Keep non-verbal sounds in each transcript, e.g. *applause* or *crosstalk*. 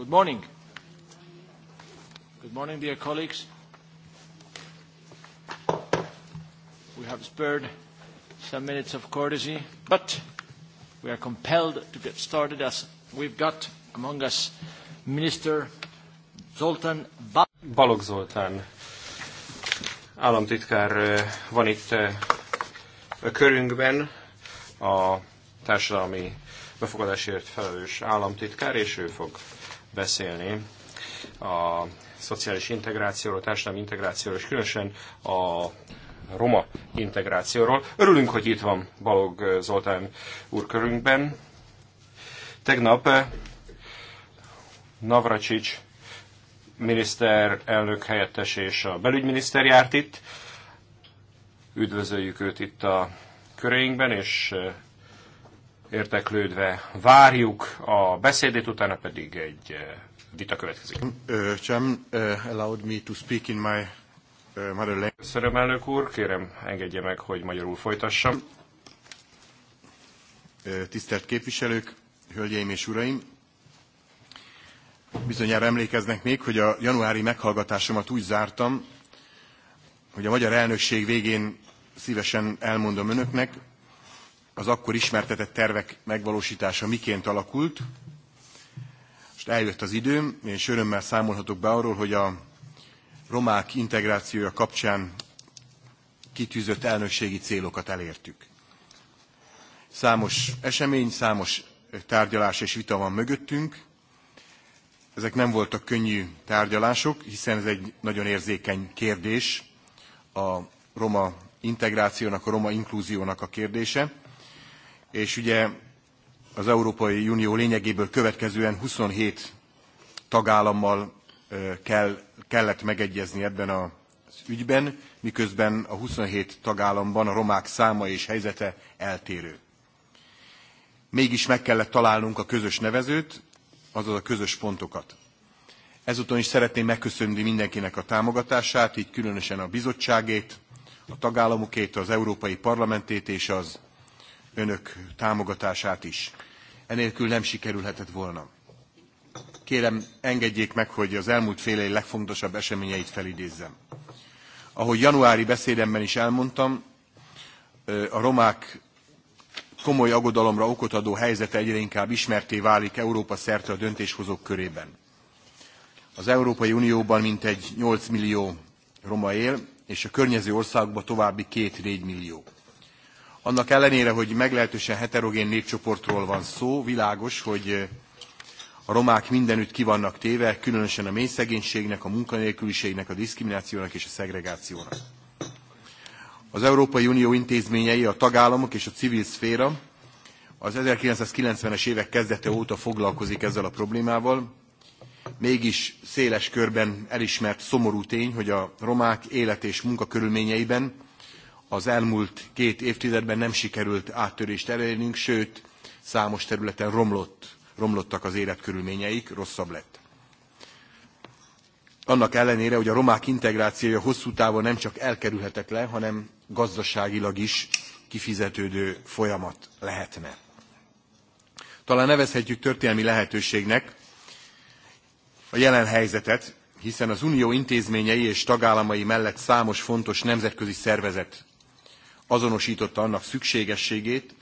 Good morning. Good morning, dear colleagues. We have spared some minutes of courtesy, but we are compelled to get started as we've got among us Minister Zoltán Bal Balogh Zoltán államtitkár van itt a körünkben, a társadalmi befogadásért felelős államtitkár, és ő fog beszélni a szociális integrációról, társadalmi integrációról, és különösen a roma integrációról. Örülünk, hogy itt van Balog Zoltán úr körünkben. Tegnap eh, Navracsics elnök helyettes és a belügyminiszter járt itt. Üdvözöljük őt itt a köreinkben, és eh, érteklődve várjuk a beszédét, utána pedig egy eh, vita következik. Uh, uh, allowed me to speak in my uh, Köszönöm, elnök úr, kérem engedje meg, hogy magyarul folytassam. Tisztelt képviselők, hölgyeim és uraim! Bizonyára emlékeznek még, hogy a januári meghallgatásomat úgy zártam, hogy a magyar elnökség végén szívesen elmondom önöknek, az akkor ismertetett tervek megvalósítása miként alakult. Most eljött az időm, és örömmel számolhatok be arról, hogy a romák integrációja kapcsán kitűzött elnökségi célokat elértük. Számos esemény, számos tárgyalás és vita van mögöttünk. Ezek nem voltak könnyű tárgyalások, hiszen ez egy nagyon érzékeny kérdés, a roma integrációnak, a roma inklúziónak a kérdése és ugye az Európai Unió lényegéből következően 27 tagállammal kell, kellett megegyezni ebben az ügyben, miközben a 27 tagállamban a romák száma és helyzete eltérő. Mégis meg kellett találnunk a közös nevezőt, azaz a közös pontokat. Ezúton is szeretném megköszönni mindenkinek a támogatását, így különösen a bizottságét, a tagállamokét, az Európai Parlamentét és az önök támogatását is. Enélkül nem sikerülhetett volna. Kérem, engedjék meg, hogy az elmúlt fél év legfontosabb eseményeit felidézzem. Ahogy januári beszédemben is elmondtam, a romák komoly aggodalomra okot adó helyzete egyre inkább ismerté válik Európa szerte a döntéshozók körében. Az Európai Unióban mintegy 8 millió roma él, és a környező országokban további 2-4 millió. Annak ellenére, hogy meglehetősen heterogén népcsoportról van szó, világos, hogy a romák mindenütt ki vannak téve, különösen a mély szegénységnek, a munkanélküliségnek, a diszkriminációnak és a szegregációnak. Az Európai Unió intézményei, a tagállamok és a civil szféra az 1990-es évek kezdete óta foglalkozik ezzel a problémával, mégis széles körben elismert szomorú tény, hogy a romák élet és munkakörülményeiben az elmúlt két évtizedben nem sikerült áttörést elérnünk, sőt, számos területen romlott, romlottak az életkörülményeik, rosszabb lett. Annak ellenére, hogy a romák integrációja hosszú távon nem csak elkerülhetetlen, hanem gazdaságilag is kifizetődő folyamat lehetne. Talán nevezhetjük történelmi lehetőségnek a jelen helyzetet, hiszen az unió intézményei és tagállamai mellett számos fontos nemzetközi szervezet azonosította annak szükségességét,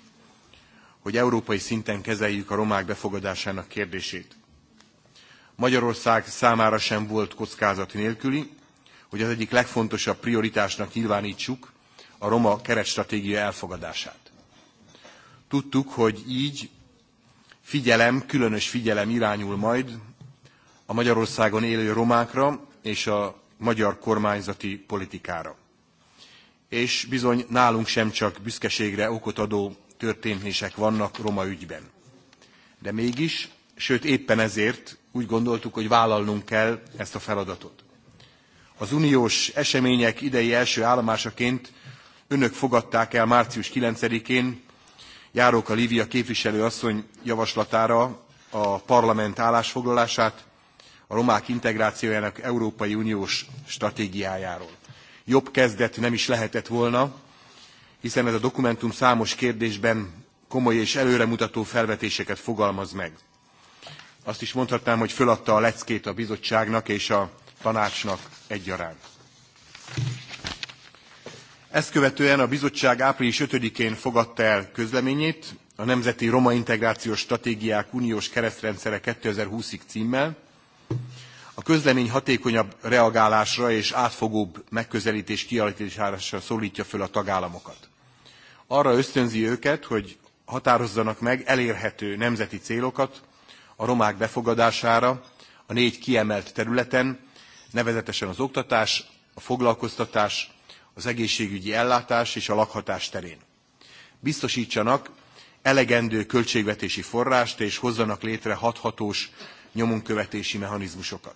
hogy európai szinten kezeljük a romák befogadásának kérdését. Magyarország számára sem volt kockázat nélküli, hogy az egyik legfontosabb prioritásnak nyilvánítsuk a roma keretstratégia elfogadását. Tudtuk, hogy így figyelem, különös figyelem irányul majd a Magyarországon élő romákra és a magyar kormányzati politikára és bizony nálunk sem csak büszkeségre okot adó történések vannak roma ügyben. De mégis, sőt éppen ezért úgy gondoltuk, hogy vállalnunk kell ezt a feladatot. Az uniós események idei első állomásaként önök fogadták el március 9-én Járóka Lívia képviselőasszony javaslatára a parlament állásfoglalását a romák integrációjának Európai Uniós stratégiájáról jobb kezdet nem is lehetett volna, hiszen ez a dokumentum számos kérdésben komoly és előremutató felvetéseket fogalmaz meg. Azt is mondhatnám, hogy föladta a leckét a bizottságnak és a tanácsnak egyaránt. Ezt követően a bizottság április 5-én fogadta el közleményét a Nemzeti Roma Integrációs Stratégiák Uniós Keresztrendszere 2020-ig címmel, a közlemény hatékonyabb reagálásra és átfogóbb megközelítés kialakítására szólítja föl a tagállamokat. Arra ösztönzi őket, hogy határozzanak meg elérhető nemzeti célokat a romák befogadására a négy kiemelt területen, nevezetesen az oktatás, a foglalkoztatás, az egészségügyi ellátás és a lakhatás terén. Biztosítsanak elegendő költségvetési forrást és hozzanak létre hathatós nyomonkövetési mechanizmusokat.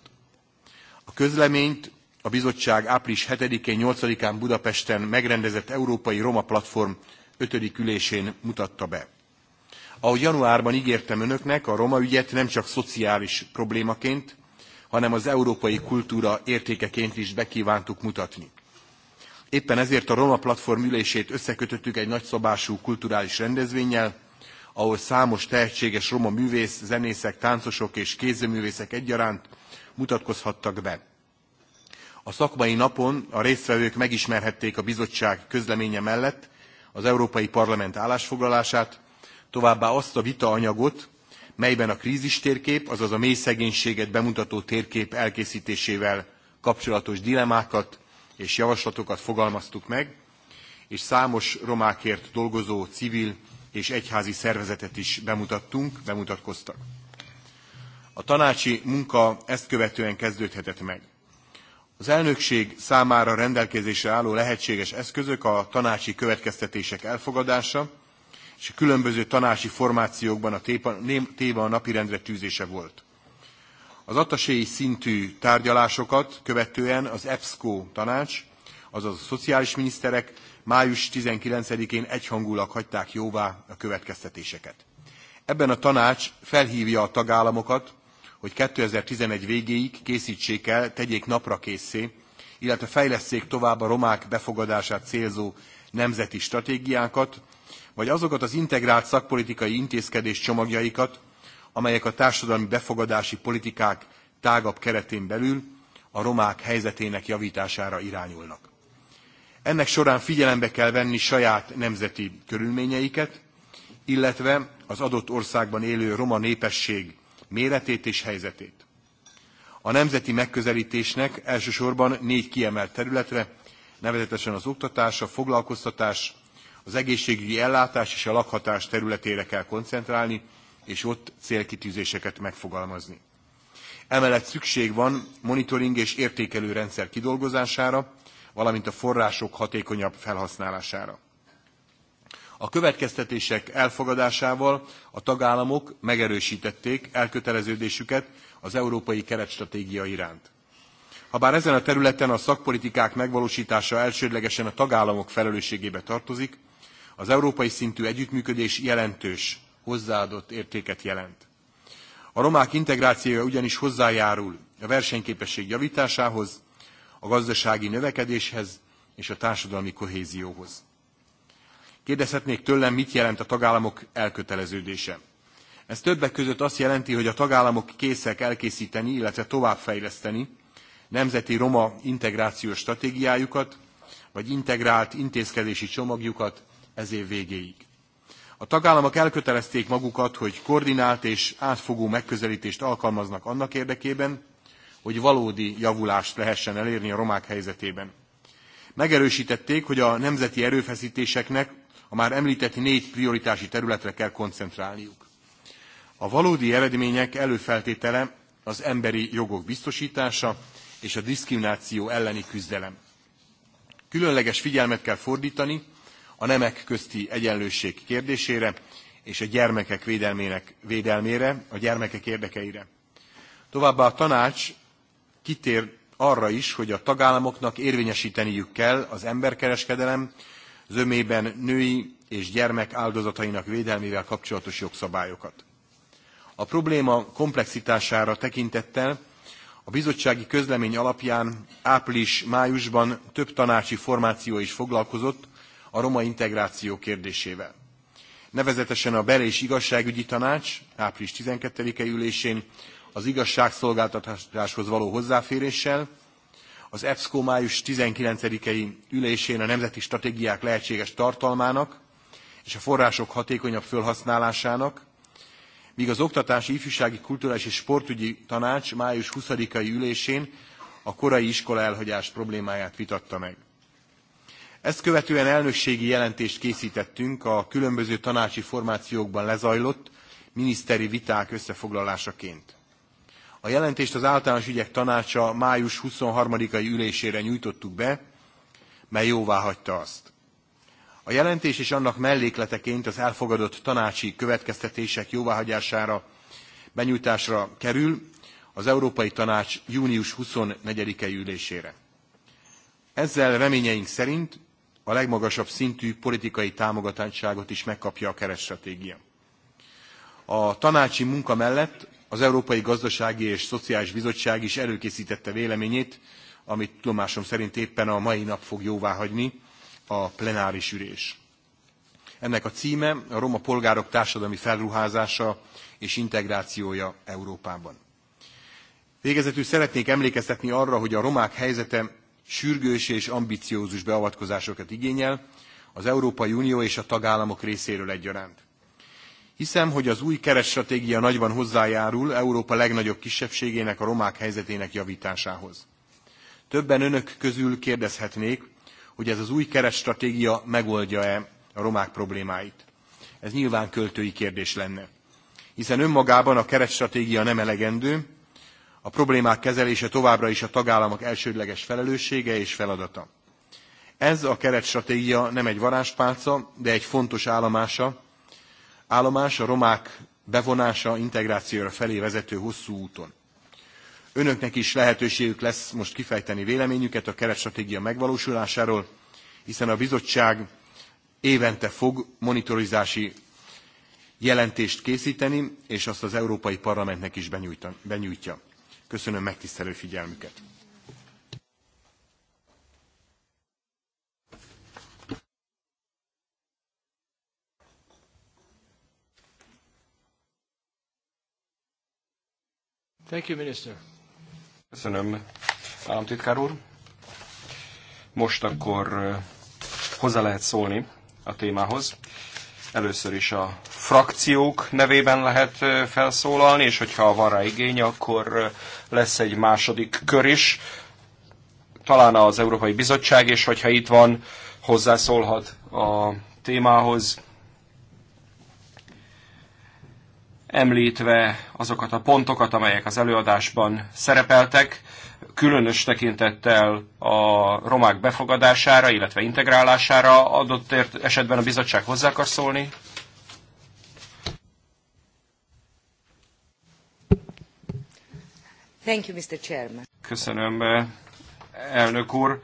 A közleményt a bizottság április 7-én, 8-án Budapesten megrendezett Európai Roma Platform 5. ülésén mutatta be. Ahogy januárban ígértem önöknek, a roma ügyet nem csak szociális problémaként, hanem az európai kultúra értékeként is bekívántuk mutatni. Éppen ezért a Roma Platform ülését összekötöttük egy nagyszabású kulturális rendezvényel, ahol számos tehetséges roma művész, zenészek, táncosok és kézművészek egyaránt mutatkozhattak be. A szakmai napon a résztvevők megismerhették a bizottság közleménye mellett az Európai Parlament állásfoglalását, továbbá azt a vitaanyagot, melyben a krízistérkép, azaz a mély szegénységet bemutató térkép elkészítésével kapcsolatos dilemákat és javaslatokat fogalmaztuk meg, és számos romákért dolgozó civil és egyházi szervezetet is bemutattunk, bemutatkoztak. A tanácsi munka ezt követően kezdődhetett meg. Az elnökség számára rendelkezésre álló lehetséges eszközök a tanácsi következtetések elfogadása és a különböző tanácsi formációkban a téma a napirendre tűzése volt. Az attaséi szintű tárgyalásokat követően az Epsco tanács, azaz a szociális miniszterek május 19-én egyhangulag hagyták jóvá a következtetéseket. Ebben a tanács felhívja a tagállamokat, hogy 2011 végéig készítsék el, tegyék napra készé, illetve fejlesszék tovább a romák befogadását célzó nemzeti stratégiákat, vagy azokat az integrált szakpolitikai intézkedés csomagjaikat, amelyek a társadalmi befogadási politikák tágabb keretén belül a romák helyzetének javítására irányulnak. Ennek során figyelembe kell venni saját nemzeti körülményeiket, illetve az adott országban élő roma népesség méretét és helyzetét. A nemzeti megközelítésnek elsősorban négy kiemelt területre, nevezetesen az oktatás, a foglalkoztatás, az egészségügyi ellátás és a lakhatás területére kell koncentrálni, és ott célkitűzéseket megfogalmazni. Emellett szükség van monitoring és értékelő rendszer kidolgozására, valamint a források hatékonyabb felhasználására. A következtetések elfogadásával a tagállamok megerősítették elköteleződésüket az európai keretstratégia iránt. Habár ezen a területen a szakpolitikák megvalósítása elsődlegesen a tagállamok felelősségébe tartozik, az európai szintű együttműködés jelentős, hozzáadott értéket jelent. A romák integrációja ugyanis hozzájárul a versenyképesség javításához, a gazdasági növekedéshez és a társadalmi kohézióhoz. Kérdezhetnék tőlem, mit jelent a tagállamok elköteleződése. Ez többek között azt jelenti, hogy a tagállamok készek elkészíteni, illetve továbbfejleszteni nemzeti roma integrációs stratégiájukat, vagy integrált intézkedési csomagjukat ez év végéig. A tagállamok elkötelezték magukat, hogy koordinált és átfogó megközelítést alkalmaznak annak érdekében, hogy valódi javulást lehessen elérni a romák helyzetében. Megerősítették, hogy a nemzeti erőfeszítéseknek a már említett négy prioritási területre kell koncentrálniuk. A valódi eredmények előfeltétele az emberi jogok biztosítása és a diszkrimináció elleni küzdelem. Különleges figyelmet kell fordítani a nemek közti egyenlőség kérdésére és a gyermekek védelmének, védelmére, a gyermekek érdekeire. Továbbá a tanács kitér arra is, hogy a tagállamoknak érvényesíteniük kell az emberkereskedelem zömében női és gyermek áldozatainak védelmével kapcsolatos jogszabályokat. A probléma komplexitására tekintettel a bizottsági közlemény alapján április-májusban több tanácsi formáció is foglalkozott a roma integráció kérdésével. Nevezetesen a Bel- és Igazságügyi Tanács április 12 i ülésén az igazságszolgáltatáshoz való hozzáféréssel, az EPSCO május 19-i ülésén a nemzeti stratégiák lehetséges tartalmának és a források hatékonyabb felhasználásának, míg az Oktatási, Ifjúsági, Kulturális és Sportügyi Tanács május 20-ai ülésén a korai iskola elhagyás problémáját vitatta meg. Ezt követően elnökségi jelentést készítettünk a különböző tanácsi formációkban lezajlott miniszteri viták összefoglalásaként. A jelentést az általános ügyek tanácsa május 23-ai ülésére nyújtottuk be, mely jóvá hagyta azt. A jelentés és annak mellékleteként az elfogadott tanácsi következtetések jóváhagyására, benyújtásra kerül az Európai Tanács június 24-e ülésére. Ezzel reményeink szerint a legmagasabb szintű politikai támogatottságot is megkapja a keresztratégia. A tanácsi munka mellett az Európai Gazdasági és Szociális Bizottság is előkészítette véleményét, amit tudomásom szerint éppen a mai nap fog jóváhagyni a plenáris ülés. Ennek a címe a roma polgárok társadalmi felruházása és integrációja Európában. Végezetül szeretnék emlékeztetni arra, hogy a romák helyzete sürgős és ambiciózus beavatkozásokat igényel az Európai Unió és a tagállamok részéről egyaránt. Hiszem, hogy az új keretstratégia nagyban hozzájárul Európa legnagyobb kisebbségének, a romák helyzetének javításához. Többen önök közül kérdezhetnék, hogy ez az új keretstratégia megoldja-e a romák problémáit. Ez nyilván költői kérdés lenne. Hiszen önmagában a keretstratégia nem elegendő, a problémák kezelése továbbra is a tagállamok elsődleges felelőssége és feladata. Ez a keretstratégia nem egy varázspálca, de egy fontos állomása állomás a romák bevonása, integrációra felé vezető hosszú úton. Önöknek is lehetőségük lesz most kifejteni véleményüket a keretstratégia megvalósulásáról, hiszen a bizottság évente fog monitorizási jelentést készíteni, és azt az Európai Parlamentnek is benyújtja. Köszönöm megtisztelő figyelmüket. Thank you, Minister. Köszönöm, államtitkár úr. Most akkor hozzá lehet szólni a témához. Először is a frakciók nevében lehet felszólalni, és hogyha van rá igény, akkor lesz egy második kör is. Talán az Európai Bizottság, és hogyha itt van, hozzászólhat a témához. említve azokat a pontokat, amelyek az előadásban szerepeltek, különös tekintettel a romák befogadására, illetve integrálására adott esetben a bizottság hozzá akar szólni? Thank you, Mr. Chairman. Köszönöm, eh, elnök úr.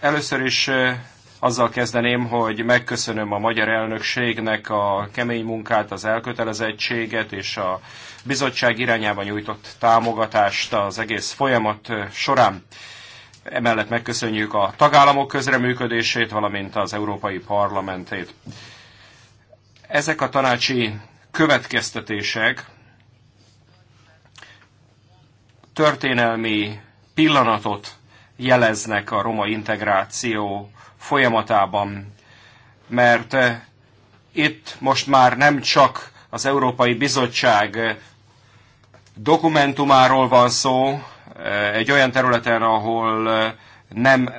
Először is eh, azzal kezdeném, hogy megköszönöm a magyar elnökségnek a kemény munkát, az elkötelezettséget és a bizottság irányába nyújtott támogatást az egész folyamat során. Emellett megköszönjük a tagállamok közreműködését, valamint az Európai Parlamentét. Ezek a tanácsi következtetések történelmi pillanatot jeleznek a roma integráció folyamatában. Mert eh, itt most már nem csak az Európai Bizottság eh, dokumentumáról van szó, eh, egy olyan területen, ahol nem,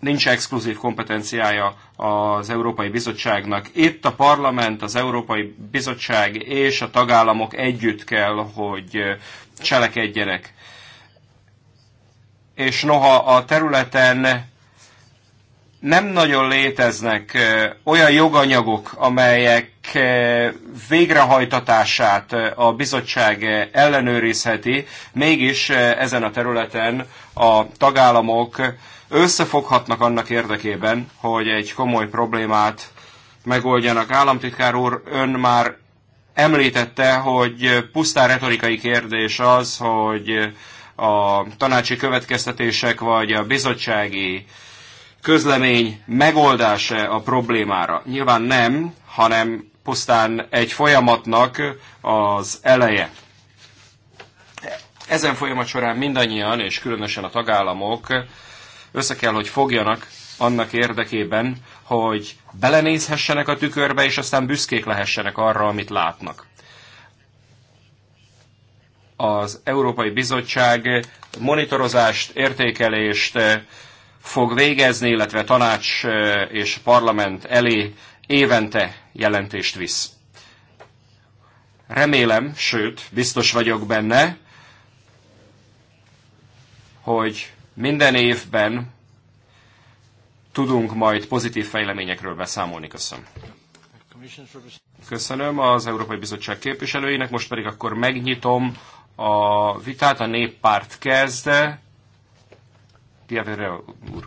nincs exkluzív kompetenciája az Európai Bizottságnak. Itt a parlament, az Európai Bizottság és a tagállamok együtt kell, hogy cselekedjenek. És noha a területen nem nagyon léteznek olyan joganyagok, amelyek végrehajtatását a bizottság ellenőrizheti, mégis ezen a területen a tagállamok összefoghatnak annak érdekében, hogy egy komoly problémát megoldjanak. Államtitkár úr, ön már említette, hogy pusztán retorikai kérdés az, hogy a tanácsi következtetések vagy a bizottsági közlemény megoldása a problémára? Nyilván nem, hanem pusztán egy folyamatnak az eleje. Ezen folyamat során mindannyian, és különösen a tagállamok össze kell, hogy fogjanak annak érdekében, hogy belenézhessenek a tükörbe, és aztán büszkék lehessenek arra, amit látnak. Az Európai Bizottság monitorozást, értékelést, fog végezni, illetve tanács és parlament elé évente jelentést visz. Remélem, sőt, biztos vagyok benne, hogy minden évben tudunk majd pozitív fejleményekről beszámolni. Köszönöm. Köszönöm az Európai Bizottság képviselőinek, most pedig akkor megnyitom a vitát, a néppárt kezdte úr.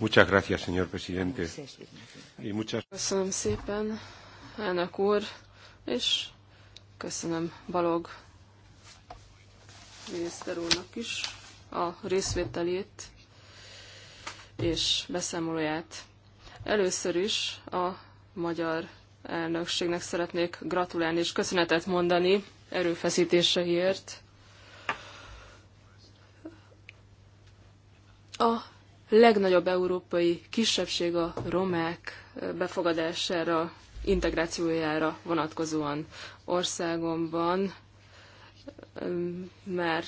Muchas gracias, señor presidente. Muchas... Köszönöm szépen, elnök úr, és köszönöm Balog miniszter úrnak is a részvételét és beszámolóját. Először is a magyar elnökségnek szeretnék gratulálni és köszönetet mondani erőfeszítéseiért, A legnagyobb európai kisebbség a romák befogadására, integrációjára vonatkozóan országomban már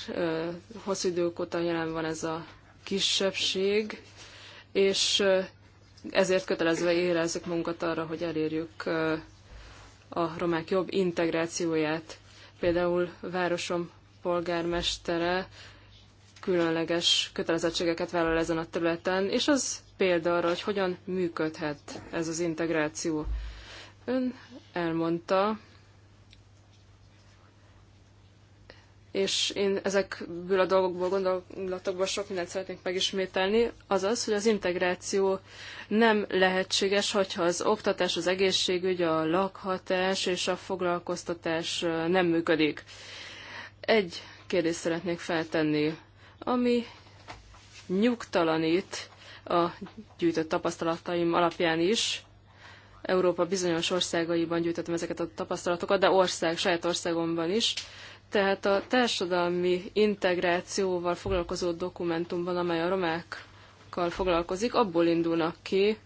hosszú idők óta jelen van ez a kisebbség, és ezért kötelezve érezzük magunkat arra, hogy elérjük a romák jobb integrációját. Például városom polgármestere különleges kötelezettségeket vállal ezen a területen, és az példa arra, hogy hogyan működhet ez az integráció. Ön elmondta, és én ezekből a dolgokból, gondolatokból sok mindent szeretnék megismételni, az az, hogy az integráció nem lehetséges, hogyha az oktatás, az egészségügy, a lakhatás és a foglalkoztatás nem működik. Egy kérdést szeretnék feltenni ami nyugtalanít a gyűjtött tapasztalataim alapján is. Európa bizonyos országaiban gyűjtöttem ezeket a tapasztalatokat, de ország, saját országomban is. Tehát a társadalmi integrációval foglalkozó dokumentumban, amely a romákkal foglalkozik, abból indulnak ki,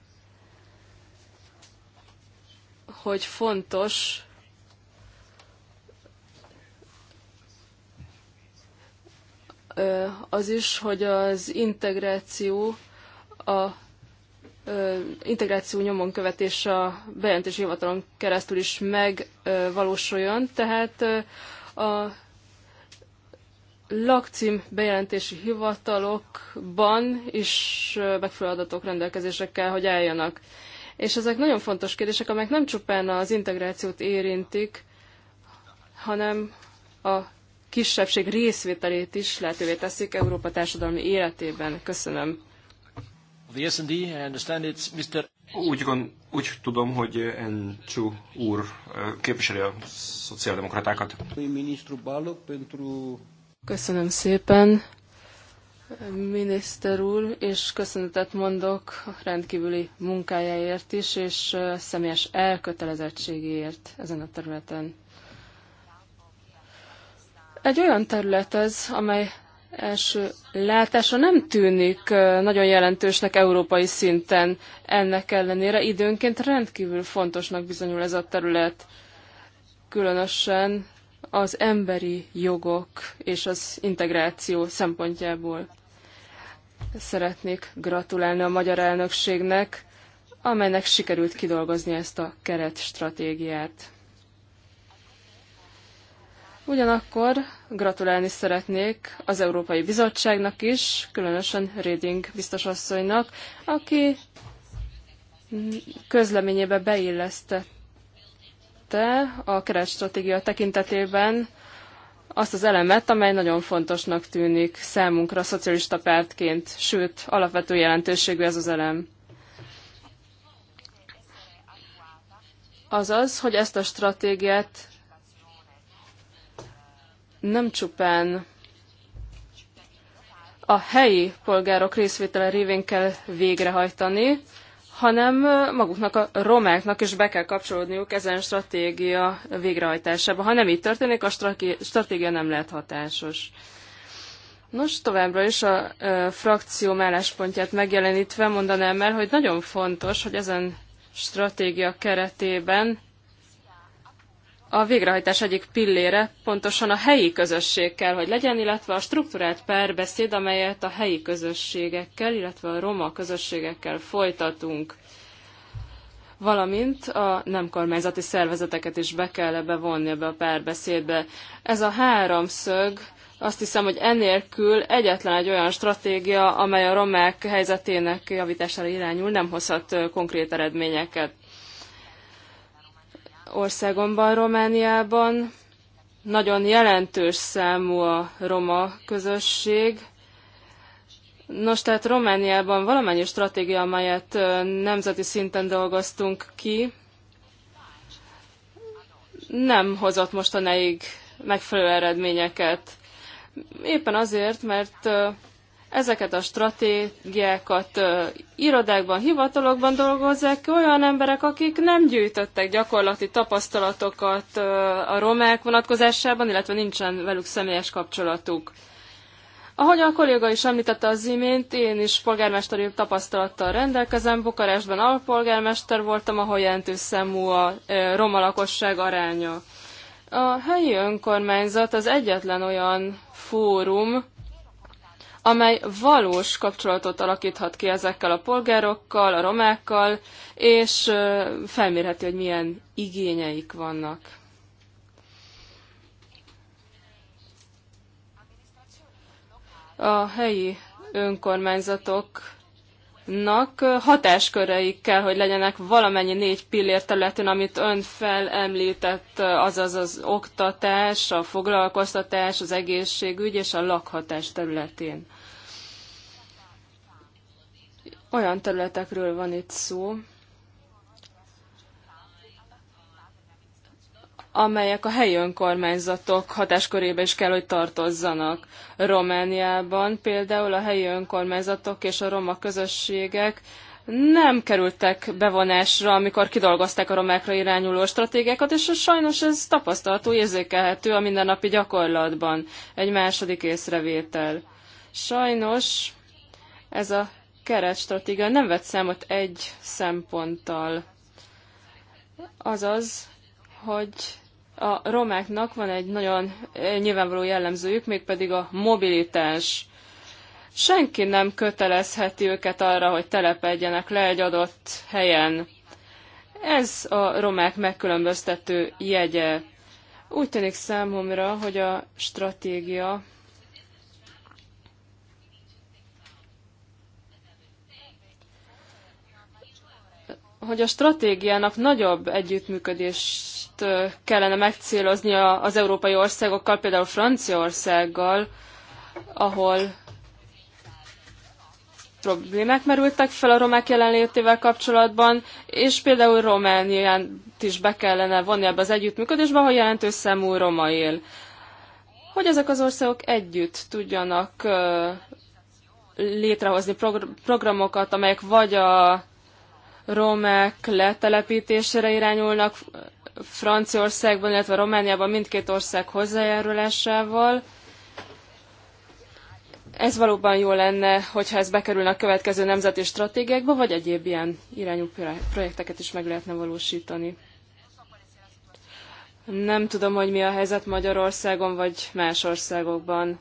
hogy fontos az is, hogy az integráció a integráció nyomon követés a bejelentési hivatalon keresztül is megvalósuljon. Tehát a lakcím bejelentési hivatalokban is megfelelő adatok rendelkezésre kell, hogy álljanak. És ezek nagyon fontos kérdések, amelyek nem csupán az integrációt érintik, hanem a kisebbség részvételét is lehetővé teszik Európa társadalmi életében. Köszönöm. The S&D, I understand it's Mr. Úgy, gond, úgy tudom, hogy Encsú úr képviseli a szociáldemokratákat. Köszönöm szépen, miniszter úr, és köszönetet mondok a rendkívüli munkájáért is, és személyes elkötelezettségéért ezen a területen. Egy olyan terület ez, amely első látása nem tűnik nagyon jelentősnek európai szinten. Ennek ellenére időnként rendkívül fontosnak bizonyul ez a terület, különösen az emberi jogok és az integráció szempontjából. Szeretnék gratulálni a magyar elnökségnek, amelynek sikerült kidolgozni ezt a keretstratégiát. Ugyanakkor gratulálni szeretnék az Európai Bizottságnak is, különösen Reding biztosasszonynak, aki közleményébe beillesztette a keretstratégia tekintetében azt az elemet, amely nagyon fontosnak tűnik számunkra szocialista pártként, sőt, alapvető jelentőségű ez az elem. Azaz, hogy ezt a stratégiát nem csupán a helyi polgárok részvétele révén kell végrehajtani, hanem maguknak a romáknak is be kell kapcsolódniuk ezen stratégia végrehajtásába. Ha nem így történik, a stratégia nem lehet hatásos. Nos, továbbra is a ö, frakció álláspontját megjelenítve mondanám el, hogy nagyon fontos, hogy ezen stratégia keretében a végrehajtás egyik pillére pontosan a helyi közösség kell, hogy legyen, illetve a struktúrált párbeszéd, amelyet a helyi közösségekkel, illetve a roma közösségekkel folytatunk. Valamint a nem kormányzati szervezeteket is be kell ebbe vonni ebbe a párbeszédbe. Ez a háromszög azt hiszem, hogy enélkül egyetlen egy olyan stratégia, amely a romák helyzetének javítására irányul, nem hozhat konkrét eredményeket országomban, Romániában nagyon jelentős számú a roma közösség. Nos, tehát Romániában valamennyi stratégia, amelyet nemzeti szinten dolgoztunk ki, nem hozott mostanáig megfelelő eredményeket. Éppen azért, mert ezeket a stratégiákat irodákban, hivatalokban dolgozzák olyan emberek, akik nem gyűjtöttek gyakorlati tapasztalatokat a romák vonatkozásában, illetve nincsen velük személyes kapcsolatuk. Ahogy a kolléga is említette az imént, én is polgármesteri tapasztalattal rendelkezem. Bukarestben alpolgármester voltam, ahol jelentős számú a roma lakosság aránya. A helyi önkormányzat az egyetlen olyan fórum, amely valós kapcsolatot alakíthat ki ezekkel a polgárokkal, a romákkal, és felmérheti, hogy milyen igényeik vannak. A helyi önkormányzatok nak hatásköreik kell, hogy legyenek valamennyi négy pillér területén, amit ön felemlített, azaz az oktatás, a foglalkoztatás, az egészségügy és a lakhatás területén. Olyan területekről van itt szó, amelyek a helyi önkormányzatok hatáskörébe is kell, hogy tartozzanak. Romániában például a helyi önkormányzatok és a roma közösségek nem kerültek bevonásra, amikor kidolgozták a romákra irányuló stratégiákat, és sajnos ez tapasztalható, érzékelhető a mindennapi gyakorlatban. Egy második észrevétel. Sajnos ez a keretstratégia nem vett számot egy szemponttal. Azaz, hogy a romáknak van egy nagyon eh, nyilvánvaló jellemzőjük, mégpedig a mobilitás. Senki nem kötelezheti őket arra, hogy telepedjenek le egy adott helyen. Ez a romák megkülönböztető jegye. Úgy tűnik számomra, hogy a stratégia hogy a stratégiának nagyobb együttműködés kellene megcélozni az európai országokkal, például Franciaországgal, ahol problémák merültek fel a romák jelenlétével kapcsolatban, és például Romániát is be kellene vonni ebbe az együttműködésbe, ha jelentős számú roma él. Hogy ezek az országok együtt tudjanak létrehozni programokat, amelyek vagy a romák letelepítésére irányulnak, Franciaországban, illetve Romániában mindkét ország hozzájárulásával. Ez valóban jó lenne, hogyha ez bekerülne a következő nemzeti stratégiákba, vagy egyéb ilyen irányú projekteket is meg lehetne valósítani. Nem tudom, hogy mi a helyzet Magyarországon, vagy más országokban.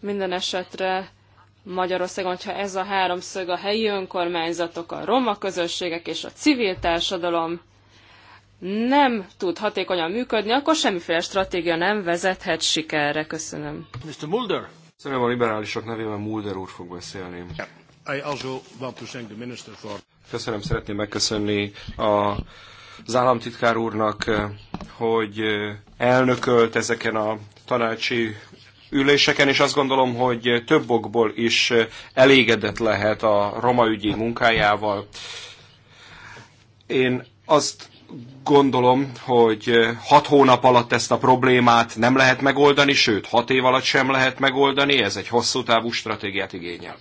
Minden esetre Magyarországon, hogyha ez a háromszög a helyi önkormányzatok, a roma közösségek és a civil társadalom, nem tud hatékonyan működni, akkor semmiféle stratégia nem vezethet sikerre. Köszönöm. Mr. Mulder. Szerintem a liberálisok nevében Mulder úr fog beszélni. I also want to thank the minister for... Köszönöm, szeretném megköszönni a az államtitkár úrnak, eh, hogy eh, elnökölt ezeken a tanácsi üléseken, és azt gondolom, hogy eh, több okból is elégedett lehet a roma ügyi munkájával. Én azt gondolom, hogy eh, hat hónap alatt ezt a problémát nem lehet megoldani, sőt, hat év alatt sem lehet megoldani, ez egy hosszú távú stratégiát igényel.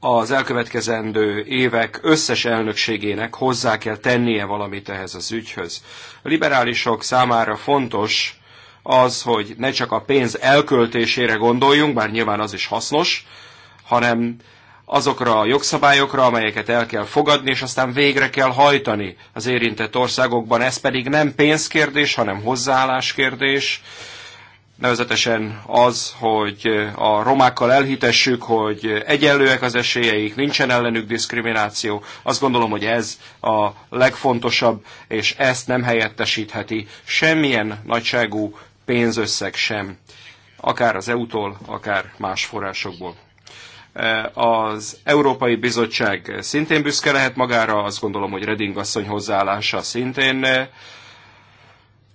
Az elkövetkezendő évek összes elnökségének hozzá kell tennie valamit ehhez az ügyhöz. A liberálisok számára fontos az, hogy ne csak a pénz elköltésére gondoljunk, bár nyilván az is hasznos, hanem azokra a jogszabályokra, amelyeket el kell fogadni, és aztán végre kell hajtani az érintett országokban. Ez pedig nem pénzkérdés, hanem hozzáálláskérdés. Nevezetesen az, hogy a romákkal elhitessük, hogy egyenlőek az esélyeik, nincsen ellenük diszkrimináció. Azt gondolom, hogy ez a legfontosabb, és ezt nem helyettesítheti semmilyen nagyságú pénzösszeg sem, akár az EU-tól, akár más forrásokból. Az Európai Bizottság szintén büszke lehet magára, azt gondolom, hogy Reding asszony hozzáállása szintén eh,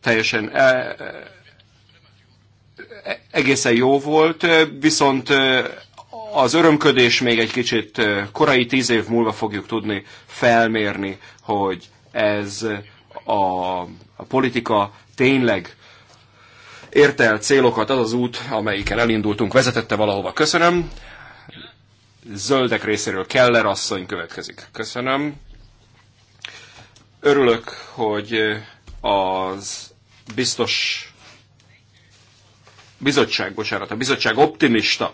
teljesen eh, eh, egészen jó volt, viszont az örömködés még egy kicsit korai tíz év múlva fogjuk tudni felmérni, hogy ez a, a politika tényleg ért el célokat, az az út, amelyiken elindultunk, vezetette valahova. Köszönöm zöldek részéről Keller asszony következik. Köszönöm. Örülök, hogy az biztos bizottság, bocsánat, a bizottság optimista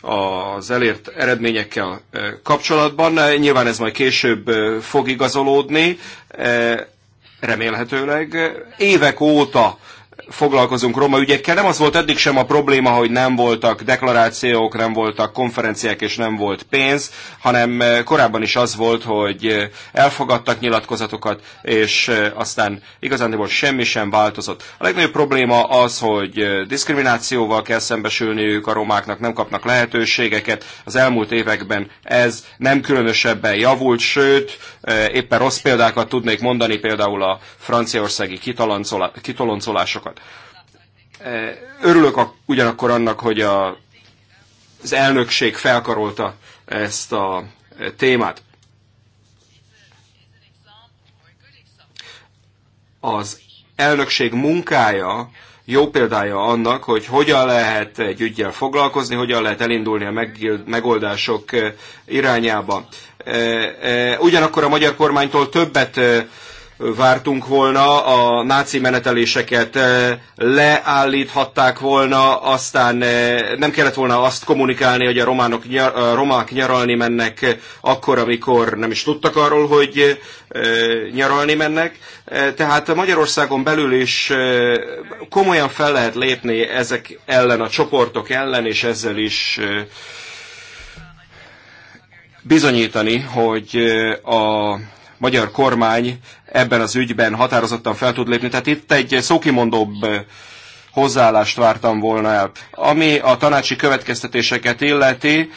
az elért eredményekkel kapcsolatban. Nyilván ez majd később fog igazolódni, remélhetőleg. Évek óta foglalkozunk roma ügyekkel. Nem az volt eddig sem a probléma, hogy nem voltak deklarációk, nem voltak konferenciák és nem volt pénz, hanem eh, korábban is az volt, hogy eh, elfogadtak nyilatkozatokat, és eh, aztán igazándiból semmi sem változott. A legnagyobb probléma az, hogy diszkriminációval kell szembesülniük a romáknak, nem kapnak lehetőségeket. Az elmúlt években ez nem különösebben javult, sőt, éppen rossz példákat tudnék mondani, például a franciaországi kitoloncolásokat. E, örülök a, ugyanakkor annak, hogy a, az elnökség felkarolta ezt a e, témát. Az elnökség munkája jó példája annak, hogy hogyan lehet egy ügyjel foglalkozni, hogyan lehet elindulni a megoldások e, irányába. Ugyanakkor a magyar kormánytól többet vártunk volna, a náci meneteléseket eh, leállíthatták volna, aztán eh, nem kellett volna azt kommunikálni, hogy a románok, a romák nyaralni mennek eh, akkor, amikor nem is tudtak arról, hogy nyaralni mennek. Tehát Magyarországon belül is komolyan fel lehet lépni ezek ellen, a csoportok ellen, és ezzel is bizonyítani, hogy a magyar kormány ebben az ügyben határozottan fel tud lépni. Tehát itt egy szókimondóbb hozzáállást vártam volna el. Ami a tanácsi következtetéseket illeti,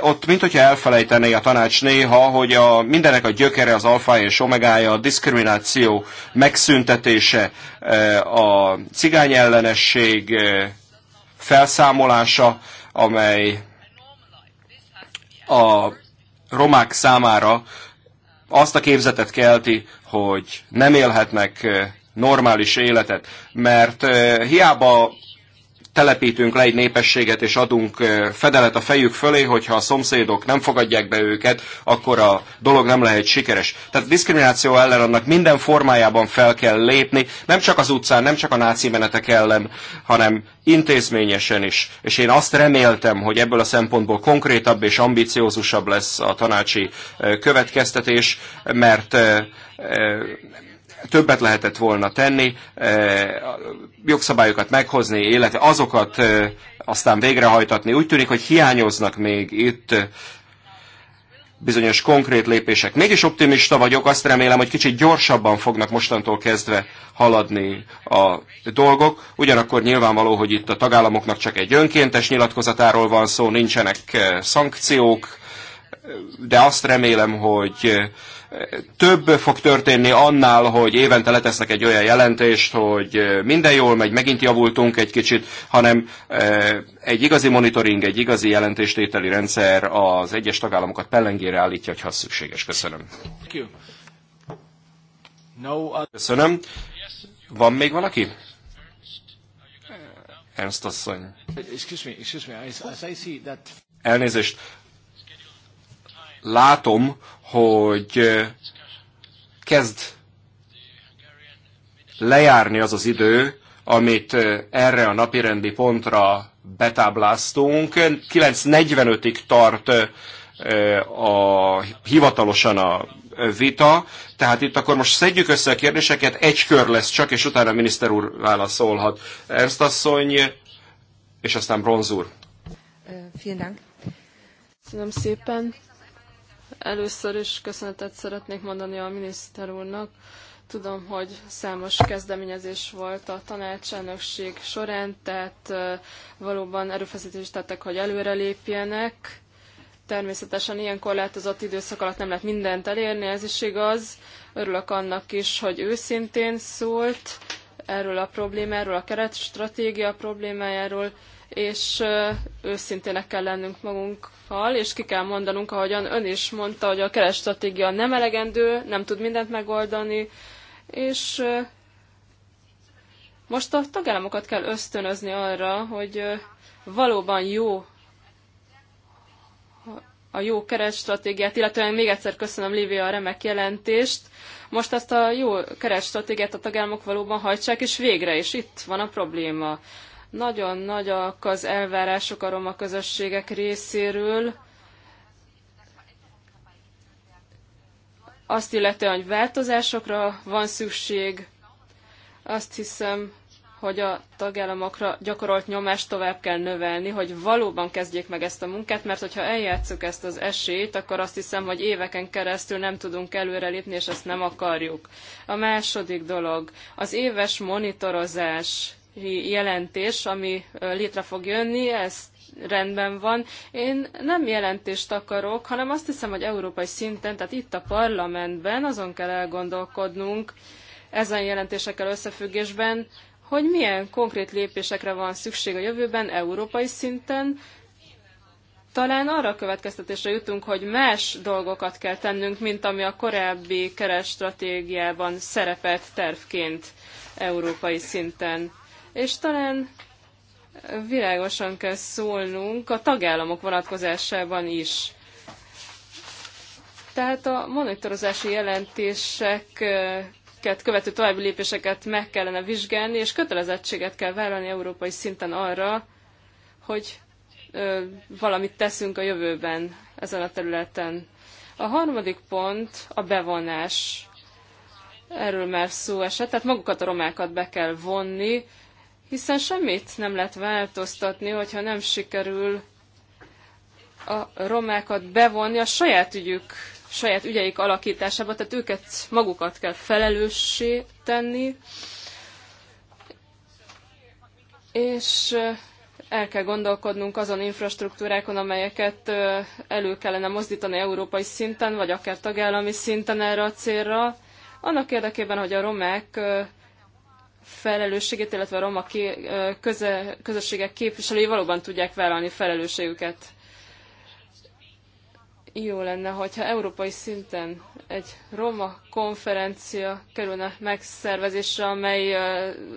ott mint hogyha elfelejtené a tanács néha, hogy a, mindenek a gyökere, az alfa és omegája, a diszkrimináció megszüntetése, a cigányellenesség felszámolása, amely a romák számára azt a képzetet kelti, hogy nem élhetnek eh, normális életet, mert eh, hiába telepítünk le egy népességet és adunk fedelet a fejük fölé, hogyha a szomszédok nem fogadják be őket, akkor a dolog nem lehet sikeres. Tehát diszkrimináció ellen annak minden formájában fel kell lépni, nem csak az utcán, nem csak a náci menetek ellen, hanem intézményesen is. És én azt reméltem, hogy ebből a szempontból konkrétabb és ambiciózusabb lesz a tanácsi következtetés, mert többet lehetett volna tenni, eh, jogszabályokat meghozni, illetve azokat eh, aztán végrehajtatni. Úgy tűnik, hogy hiányoznak még itt eh, bizonyos konkrét lépések. Mégis optimista vagyok, azt remélem, hogy kicsit gyorsabban fognak mostantól kezdve haladni a dolgok. Ugyanakkor nyilvánvaló, hogy itt a tagállamoknak csak egy önkéntes nyilatkozatáról van szó, nincsenek szankciók, de azt remélem, hogy több fog történni annál, hogy évente letesznek egy olyan jelentést, hogy minden jól megy, megint javultunk egy kicsit, hanem egy igazi monitoring, egy igazi jelentéstételi rendszer az egyes tagállamokat pellengére állítja, ha szükséges. Köszönöm. Köszönöm. Van még valaki? Ernst asszony. Elnézést. Látom, hogy kezd lejárni az az idő, amit erre a napirendi pontra betábláztunk. 9.45-ig tart a, hivatalosan a vita, tehát itt akkor most szedjük össze a kérdéseket, egy kör lesz csak, és utána a miniszter úr válaszolhat. Ernst asszony, és aztán Bronz úr. Köszönöm szépen. Először is köszönetet szeretnék mondani a miniszter úrnak. Tudom, hogy számos kezdeményezés volt a tanácselnökség során, tehát valóban erőfeszítést tettek, hogy előrelépjenek. Természetesen ilyen korlátozott időszak alatt nem lehet mindent elérni, ez is igaz. Örülök annak is, hogy őszintén szólt erről a problémáról, a keretstratégia problémájáról, és őszintének kell lennünk magunkkal, és ki kell mondanunk, ahogyan ön is mondta, hogy a keresztratégia nem elegendő, nem tud mindent megoldani, és most a tagállamokat kell ösztönözni arra, hogy valóban jó a jó keresztratégiát, illetően még egyszer köszönöm Lívia a remek jelentést. Most ezt a jó keresztratégiát a tagállamok valóban hajtsák, és végre, és itt van a probléma. Nagyon nagyak az elvárások a roma közösségek részéről, azt illetően, hogy változásokra van szükség, azt hiszem, hogy a tagállamokra gyakorolt nyomást tovább kell növelni, hogy valóban kezdjék meg ezt a munkát, mert hogyha eljátszuk ezt az esélyt, akkor azt hiszem, hogy éveken keresztül nem tudunk előrelépni, és ezt nem akarjuk. A második dolog, az éves monitorozás jelentés, ami létre fog jönni, ez rendben van. Én nem jelentést akarok, hanem azt hiszem, hogy európai szinten, tehát itt a parlamentben azon kell elgondolkodnunk ezen jelentésekkel összefüggésben, hogy milyen konkrét lépésekre van szükség a jövőben európai szinten, talán arra a következtetésre jutunk, hogy más dolgokat kell tennünk, mint ami a korábbi keres stratégiában szerepelt tervként európai szinten és talán világosan kell szólnunk a tagállamok vonatkozásában is. Tehát a monitorozási jelentéseket követő további lépéseket meg kellene vizsgálni, és kötelezettséget kell vállalni európai szinten arra, hogy ö, valamit teszünk a jövőben ezen a területen. A harmadik pont a bevonás. Erről már szó esett, tehát magukat a romákat be kell vonni, hiszen semmit nem lehet változtatni, hogyha nem sikerül a romákat bevonni a saját ügyük, saját ügyeik alakításába, tehát őket magukat kell felelőssé tenni, és el kell gondolkodnunk azon infrastruktúrákon, amelyeket elő kellene mozdítani európai szinten, vagy akár tagállami szinten erre a célra, annak érdekében, hogy a romák felelősségét, illetve a roma köze, közösségek képviselői valóban tudják vállalni felelősségüket. Jó lenne, hogyha európai szinten egy roma konferencia kerülne megszervezésre, amely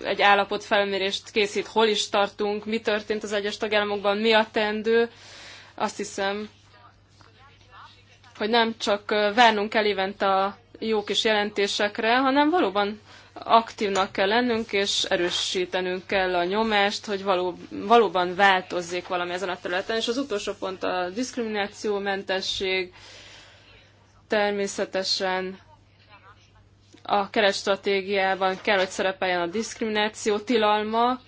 egy állapotfelmérést készít, hol is tartunk, mi történt az egyes tagállamokban, mi a tendő. Azt hiszem, hogy nem csak várnunk kell évente a jó kis jelentésekre, hanem valóban aktívnak kell lennünk, és erősítenünk kell a nyomást, hogy való, valóban változzék valami ezen a területen. És az utolsó pont a diszkriminációmentesség természetesen a keretstratégiában kell, hogy szerepeljen a diszkrimináció tilalma.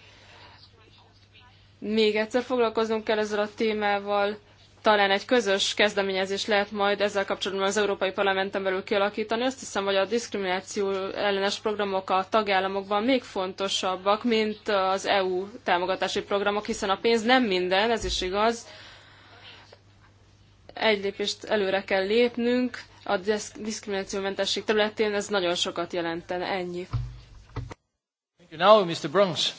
Még egyszer foglalkoznunk kell ezzel a témával, talán egy közös kezdeményezés lehet majd ezzel kapcsolatban az Európai Parlamenten belül kialakítani. Azt hiszem, hogy a diszkrimináció ellenes programok a tagállamokban még fontosabbak, mint az EU támogatási programok, hiszen a pénz nem minden, ez is igaz. Egy lépést előre kell lépnünk, a diszkriminációmentesség területén ez nagyon sokat jelentene. Ennyi. Now, Mr. Bronx.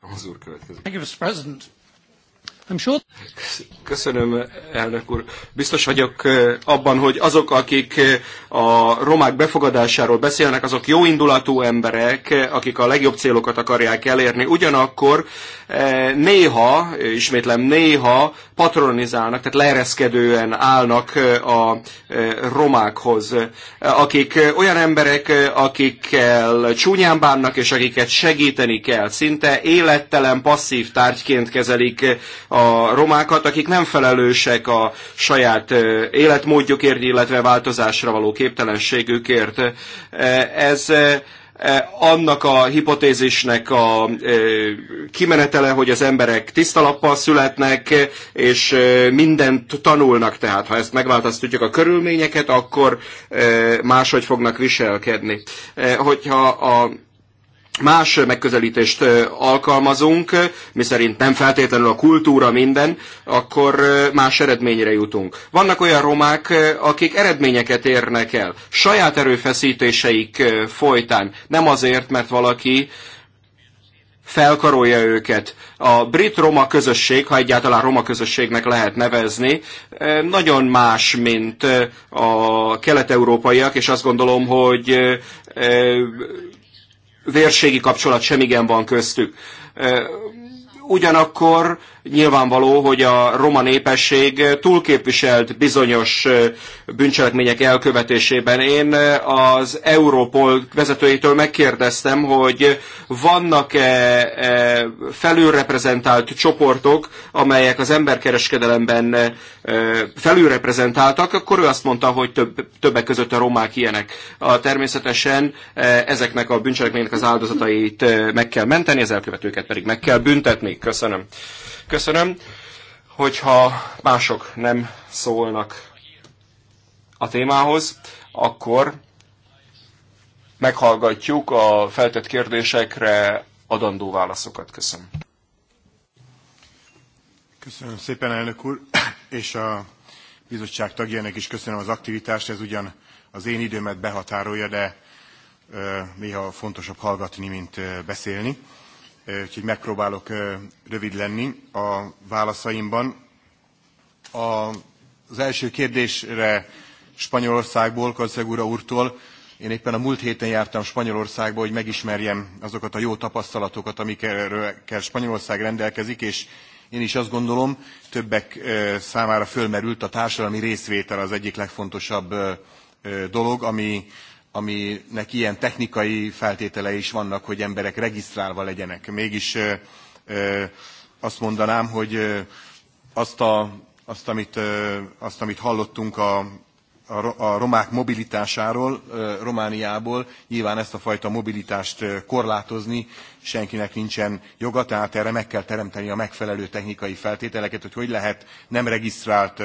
Az úr következik. Thank you, Mr. President. Köszönöm, elnök úr. Biztos vagyok eh, abban, hogy azok, akik eh, a romák befogadásáról beszélnek, azok jóindulatú emberek, eh, akik a legjobb célokat akarják elérni. Ugyanakkor néha, ismétlem néha patronizálnak, tehát leereszkedően állnak a romákhoz, akik olyan emberek, akikkel csúnyán bánnak, és akiket segíteni kell. Szinte élettelen, passzív tárgyként kezelik a a romákat, akik nem felelősek a saját életmódjukért, illetve változásra való képtelenségükért. Ez annak a hipotézisnek a kimenetele, hogy az emberek tisztalappal születnek, és mindent tanulnak, tehát ha ezt megváltoztatjuk a körülményeket, akkor máshogy fognak viselkedni. Hogyha a Más megközelítést alkalmazunk, miszerint nem feltétlenül a kultúra minden, akkor más eredményre jutunk. Vannak olyan romák, akik eredményeket érnek el saját erőfeszítéseik folytán, nem azért, mert valaki felkarolja őket. A brit-roma közösség, ha egyáltalán roma közösségnek lehet nevezni, nagyon más, mint a kelet-európaiak, és azt gondolom, hogy vérségi kapcsolat sem igen van köztük. Ugyanakkor nyilvánvaló, hogy a roma népesség túlképviselt bizonyos bűncselekmények elkövetésében. Én az Europol vezetőjétől megkérdeztem, hogy vannak-e felülreprezentált csoportok, amelyek az emberkereskedelemben felülreprezentáltak, akkor ő azt mondta, hogy több, többek között a romák ilyenek. A, természetesen ezeknek a bűncselekménynek az áldozatait meg kell menteni, az elkövetőket pedig meg kell büntetni. Köszönöm. Köszönöm, hogyha mások nem szólnak a témához, akkor meghallgatjuk a feltett kérdésekre adandó válaszokat. Köszönöm. Köszönöm szépen, elnök úr, *clears throat* és a bizottság tagjának is köszönöm az aktivitást. Ez ugyan az én időmet behatárolja, de néha fontosabb hallgatni, mint beszélni úgyhogy megpróbálok rövid lenni a válaszaimban. A, az első kérdésre Spanyolországból, Kazegura úrtól, én éppen a múlt héten jártam Spanyolországba, hogy megismerjem azokat a jó tapasztalatokat, amikkel Spanyolország rendelkezik, és én is azt gondolom, többek számára fölmerült a társadalmi részvétel az egyik legfontosabb dolog, ami aminek ilyen technikai feltételei is vannak, hogy emberek regisztrálva legyenek. Mégis azt mondanám, hogy azt, a, azt, amit, azt amit hallottunk a, a romák mobilitásáról Romániából, nyilván ezt a fajta mobilitást korlátozni senkinek nincsen joga, tehát erre meg kell teremteni a megfelelő technikai feltételeket, hogy hogy lehet nem regisztrált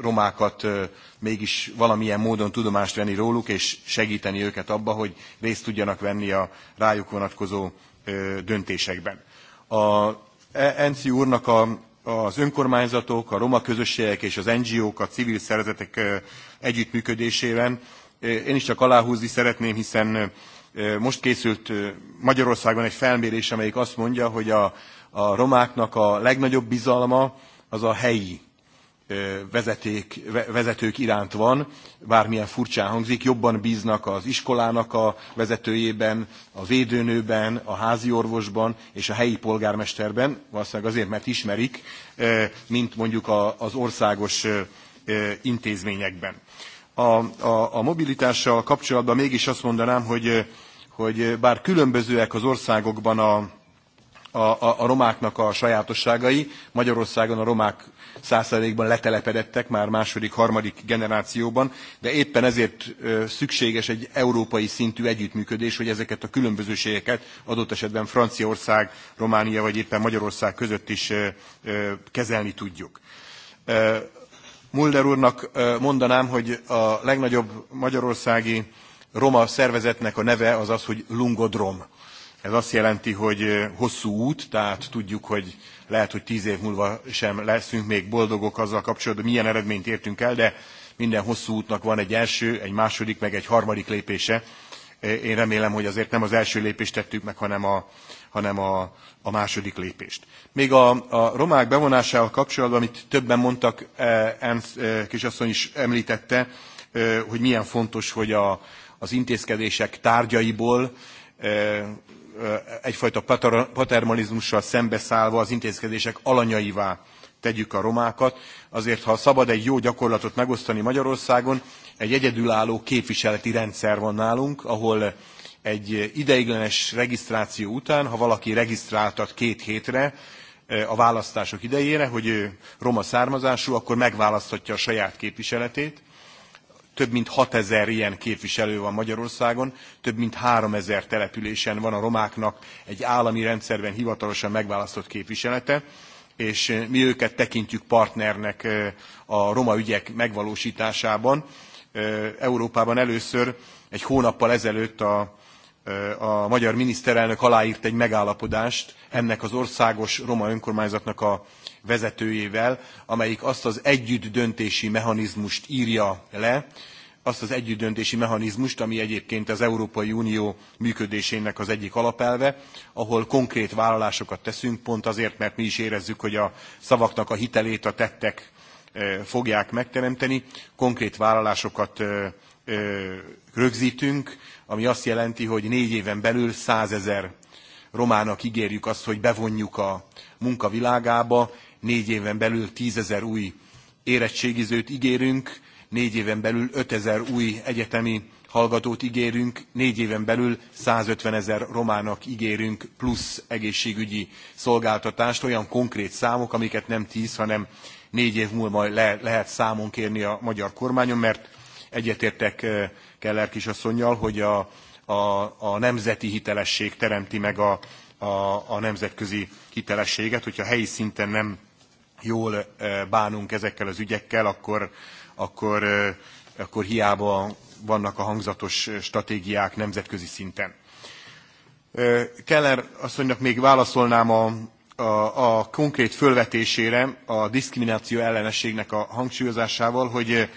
romákat mégis valamilyen módon tudomást venni róluk, és segíteni őket abba, hogy részt tudjanak venni a rájuk vonatkozó döntésekben. A e- Enci úrnak a, az önkormányzatok, a roma közösségek és az NGO-k, a civil szervezetek együttműködésében én is csak aláhúzni szeretném, hiszen most készült Magyarországon egy felmérés, amelyik azt mondja, hogy a, a romáknak a legnagyobb bizalma az a helyi vezeték, vezetők iránt van, bármilyen furcsán hangzik, jobban bíznak az iskolának a vezetőjében, a védőnőben, a házi orvosban és a helyi polgármesterben, valószínűleg azért, mert ismerik, mint mondjuk az országos intézményekben. A, a, a mobilitással kapcsolatban mégis azt mondanám, hogy, hogy bár különbözőek az országokban a, a, a romáknak a sajátosságai, Magyarországon a romák százalékban letelepedettek már második, harmadik generációban, de éppen ezért szükséges egy európai szintű együttműködés, hogy ezeket a különbözőségeket adott esetben Franciaország, Románia vagy éppen Magyarország között is kezelni tudjuk. Mulder úrnak mondanám, hogy a legnagyobb magyarországi roma szervezetnek a neve az az, hogy Lungodrom ez azt jelenti, hogy hosszú út, tehát tudjuk, hogy lehet, hogy tíz év múlva sem leszünk még boldogok azzal kapcsolatban, milyen eredményt értünk el, de minden hosszú útnak van egy első, egy második, meg egy harmadik lépése. Én remélem, hogy azért nem az első lépést tettük meg, hanem a, hanem a, a második lépést. Még a, a romák bevonásával kapcsolatban, amit többen mondtak, e, Ernst e, kisasszony is említette, hogy milyen fontos, hogy a, az intézkedések tárgyaiból egyfajta paternalizmussal szembeszállva az intézkedések alanyaivá tegyük a romákat. Azért, ha szabad egy jó gyakorlatot megosztani Magyarországon, egy egyedülálló képviseleti rendszer van nálunk, ahol egy ideiglenes regisztráció után, ha valaki regisztráltat két hétre, a választások idejére, hogy ő roma származású, akkor megválaszthatja a saját képviseletét, több mint 6000 ilyen képviselő van Magyarországon, több mint 3000 településen van a romáknak egy állami rendszerben hivatalosan megválasztott képviselete, és eh, mi őket tekintjük partnernek eh, a roma ügyek megvalósításában. Eh, Európában először egy hónappal ezelőtt a, a magyar miniszterelnök aláírt egy megállapodást ennek az országos roma önkormányzatnak a vezetőjével, amelyik azt az együttdöntési mechanizmust írja le, azt az együttdöntési mechanizmust, ami egyébként az Európai Unió működésének az egyik alapelve, ahol konkrét vállalásokat teszünk, pont azért, mert mi is érezzük, hogy a szavaknak a hitelét a tettek e, fogják megteremteni. Konkrét vállalásokat e, e, rögzítünk, ami azt jelenti, hogy négy éven belül százezer romának ígérjük azt, hogy bevonjuk a munkavilágába, négy éven belül tízezer új érettségizőt ígérünk, négy éven belül 5000 új egyetemi hallgatót ígérünk, négy éven belül 150 ezer romának ígérünk plusz egészségügyi szolgáltatást, olyan konkrét számok, amiket nem tíz, hanem négy év múlva le, lehet számon kérni a magyar kormányon, mert egyetértek Keller kisasszonynal, hogy a, a, a nemzeti hitelesség teremti meg a, a, a nemzetközi hitelességet, hogyha helyi szinten nem jól bánunk ezekkel az ügyekkel, akkor, akkor, akkor hiába vannak a hangzatos stratégiák nemzetközi szinten. Keller asszonynak még válaszolnám a, a, a konkrét fölvetésére a diszkrimináció ellenességnek a hangsúlyozásával, hogy,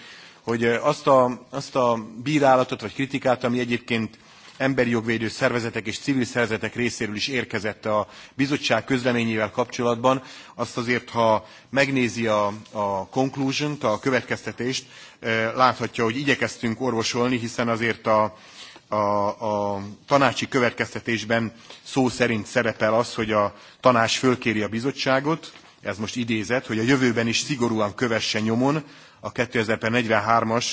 hogy azt, a, azt a bírálatot vagy kritikát, ami egyébként emberi jogvédő szervezetek és civil szervezetek részéről is érkezett a bizottság közleményével kapcsolatban. Azt azért, ha megnézi a, a conclusion a következtetést, eh, láthatja, hogy igyekeztünk orvosolni, hiszen azért a, a, a tanácsi következtetésben szó szerint szerepel az, hogy a tanács fölkéri a bizottságot, ez most idézet, hogy a jövőben is szigorúan kövesse nyomon a 2043-as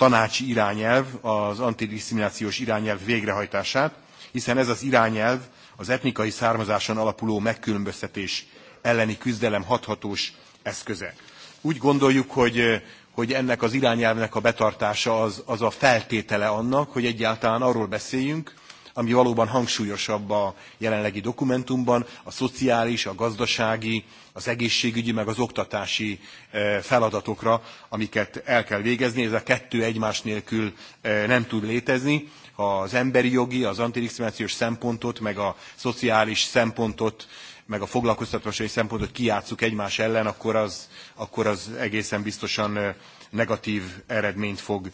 tanácsi irányelv, az antidiszkriminációs irányelv végrehajtását, hiszen ez az irányelv az etnikai származáson alapuló megkülönböztetés elleni küzdelem hathatós eszköze. Úgy gondoljuk, hogy, hogy ennek az irányelvnek a betartása az, az a feltétele annak, hogy egyáltalán arról beszéljünk, ami valóban hangsúlyosabb a jelenlegi dokumentumban, a szociális, a gazdasági, az egészségügyi, meg az oktatási eh, feladatokra, amiket el kell végezni. Ez a kettő egymás nélkül eh, nem tud létezni. Ha az emberi jogi, az antidiszkriminációs szempontot, meg a szociális szempontot meg a foglalkoztatási szempontot kiátszuk egymás ellen, akkor az, akkor az egészen biztosan eh, negatív eredményt fog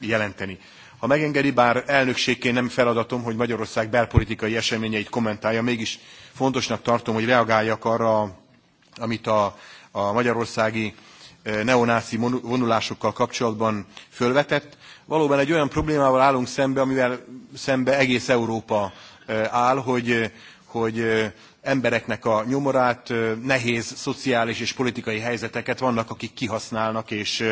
jelenteni. Ha megengedi, bár elnökségként nem feladatom, hogy Magyarország belpolitikai eseményeit kommentálja, mégis fontosnak tartom, hogy reagáljak arra, amit a, a magyarországi e, neonáci vonulásokkal kapcsolatban fölvetett. Valóban egy olyan problémával állunk szembe, amivel szembe egész Európa e, áll, hogy, e, hogy embereknek a nyomorát, nehéz szociális és politikai helyzeteket vannak, akik kihasználnak, és,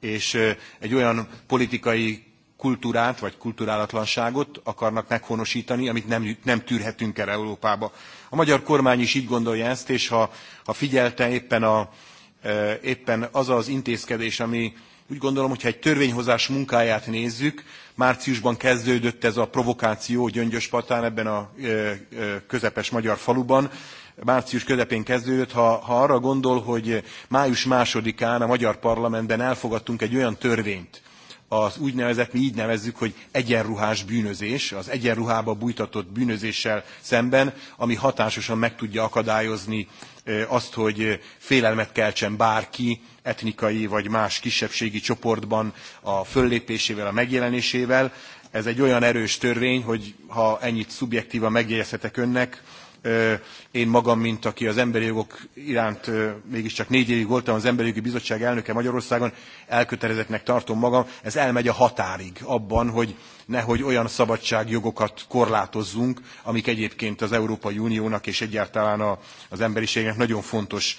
és egy olyan politikai kultúrát vagy kulturálatlanságot akarnak meghonosítani, amit nem, nem tűrhetünk el Európába. A magyar kormány is így gondolja ezt, és ha, ha figyelte éppen, a, e, éppen az az intézkedés, ami úgy gondolom, hogyha egy törvényhozás munkáját nézzük, márciusban kezdődött ez a provokáció Gyöngyöspatán ebben a e, e, közepes magyar faluban, március közepén kezdődött, ha, ha arra gondol, hogy május másodikán a magyar parlamentben elfogadtunk egy olyan törvényt, az úgynevezett, mi így nevezzük, hogy egyenruhás bűnözés, az egyenruhába bújtatott bűnözéssel szemben, ami hatásosan meg tudja akadályozni azt, hogy félelmet keltsen bárki etnikai vagy más kisebbségi csoportban a föllépésével, a megjelenésével. Ez egy olyan erős törvény, hogy ha ennyit szubjektívan megjegyezhetek önnek, én magam, mint aki az emberi jogok iránt mégiscsak négy évig voltam az Emberi Jogi Bizottság elnöke Magyarországon, elkötelezettnek tartom magam. Ez elmegy a határig abban, hogy nehogy olyan szabadságjogokat korlátozzunk, amik egyébként az Európai Uniónak és egyáltalán az emberiségnek nagyon fontos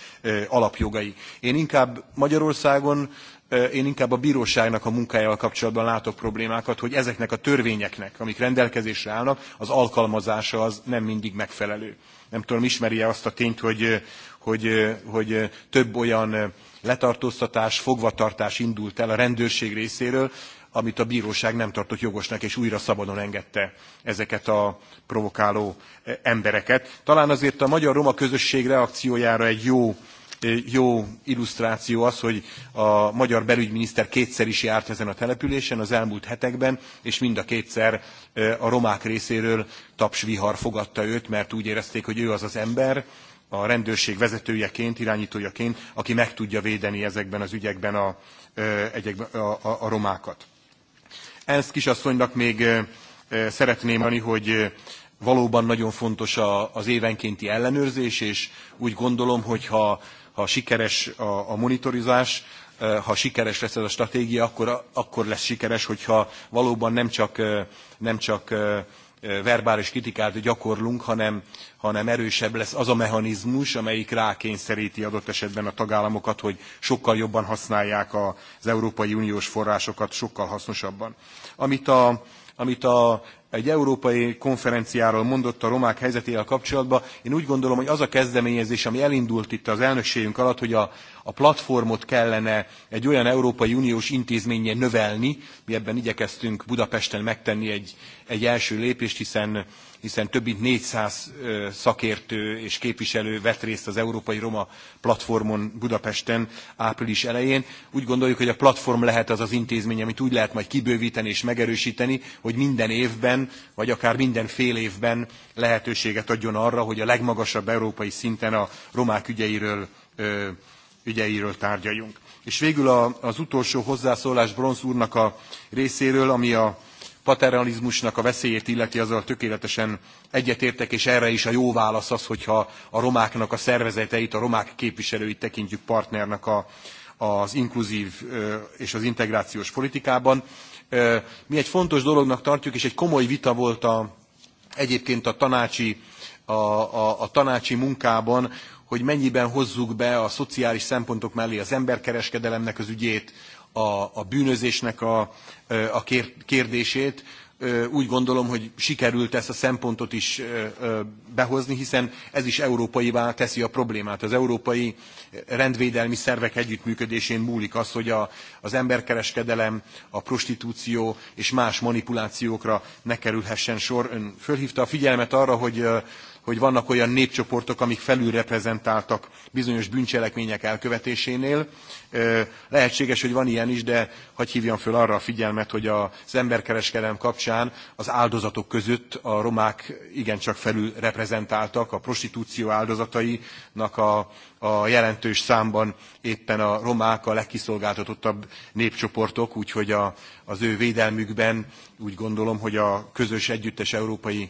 alapjogai. Én inkább Magyarországon én inkább a bíróságnak a munkájával kapcsolatban látok problémákat, hogy ezeknek a törvényeknek, amik rendelkezésre állnak, az alkalmazása az nem mindig megfelelő. Nem tudom, ismeri-e azt a tényt, hogy, hogy, hogy több olyan letartóztatás, fogvatartás indult el a rendőrség részéről, amit a bíróság nem tartott jogosnak, és újra szabadon engedte ezeket a provokáló embereket. Talán azért a magyar roma közösség reakciójára egy jó jó illusztráció az, hogy a magyar belügyminiszter kétszer is járt ezen a településen az elmúlt hetekben, és mind a kétszer a romák részéről tapsvihar fogadta őt, mert úgy érezték, hogy ő az az ember, a rendőrség vezetőjeként, irányítójaként, aki meg tudja védeni ezekben az ügyekben a, a, a, a romákat. Ernst kisasszonynak még szeretném mondani, hogy valóban nagyon fontos az évenkénti ellenőrzés, és úgy gondolom, hogy ha ha sikeres a, a monitorizás, eh, ha sikeres lesz ez a stratégia, akkor, akkor lesz sikeres, hogyha valóban nem csak, eh, nem csak eh, verbális kritikát gyakorlunk, hanem, hanem erősebb lesz az a mechanizmus, amelyik rákényszeríti adott esetben a tagállamokat, hogy sokkal jobban használják az Európai Uniós forrásokat, sokkal hasznosabban. Amit a, amit a egy európai konferenciáról mondott a romák helyzetével kapcsolatban. Én úgy gondolom, hogy az a kezdeményezés, ami elindult itt az elnökségünk alatt, hogy a, a platformot kellene egy olyan Európai Uniós intézménye növelni, mi ebben igyekeztünk Budapesten megtenni egy, egy első lépést, hiszen hiszen több mint 400 szakértő és képviselő vett részt az Európai Roma Platformon Budapesten április elején. Úgy gondoljuk, hogy a platform lehet az az intézmény, amit úgy lehet majd kibővíteni és megerősíteni, hogy minden évben, vagy akár minden fél évben lehetőséget adjon arra, hogy a legmagasabb európai szinten a romák ügyeiről, ügyeiről tárgyaljunk. És végül az utolsó hozzászólás Bronz úrnak a részéről, ami a paternalizmusnak a veszélyét illeti, azzal tökéletesen egyetértek, és erre is a jó válasz az, hogyha a romáknak a szervezeteit, a romák képviselőit tekintjük partnernek a, az inkluzív és az integrációs politikában. Mi egy fontos dolognak tartjuk, és egy komoly vita volt a, egyébként a tanácsi, a, a, a tanácsi munkában, hogy mennyiben hozzuk be a szociális szempontok mellé az emberkereskedelemnek az ügyét, a, a bűnözésnek a, a kérdését, úgy gondolom, hogy sikerült ezt a szempontot is behozni, hiszen ez is európaivá teszi a problémát. Az európai rendvédelmi szervek együttműködésén múlik az, hogy a, az emberkereskedelem, a prostitúció és más manipulációkra ne kerülhessen sor. Ön fölhívta a figyelmet arra, hogy hogy vannak olyan népcsoportok, amik felülreprezentáltak bizonyos bűncselekmények elkövetésénél. Lehetséges, hogy van ilyen is, de hagyj hívjam föl arra a figyelmet, hogy az emberkereskedelem kapcsán az áldozatok között a romák igencsak felülreprezentáltak, a prostitúció áldozatainak a, a jelentős számban éppen a romák a legkiszolgáltatottabb népcsoportok, úgyhogy a, az ő védelmükben úgy gondolom, hogy a közös együttes európai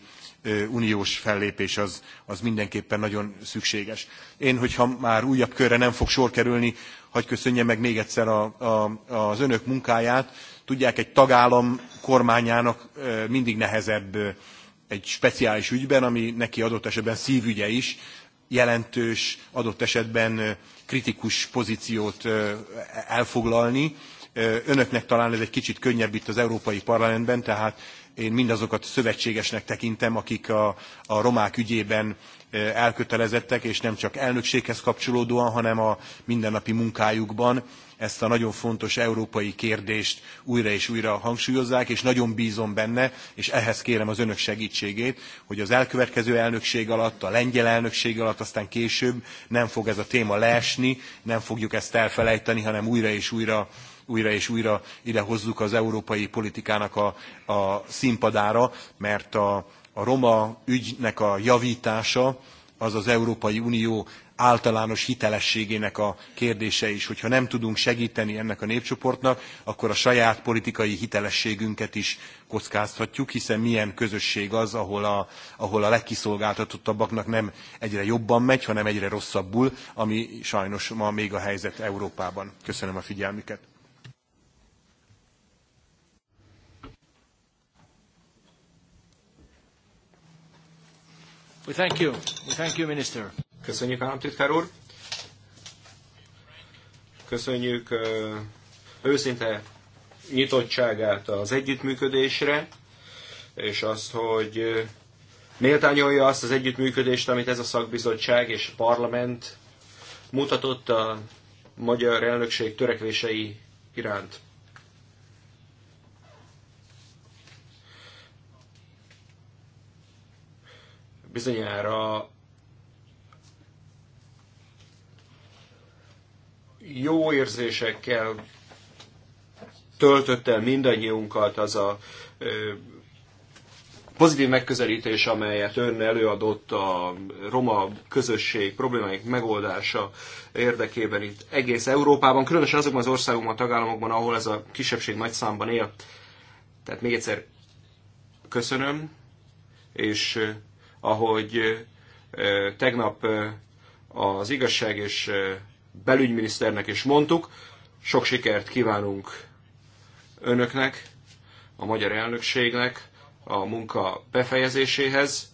uniós fellépés az, az mindenképpen nagyon szükséges. Én, hogyha már újabb körre nem fog sor kerülni, hagy köszönjem meg még egyszer a, a, az önök munkáját. Tudják, egy tagállam kormányának mindig nehezebb egy speciális ügyben, ami neki adott esetben szívügye is, jelentős, adott esetben kritikus pozíciót elfoglalni. Önöknek talán ez egy kicsit könnyebb itt az Európai Parlamentben, tehát én mindazokat szövetségesnek tekintem, akik a, a romák ügyében elkötelezettek, és nem csak elnökséghez kapcsolódóan, hanem a mindennapi munkájukban ezt a nagyon fontos európai kérdést újra és újra hangsúlyozzák, és nagyon bízom benne, és ehhez kérem az önök segítségét, hogy az elkövetkező elnökség alatt, a lengyel elnökség alatt, aztán később nem fog ez a téma leesni, nem fogjuk ezt elfelejteni, hanem újra és újra újra és újra idehozzuk az európai politikának a, a színpadára, mert a, a roma ügynek a javítása az az Európai Unió általános hitelességének a kérdése is. Hogyha nem tudunk segíteni ennek a népcsoportnak, akkor a saját politikai hitelességünket is kockáztatjuk, hiszen milyen közösség az, ahol a, ahol a legkiszolgáltatottabbaknak nem egyre jobban megy, hanem egyre rosszabbul, ami sajnos ma még a helyzet Európában. Köszönöm a figyelmüket. We thank you. We thank you, Minister. Köszönjük, államtitkár úr. Köszönjük uh, őszinte nyitottságát az együttműködésre, és azt, hogy méltányolja azt az együttműködést, amit ez a szakbizottság és a parlament mutatott a magyar elnökség törekvései iránt. Bizonyára jó érzésekkel töltött el mindannyiunkat az a pozitív megközelítés, amelyet ön előadott a roma közösség problémáik megoldása érdekében itt egész Európában, különösen azokban az országokban, tagállamokban, ahol ez a kisebbség nagy számban él. Tehát még egyszer köszönöm, és ahogy tegnap az igazság és belügyminiszternek is mondtuk, sok sikert kívánunk önöknek, a magyar elnökségnek a munka befejezéséhez,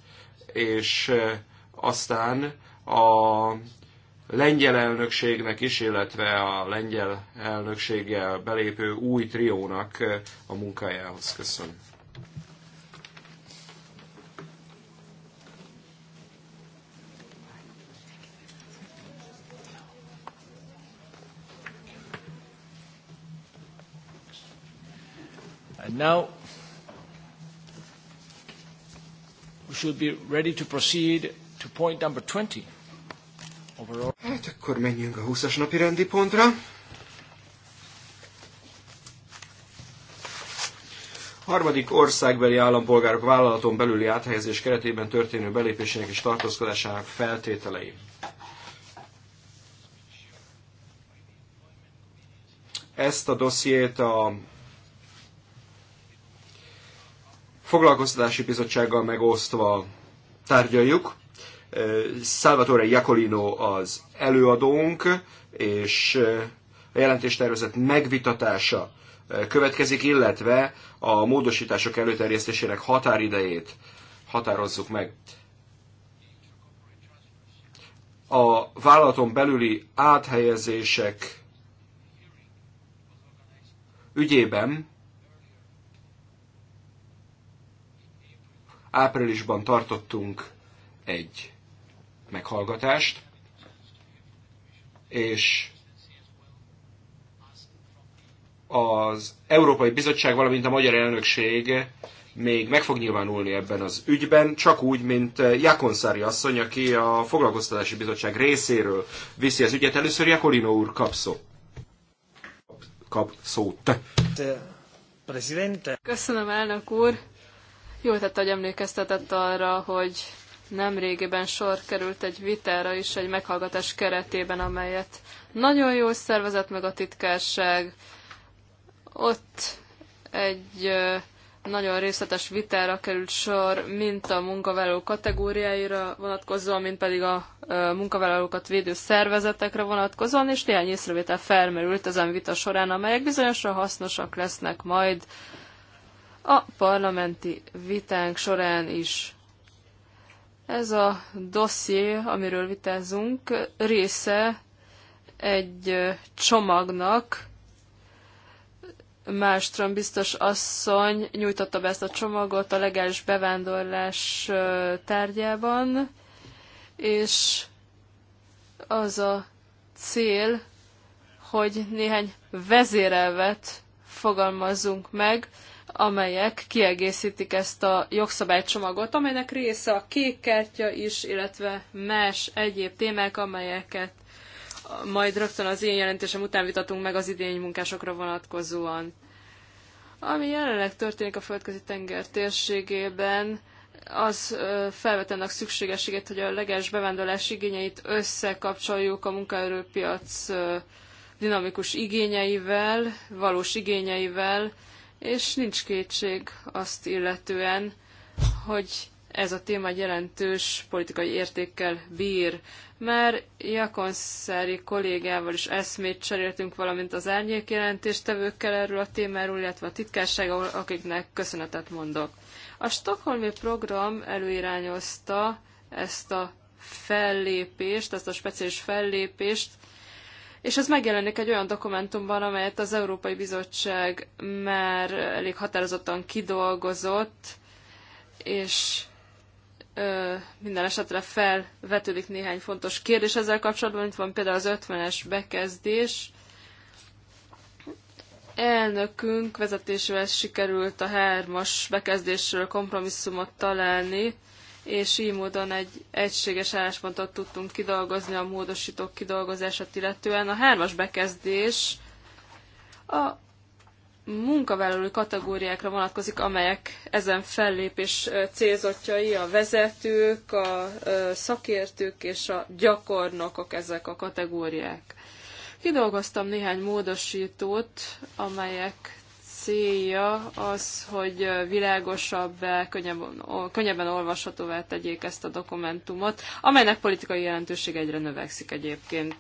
és aztán a lengyel elnökségnek is, illetve a lengyel elnökséggel belépő új triónak a munkájához. Köszönöm. And now we should be ready to proceed to point number 20. Overall. Hát akkor menjünk a 20-as napi rendi pontra. harmadik országbeli állampolgárok vállalaton belüli áthelyezés keretében történő belépésének és tartózkodásának feltételei. Ezt a dossziét a foglalkoztatási bizottsággal megosztva tárgyaljuk. Eh, Salvatore Iacolino az előadónk, és eh, a jelentéstervezet megvitatása eh, következik, illetve a módosítások előterjesztésének határidejét határozzuk meg. A vállalaton belüli áthelyezések ügyében Áprilisban tartottunk egy meghallgatást, és az Európai Bizottság, valamint a Magyar Elnökség még meg fog nyilvánulni ebben az ügyben, csak úgy, mint Jakonszári asszony, aki a Foglalkoztatási Bizottság részéről viszi az ügyet. Először Jakolino úr kap, szó. kap szót. Köszönöm, elnök úr. Jól tette, hogy emlékeztetett arra, hogy nem régiben sor került egy vitára is egy meghallgatás keretében, amelyet nagyon jól szervezett meg a titkárság. Ott egy nagyon részletes vitára került sor, mint a munkavállaló kategóriáira vonatkozóan, mint pedig a munkavállalókat védő szervezetekre vonatkozóan, és néhány észrevétel felmerült ezen vita során, amelyek bizonyosan hasznosak lesznek majd a parlamenti vitánk során is. Ez a dosszié, amiről vitázunk, része egy csomagnak, Mástrom biztos asszony nyújtotta be ezt a csomagot a legális bevándorlás tárgyában, és az a cél, hogy néhány vezérelvet fogalmazzunk meg, amelyek kiegészítik ezt a jogszabálycsomagot, amelynek része a kék kártya is, illetve más egyéb témák, amelyeket majd rögtön az én jelentésem után vitatunk meg az idény munkásokra vonatkozóan. Ami jelenleg történik a földközi tenger térségében, az felvet ennek szükségességét, hogy a leges bevándorlás igényeit összekapcsoljuk a munkaerőpiac dinamikus igényeivel, valós igényeivel, és nincs kétség azt illetően, hogy ez a téma jelentős politikai értékkel bír. Már Jakonszári kollégával is eszmét cseréltünk, valamint az árnyék jelentéstevőkkel erről a témáról, illetve a titkárságról, akiknek köszönetet mondok. A Stockholmi program előirányozta ezt a fellépést, ezt a speciális fellépést, és ez megjelenik egy olyan dokumentumban, amelyet az Európai Bizottság már elég határozottan kidolgozott, és ö, minden esetre felvetődik néhány fontos kérdés ezzel kapcsolatban. Itt van például az 50-es bekezdés. Elnökünk vezetésével sikerült a hármas bekezdésről kompromisszumot találni, és így módon egy egységes álláspontot tudtunk kidolgozni a módosítók kidolgozását illetően. A hármas bekezdés a munkavállalói kategóriákra vonatkozik, amelyek ezen fellépés célzottjai, a vezetők, a szakértők és a gyakornokok ezek a kategóriák. Kidolgoztam néhány módosítót, amelyek célja az, hogy világosabb, könnyebben, könnyebben olvashatóvá tegyék ezt a dokumentumot, amelynek politikai jelentőség egyre növekszik egyébként.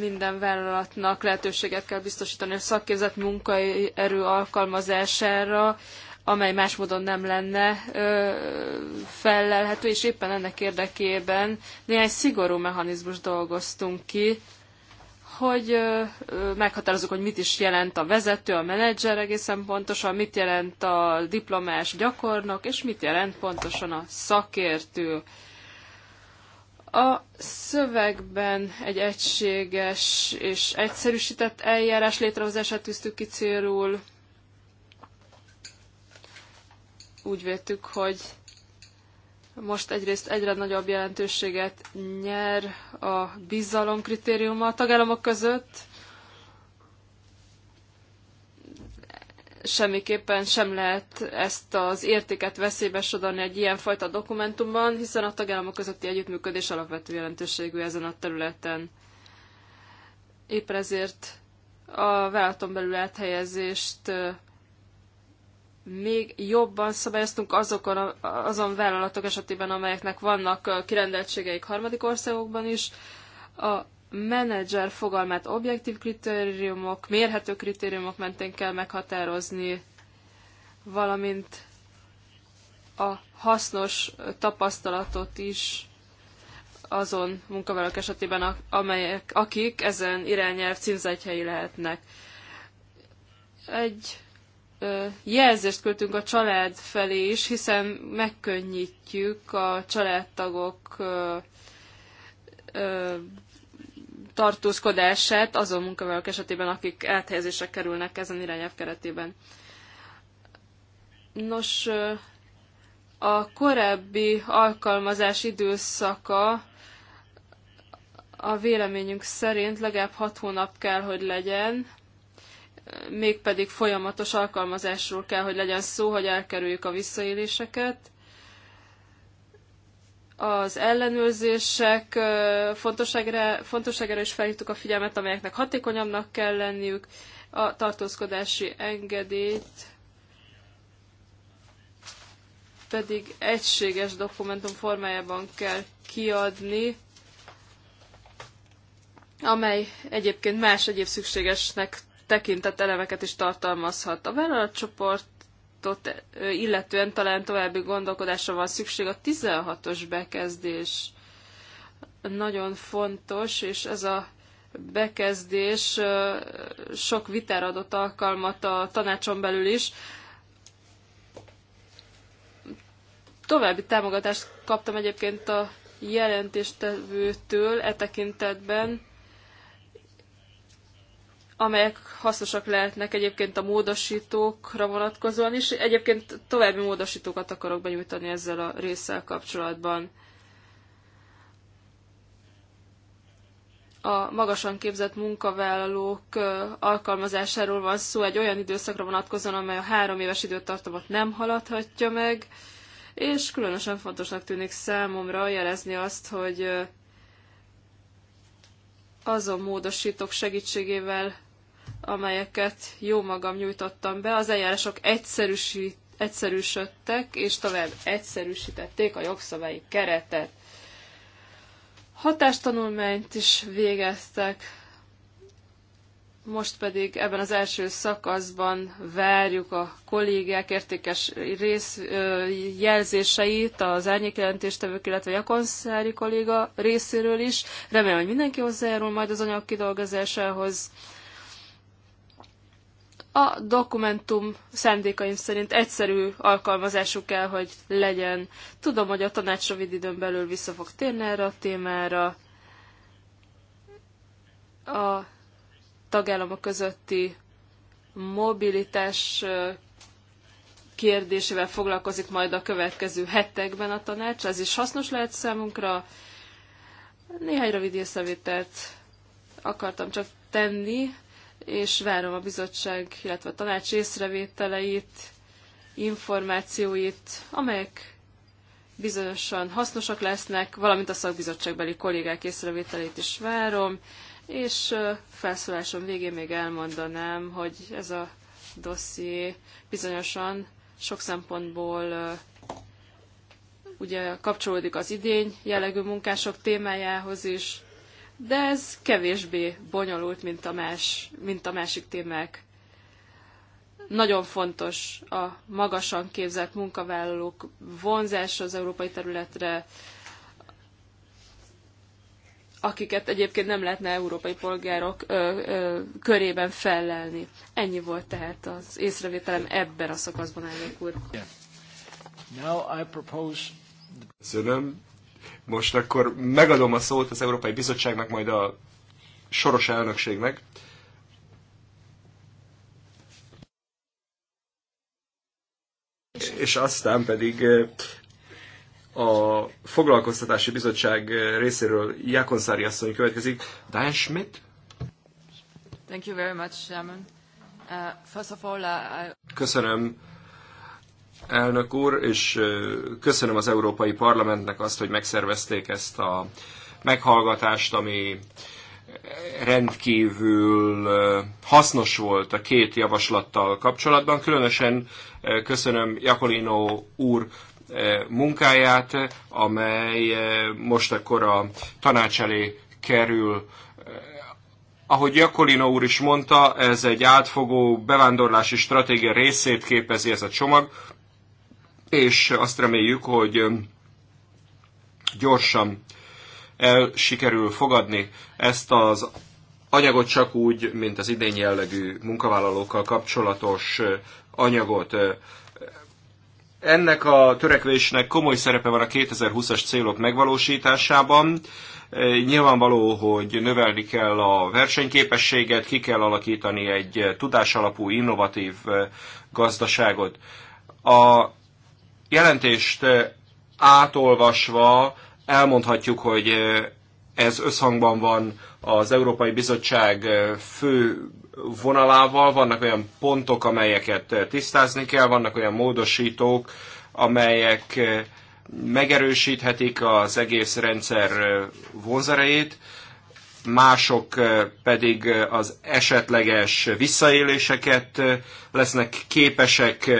Minden vállalatnak lehetőséget kell biztosítani a szakképzett munkaerő alkalmazására, amely más módon nem lenne ö, fellelhető, és éppen ennek érdekében néhány szigorú mechanizmus dolgoztunk ki, hogy meghatározunk, hogy mit is jelent a vezető, a menedzser egészen pontosan, mit jelent a diplomás gyakornok, és mit jelent pontosan a szakértő. A szövegben egy egységes és egyszerűsített eljárás létrehozását tűztük ki célul. Úgy vettük, hogy most egyrészt egyre nagyobb jelentőséget nyer a bizalom kritériuma a tagállamok között. Semmiképpen sem lehet ezt az értéket veszélybe sodorni egy ilyenfajta dokumentumban, hiszen a tagállamok közötti együttműködés alapvető jelentőségű ezen a területen. Épp ezért a vállalaton belül áthelyezést még jobban szabályoztunk azokon, azon vállalatok esetében, amelyeknek vannak kirendeltségeik harmadik országokban is. A menedzser fogalmát objektív kritériumok, mérhető kritériumok mentén kell meghatározni, valamint a hasznos tapasztalatot is azon munkavállalók esetében, amelyek, akik ezen irányelv címzetjei lehetnek. Egy jelzést költünk a család felé is, hiszen megkönnyítjük a családtagok tartózkodását azon munkavállalók esetében, akik áthelyezésre kerülnek ezen irányelv keretében. Nos, a korábbi alkalmazás időszaka a véleményünk szerint legalább hat hónap kell, hogy legyen, mégpedig folyamatos alkalmazásról kell, hogy legyen szó, hogy elkerüljük a visszaéléseket. Az ellenőrzések fontosságára, is felhívtuk a figyelmet, amelyeknek hatékonyabbnak kell lenniük. A tartózkodási engedélyt pedig egységes dokumentum formájában kell kiadni, amely egyébként más egyéb szükségesnek tekintett elemeket is tartalmazhat. A vállalatcsoportot illetően talán további gondolkodásra van szükség a 16-os bekezdés. Nagyon fontos, és ez a bekezdés sok vitára adott alkalmat a tanácson belül is. További támogatást kaptam egyébként a jelentéstevőtől e tekintetben, amelyek hasznosak lehetnek egyébként a módosítókra vonatkozóan is. Egyébként további módosítókat akarok benyújtani ezzel a résszel kapcsolatban. a magasan képzett munkavállalók alkalmazásáról van szó, egy olyan időszakra vonatkozóan, amely a három éves időtartamot nem haladhatja meg, és különösen fontosnak tűnik számomra jelezni azt, hogy azon módosítók segítségével amelyeket jó magam nyújtottam be, az eljárások egyszerűsít, egyszerűsödtek, és tovább egyszerűsítették a jogszabályi keretet. Hatástanulmányt is végeztek, most pedig ebben az első szakaszban várjuk a kollégák értékes rész, jelzéseit, az árnyékjelentéstevők, illetve a kolléga részéről is. Remélem, hogy mindenki hozzájárul majd az anyag kidolgozásához. A dokumentum szándékaim szerint egyszerű alkalmazásuk kell, hogy legyen. Tudom, hogy a tanács rövid időn belül vissza fog térni erre a témára. A tagállamok közötti mobilitás kérdésével foglalkozik majd a következő hetekben a tanács. Ez is hasznos lehet számunkra. Néhány rövid észrevételt akartam csak tenni és várom a bizottság, illetve a tanács észrevételeit, információit, amelyek bizonyosan hasznosak lesznek, valamint a szakbizottságbeli kollégák észrevételét is várom, és felszólásom végén még elmondanám, hogy ez a dosszié bizonyosan sok szempontból ugye kapcsolódik az idény jellegű munkások témájához is, de ez kevésbé bonyolult, mint a, más, mint a másik témák. Nagyon fontos a magasan képzett munkavállalók vonzása az európai területre, akiket egyébként nem lehetne európai polgárok ö, ö, körében fellelni. Ennyi volt tehát az észrevételem ebben a szakaszban, elnök úr. Köszönöm. Most akkor megadom a szót az Európai Bizottságnak, majd a soros elnökségnek. És aztán pedig eh, a Foglalkoztatási Bizottság eh, részéről Jákonszári asszony következik. Diane Schmidt? Thank you very much, Chairman. Uh, first of all, uh, I... Köszönöm elnök úr, és köszönöm az Európai Parlamentnek azt, hogy megszervezték ezt a meghallgatást, ami rendkívül hasznos volt a két javaslattal kapcsolatban. Különösen köszönöm Jakolino úr munkáját, amely most akkor a tanács elé kerül. Ahogy Jakolino úr is mondta, ez egy átfogó bevándorlási stratégia részét képezi ez a csomag, és azt reméljük, hogy gyorsan el sikerül fogadni ezt az anyagot csak úgy, mint az idén jellegű munkavállalókkal kapcsolatos anyagot. Ennek a törekvésnek komoly szerepe van a 2020-as célok megvalósításában. Nyilvánvaló, hogy növelni kell a versenyképességet, ki kell alakítani egy tudásalapú, innovatív gazdaságot. A jelentést eh, átolvasva elmondhatjuk, hogy eh, ez összhangban van az Európai Bizottság eh, fő vonalával, vannak olyan pontok, amelyeket tisztázni kell, vannak olyan módosítók, amelyek megerősíthetik az egész rendszer vonzerejét, mások pedig az esetleges visszaéléseket lesznek képesek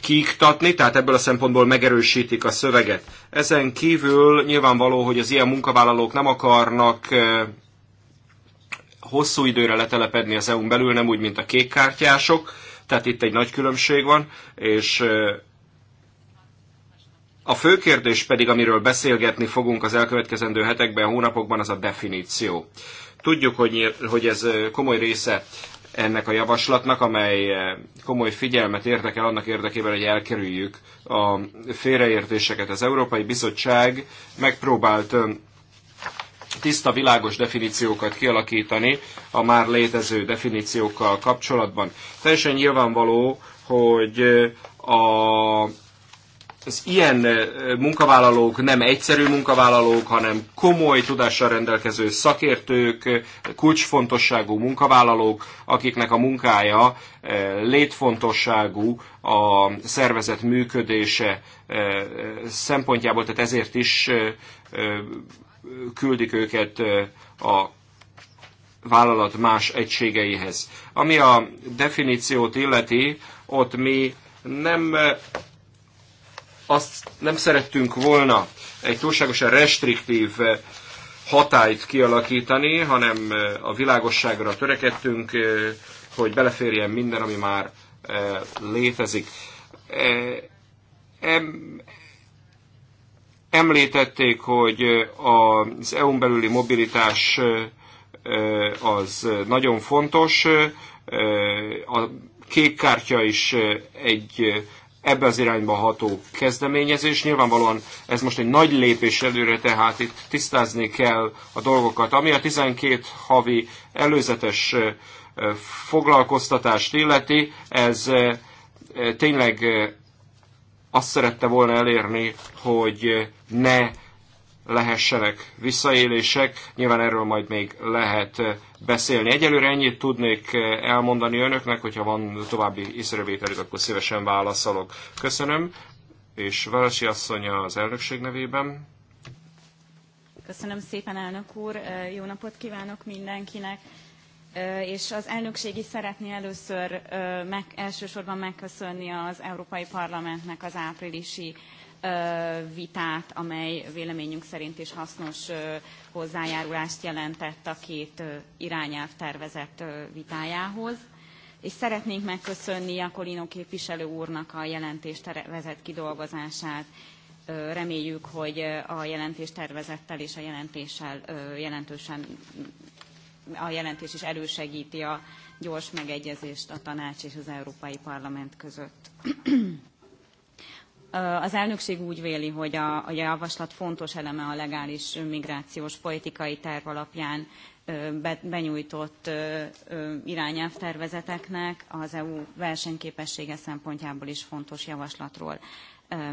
kiiktatni, tehát ebből a szempontból megerősítik a szöveget. Ezen kívül nyilvánvaló, hogy az ilyen munkavállalók nem akarnak hosszú időre letelepedni az EU-n belül, nem úgy, mint a kékkártyások, tehát itt egy nagy különbség van, és a fő kérdés pedig, amiről beszélgetni fogunk az elkövetkezendő hetekben, hónapokban, az a definíció. Tudjuk, hogy, hogy ez komoly része ennek a javaslatnak, amely eh, komoly figyelmet érdekel annak érdekében, hogy elkerüljük a félreértéseket. Az Európai Bizottság megpróbált eh, tiszta, világos definíciókat kialakítani a már létező definíciókkal kapcsolatban. Teljesen nyilvánvaló, hogy eh, a az ilyen munkavállalók nem egyszerű munkavállalók, hanem komoly tudással rendelkező szakértők, kulcsfontosságú munkavállalók, akiknek a munkája létfontosságú a szervezet működése szempontjából, tehát ezért is küldik őket a vállalat más egységeihez. Ami a definíciót illeti, ott mi nem azt nem szerettünk volna egy túlságosan restriktív eh, hatályt kialakítani, hanem eh, a világosságra törekedtünk, eh, hogy beleférjen minden, ami már létezik. Említették, hogy az EU-n belüli mobilitás az nagyon fontos, a kék kártya is egy ebbe az irányba ható kezdeményezés. Nyilvánvalóan ez most egy nagy lépés előre, tehát itt tisztázni kell a dolgokat. Ami a 12 havi előzetes foglalkoztatást illeti, ez tényleg azt szerette volna elérni, hogy ne lehessenek visszaélések. Nyilván erről majd még lehet eh, beszélni. Egyelőre ennyit tudnék eh, elmondani önöknek, hogyha van további észrevételük, akkor szívesen válaszolok. Köszönöm, és Városi asszonya az elnökség nevében. Köszönöm szépen, elnök úr, eh, jó napot kívánok mindenkinek, és az elnökség is szeretné először meg, elsősorban megköszönni az Európai Parlamentnek az áprilisi vitát, amely véleményünk szerint is hasznos hozzájárulást jelentett a két irányelv tervezett vitájához. És szeretnénk megköszönni a Kolino képviselő úrnak a jelentéstervezet kidolgozását. Reméljük, hogy a jelentéstervezettel és a jelentéssel jelentősen a jelentés is elősegíti a gyors megegyezést a tanács és az Európai Parlament között. Az elnökség úgy véli, hogy a, a javaslat fontos eleme a legális migrációs politikai terv alapján benyújtott irányelvtervezeteknek az EU versenyképessége szempontjából is fontos javaslatról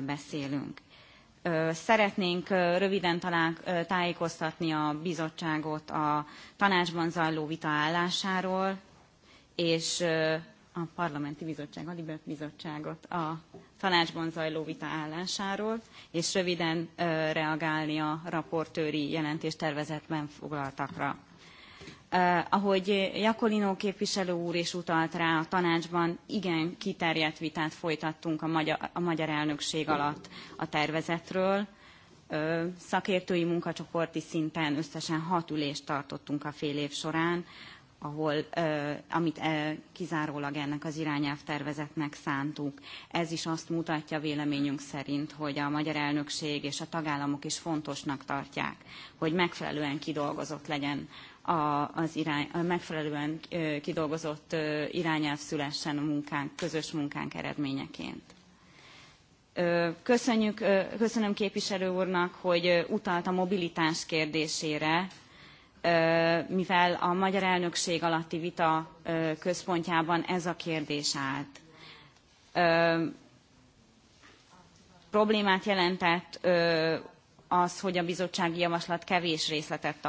beszélünk. Szeretnénk röviden talán tájékoztatni a bizottságot a tanácsban zajló vita állásáról, és a parlamenti bizottság, a bizottságot a tanácsban zajló vita állásáról, és röviden reagálni a raportőri jelentéstervezetben foglaltakra. Ahogy Jakolino képviselő úr is utalt rá, a tanácsban igen kiterjedt vitát folytattunk a magyar, a magyar elnökség alatt a tervezetről. Szakértői munkacsoporti szinten összesen hat ülést tartottunk a fél év során, ahol, eh, amit eh, kizárólag ennek az irányelvtervezetnek szántuk. Ez is azt mutatja véleményünk szerint, hogy a magyar elnökség és a tagállamok is fontosnak tartják, hogy megfelelően kidolgozott legyen a, az irány, a megfelelően eh, kidolgozott eh, irányelv szülessen a munkánk, közös munkánk eredményeként. Köszönjük, köszönöm képviselő úrnak, hogy utalt a mobilitás kérdésére, mivel a magyar elnökség alatti vita központjában ez a kérdés állt. Problémát jelentett az, hogy a bizottsági javaslat kevés részletet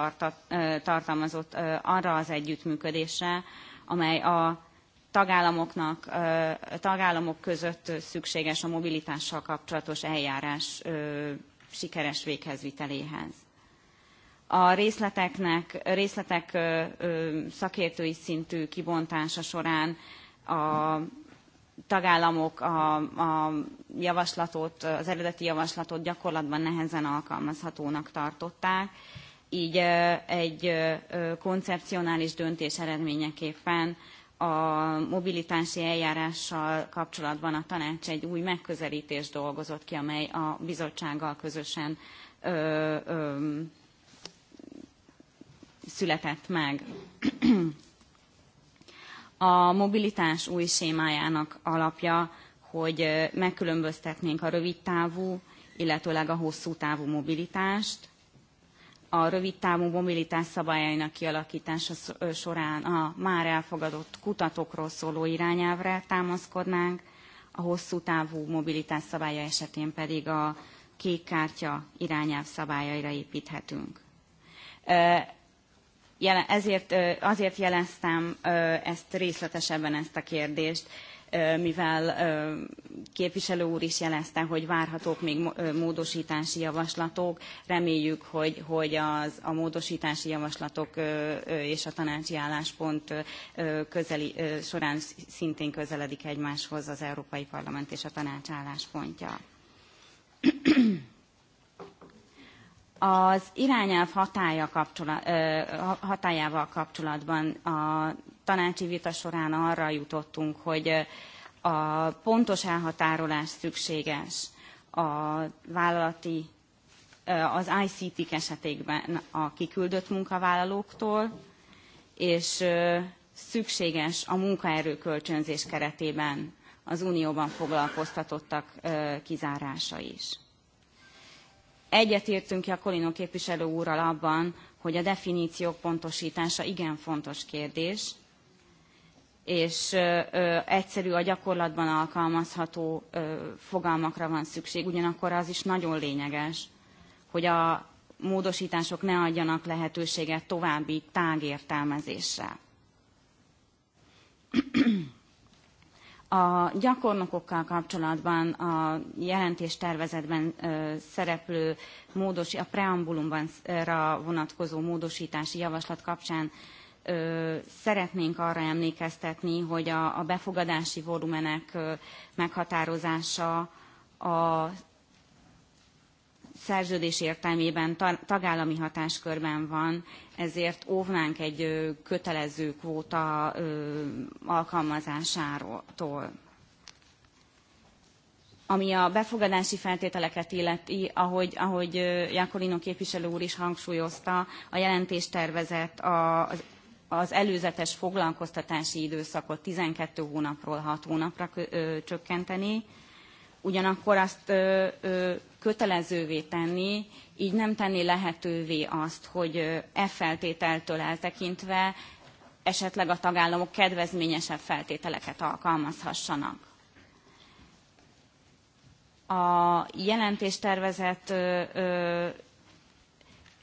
tartalmazott arra az együttműködésre, amely a tagállamoknak, tagállamok között szükséges a mobilitással kapcsolatos eljárás sikeres véghezviteléhez. A részleteknek, részletek szakértői szintű kibontása során a tagállamok a, a javaslatot, az eredeti javaslatot gyakorlatban nehezen alkalmazhatónak tartották, így egy koncepcionális döntés eredményeképpen a mobilitási eljárással kapcsolatban a tanács egy új megközelítést dolgozott ki, amely a bizottsággal közösen ö, ö, született meg. A mobilitás új sémájának alapja, hogy megkülönböztetnénk a rövid távú, illetőleg a hosszú távú mobilitást. A rövid távú mobilitás szabályainak kialakítása során a már elfogadott kutatókról szóló irányelvre támaszkodnánk, a hosszú távú mobilitás szabálya esetén pedig a kék kártya irányelv szabályaira építhetünk ezért, azért jeleztem ezt részletesebben ezt a kérdést, mivel képviselő úr is jelezte, hogy várhatók még módosítási javaslatok. Reméljük, hogy, hogy az, a módosítási javaslatok és a tanácsi álláspont közeli, során szintén közeledik egymáshoz az Európai Parlament és a tanács álláspontja. Az irányelv hatája kapcsolat, hatájával kapcsolatban a tanácsi vita során arra jutottunk, hogy a pontos elhatárolás szükséges a vállalati, az ICT-k esetében a kiküldött munkavállalóktól, és szükséges a munkaerő kölcsönzés keretében az unióban foglalkoztatottak kizárása is. Egyetértünk Jakolino képviselő úrral abban, hogy a definíciók pontosítása igen fontos kérdés, és ö, ö, egyszerű a gyakorlatban alkalmazható ö, fogalmakra van szükség, ugyanakkor az is nagyon lényeges, hogy a módosítások ne adjanak lehetőséget további tágértelmezésre. A gyakornokokkal kapcsolatban a jelentéstervezetben szereplő módos, a preambulumra vonatkozó módosítási javaslat kapcsán szeretnénk arra emlékeztetni, hogy a, a befogadási volumenek meghatározása a szerződés értelmében tagállami hatáskörben van, ezért óvnánk egy kötelező kvóta alkalmazásától. Ami a befogadási feltételeket illeti, ahogy, ahogy Jakolino képviselő úr is hangsúlyozta, a jelentéstervezet az az előzetes foglalkoztatási időszakot 12 hónapról 6 hónapra ö, csökkenteni. Ugyanakkor azt ö, ö, kötelezővé tenni, így nem tenni lehetővé azt, hogy e feltételtől eltekintve esetleg a tagállamok kedvezményesebb feltételeket alkalmazhassanak. A jelentéstervezet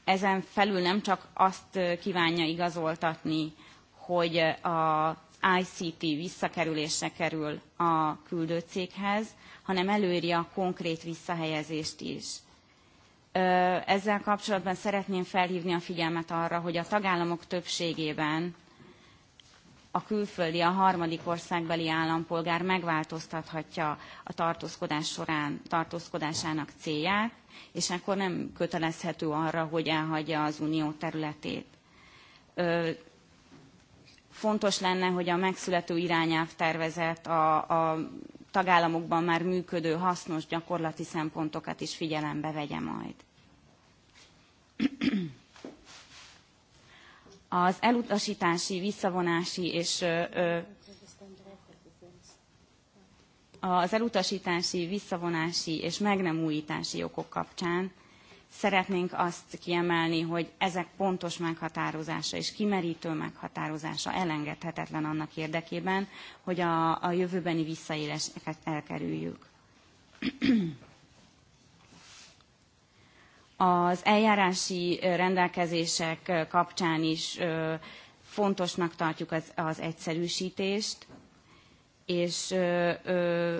ezen felül nem csak azt kívánja igazoltatni, hogy a ICT visszakerülésre kerül a küldőcéghez, hanem előírja a konkrét visszahelyezést is. Ezzel kapcsolatban szeretném felhívni a figyelmet arra, hogy a tagállamok többségében a külföldi, a harmadik országbeli állampolgár megváltoztathatja a tartózkodás során tartózkodásának célját, és akkor nem kötelezhető arra, hogy elhagyja az unió területét fontos lenne, hogy a megszülető irányelv tervezet a, a tagállamokban már működő hasznos gyakorlati szempontokat is figyelembe vegye majd. Az elutasítási, visszavonási és az elutasítási, visszavonási és meg nem újítási okok kapcsán Szeretnénk azt kiemelni, hogy ezek pontos meghatározása és kimerítő meghatározása elengedhetetlen annak érdekében, hogy a, a jövőbeni visszaéléseket elkerüljük. Az eljárási rendelkezések kapcsán is fontosnak tartjuk az, az egyszerűsítést, és ö, ö,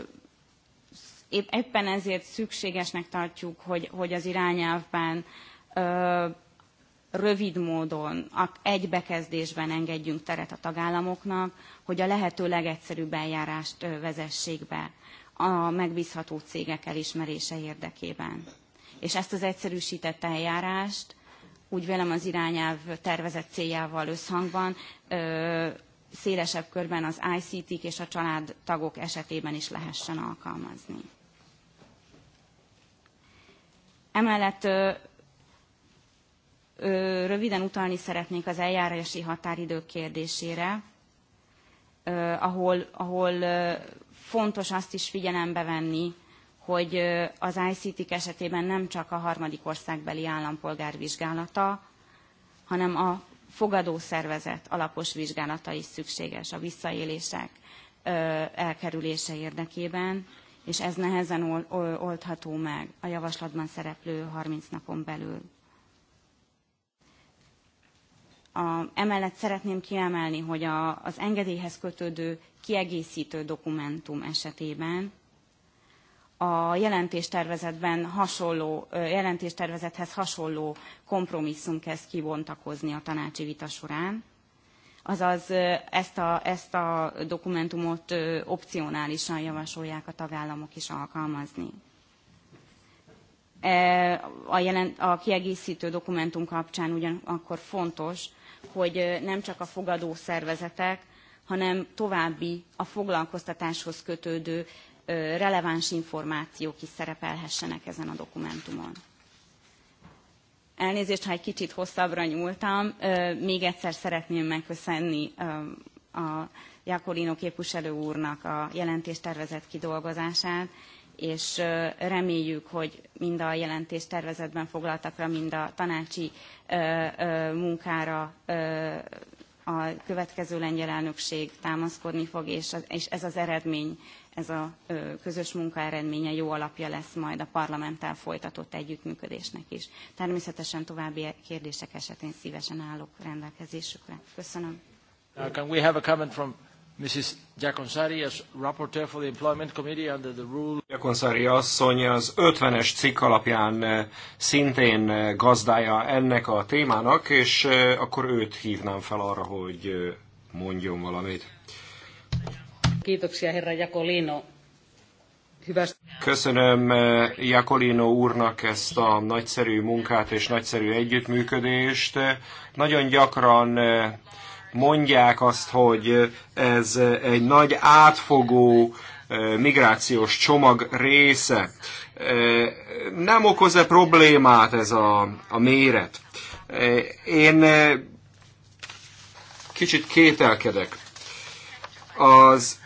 éppen ezért szükségesnek tartjuk, hogy, hogy az irányelvben ö, rövid módon, egy bekezdésben engedjünk teret a tagállamoknak, hogy a lehető legegyszerűbb eljárást vezessék be a megbízható cégek elismerése érdekében. És ezt az egyszerűsített eljárást úgy vélem az irányelv tervezett céljával összhangban ö, szélesebb körben az ICT-k és a családtagok esetében is lehessen alkalmazni. Emellett ö, ö, röviden utalni szeretnék az eljárási határidők kérdésére, ö, ahol, ahol ö, fontos azt is figyelembe venni, hogy ö, az ict esetében nem csak a harmadik országbeli állampolgár vizsgálata, hanem a fogadó szervezet alapos vizsgálata is szükséges a visszaélések elkerülése érdekében, és ez nehezen oldható meg a javaslatban szereplő 30 napon belül. A, emellett szeretném kiemelni, hogy a, az engedélyhez kötődő kiegészítő dokumentum esetében a jelentéstervezetben hasonló, jelentéstervezethez hasonló kompromisszum kezd kibontakozni a tanácsi vita során azaz ezt a, ezt a dokumentumot opcionálisan javasolják a tagállamok is alkalmazni. E, a, jelent, a kiegészítő dokumentum kapcsán ugyanakkor fontos, hogy nem csak a fogadó szervezetek, hanem további a foglalkoztatáshoz kötődő releváns információk is szerepelhessenek ezen a dokumentumon. Elnézést, ha egy kicsit hosszabbra nyúltam, még egyszer szeretném megköszönni a Jakolino képviselő úrnak a jelentéstervezet kidolgozását, és reméljük, hogy mind a jelentéstervezetben foglaltakra, mind a tanácsi munkára a következő lengyel elnökség támaszkodni fog, és ez az eredmény ez a közös munka eredménye jó alapja lesz majd a parlamenttel folytatott együttműködésnek is. Természetesen további kérdések esetén szívesen állok rendelkezésükre. Köszönöm. Now can we have a comment from Mrs. Giaconsari as rapporteur for the Employment Committee under the rule. Giaconsari asszony az 50-es cikk alapján szintén gazdája ennek a témának, és akkor őt hívnám fel arra, hogy mondjon valamit. Köszönöm eh, Jakolino úrnak ezt a nagyszerű munkát és nagyszerű együttműködést. Nagyon gyakran eh, mondják azt, hogy ez egy nagy átfogó eh, migrációs csomag része. Nem okoz-e problémát ez a, a méret? Én kicsit kételkedek. Az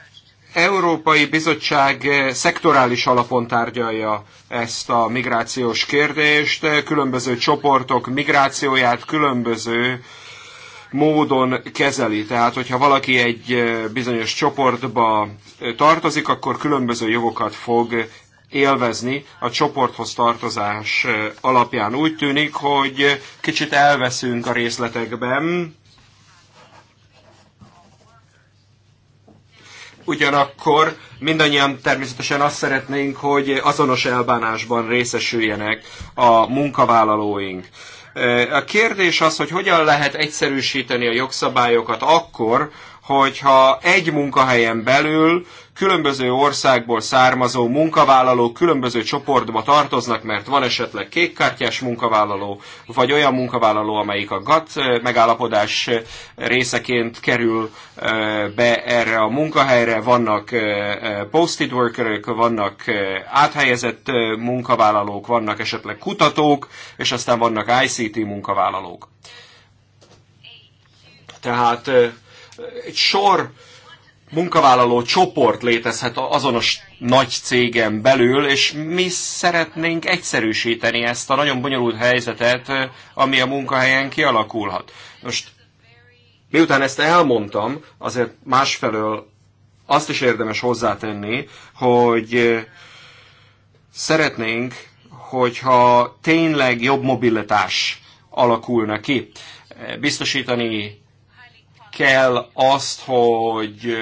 Európai Bizottság eh, szektorális alapon tárgyalja ezt a migrációs kérdést, eh, különböző csoportok migrációját különböző módon kezeli. Tehát, hogyha valaki egy eh, bizonyos csoportba tartozik, akkor különböző jogokat fog élvezni a csoporthoz tartozás alapján. Úgy tűnik, hogy kicsit elveszünk a részletekben, ugyanakkor mindannyian természetesen azt szeretnénk, hogy azonos elbánásban részesüljenek a munkavállalóink. A kérdés az, hogy hogyan lehet egyszerűsíteni a jogszabályokat akkor, hogyha egy munkahelyen belül különböző országból származó munkavállalók különböző csoportba tartoznak, mert van esetleg kékkártyás munkavállaló, vagy olyan munkavállaló, amelyik a GATT eh, megállapodás eh, részeként kerül eh, be erre a munkahelyre, vannak posted workerök, vannak áthelyezett munkavállalók, vannak esetleg kutatók, és aztán vannak ICT munkavállalók. Tehát egy sor munkavállaló csoport létezhet azonos nagy cégen belül, és mi szeretnénk egyszerűsíteni ezt a nagyon bonyolult helyzetet, ami a munkahelyen kialakulhat. Most miután ezt elmondtam, azért másfelől azt is érdemes hozzátenni, hogy szeretnénk, hogyha tényleg jobb mobilitás alakulna ki. Biztosítani kell azt, hogy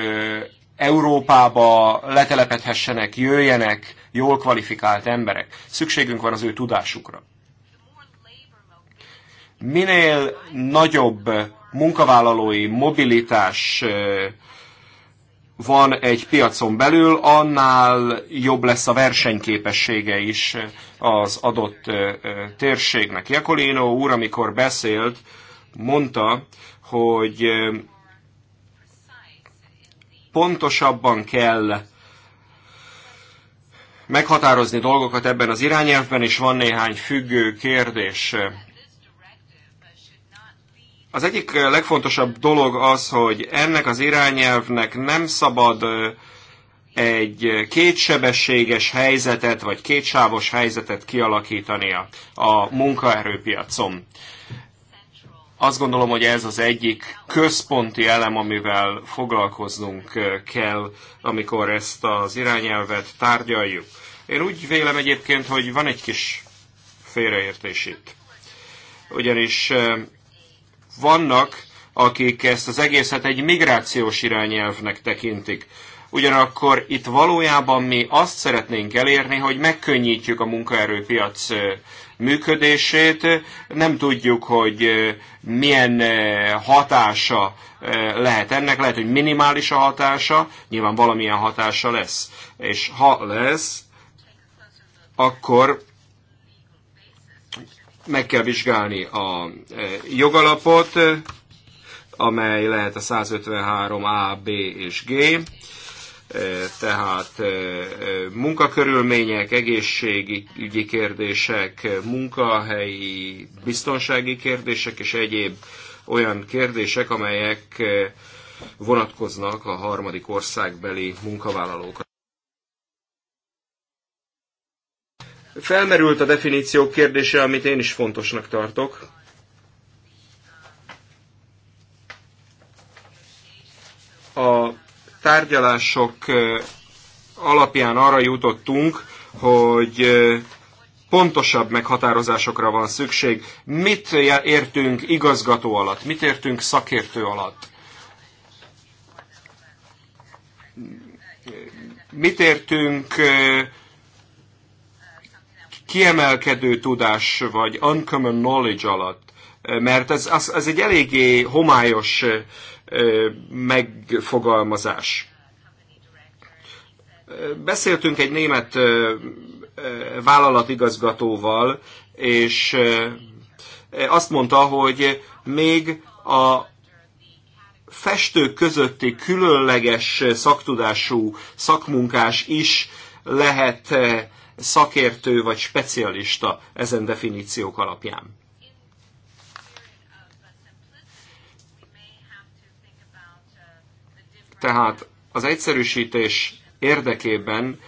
Európába letelepedhessenek, jöjjenek jól kvalifikált emberek. Szükségünk van az ő tudásukra. Minél nagyobb munkavállalói mobilitás van egy piacon belül, annál jobb lesz a versenyképessége is az adott térségnek. Jakolino úr, amikor beszélt, mondta, hogy pontosabban kell meghatározni dolgokat ebben az irányelvben, és van néhány függő kérdés. Az egyik legfontosabb dolog az, hogy ennek az irányelvnek nem szabad egy kétsebességes helyzetet, vagy kétsávos helyzetet kialakítania a munkaerőpiacon. Azt gondolom, hogy ez az egyik központi elem, amivel foglalkoznunk kell, amikor ezt az irányelvet tárgyaljuk. Én úgy vélem egyébként, hogy van egy kis félreértés itt. Ugyanis vannak, akik ezt az egészet egy migrációs irányelvnek tekintik. Ugyanakkor itt valójában mi azt szeretnénk elérni, hogy megkönnyítjük a munkaerőpiac működését. Nem tudjuk, hogy milyen hatása lehet ennek, lehet, hogy minimális a hatása, nyilván valamilyen hatása lesz. És ha lesz, akkor meg kell vizsgálni a jogalapot, amely lehet a 153 A, B és G, tehát munkakörülmények, egészségügyi kérdések, munkahelyi biztonsági kérdések és egyéb olyan kérdések, amelyek vonatkoznak a harmadik országbeli munkavállalókra. Felmerült a definíció kérdése, amit én is fontosnak tartok. A tárgyalások alapján arra jutottunk, hogy pontosabb meghatározásokra van szükség. Mit értünk igazgató alatt? Mit értünk szakértő alatt? Mit értünk kiemelkedő tudás, vagy uncommon knowledge alatt? Mert ez, az, ez egy eléggé homályos megfogalmazás. Beszéltünk egy német vállalatigazgatóval, és azt mondta, hogy még a festők közötti különleges szaktudású szakmunkás is lehet szakértő vagy specialista ezen definíciók alapján. Tehát az egyszerűsítés érdekében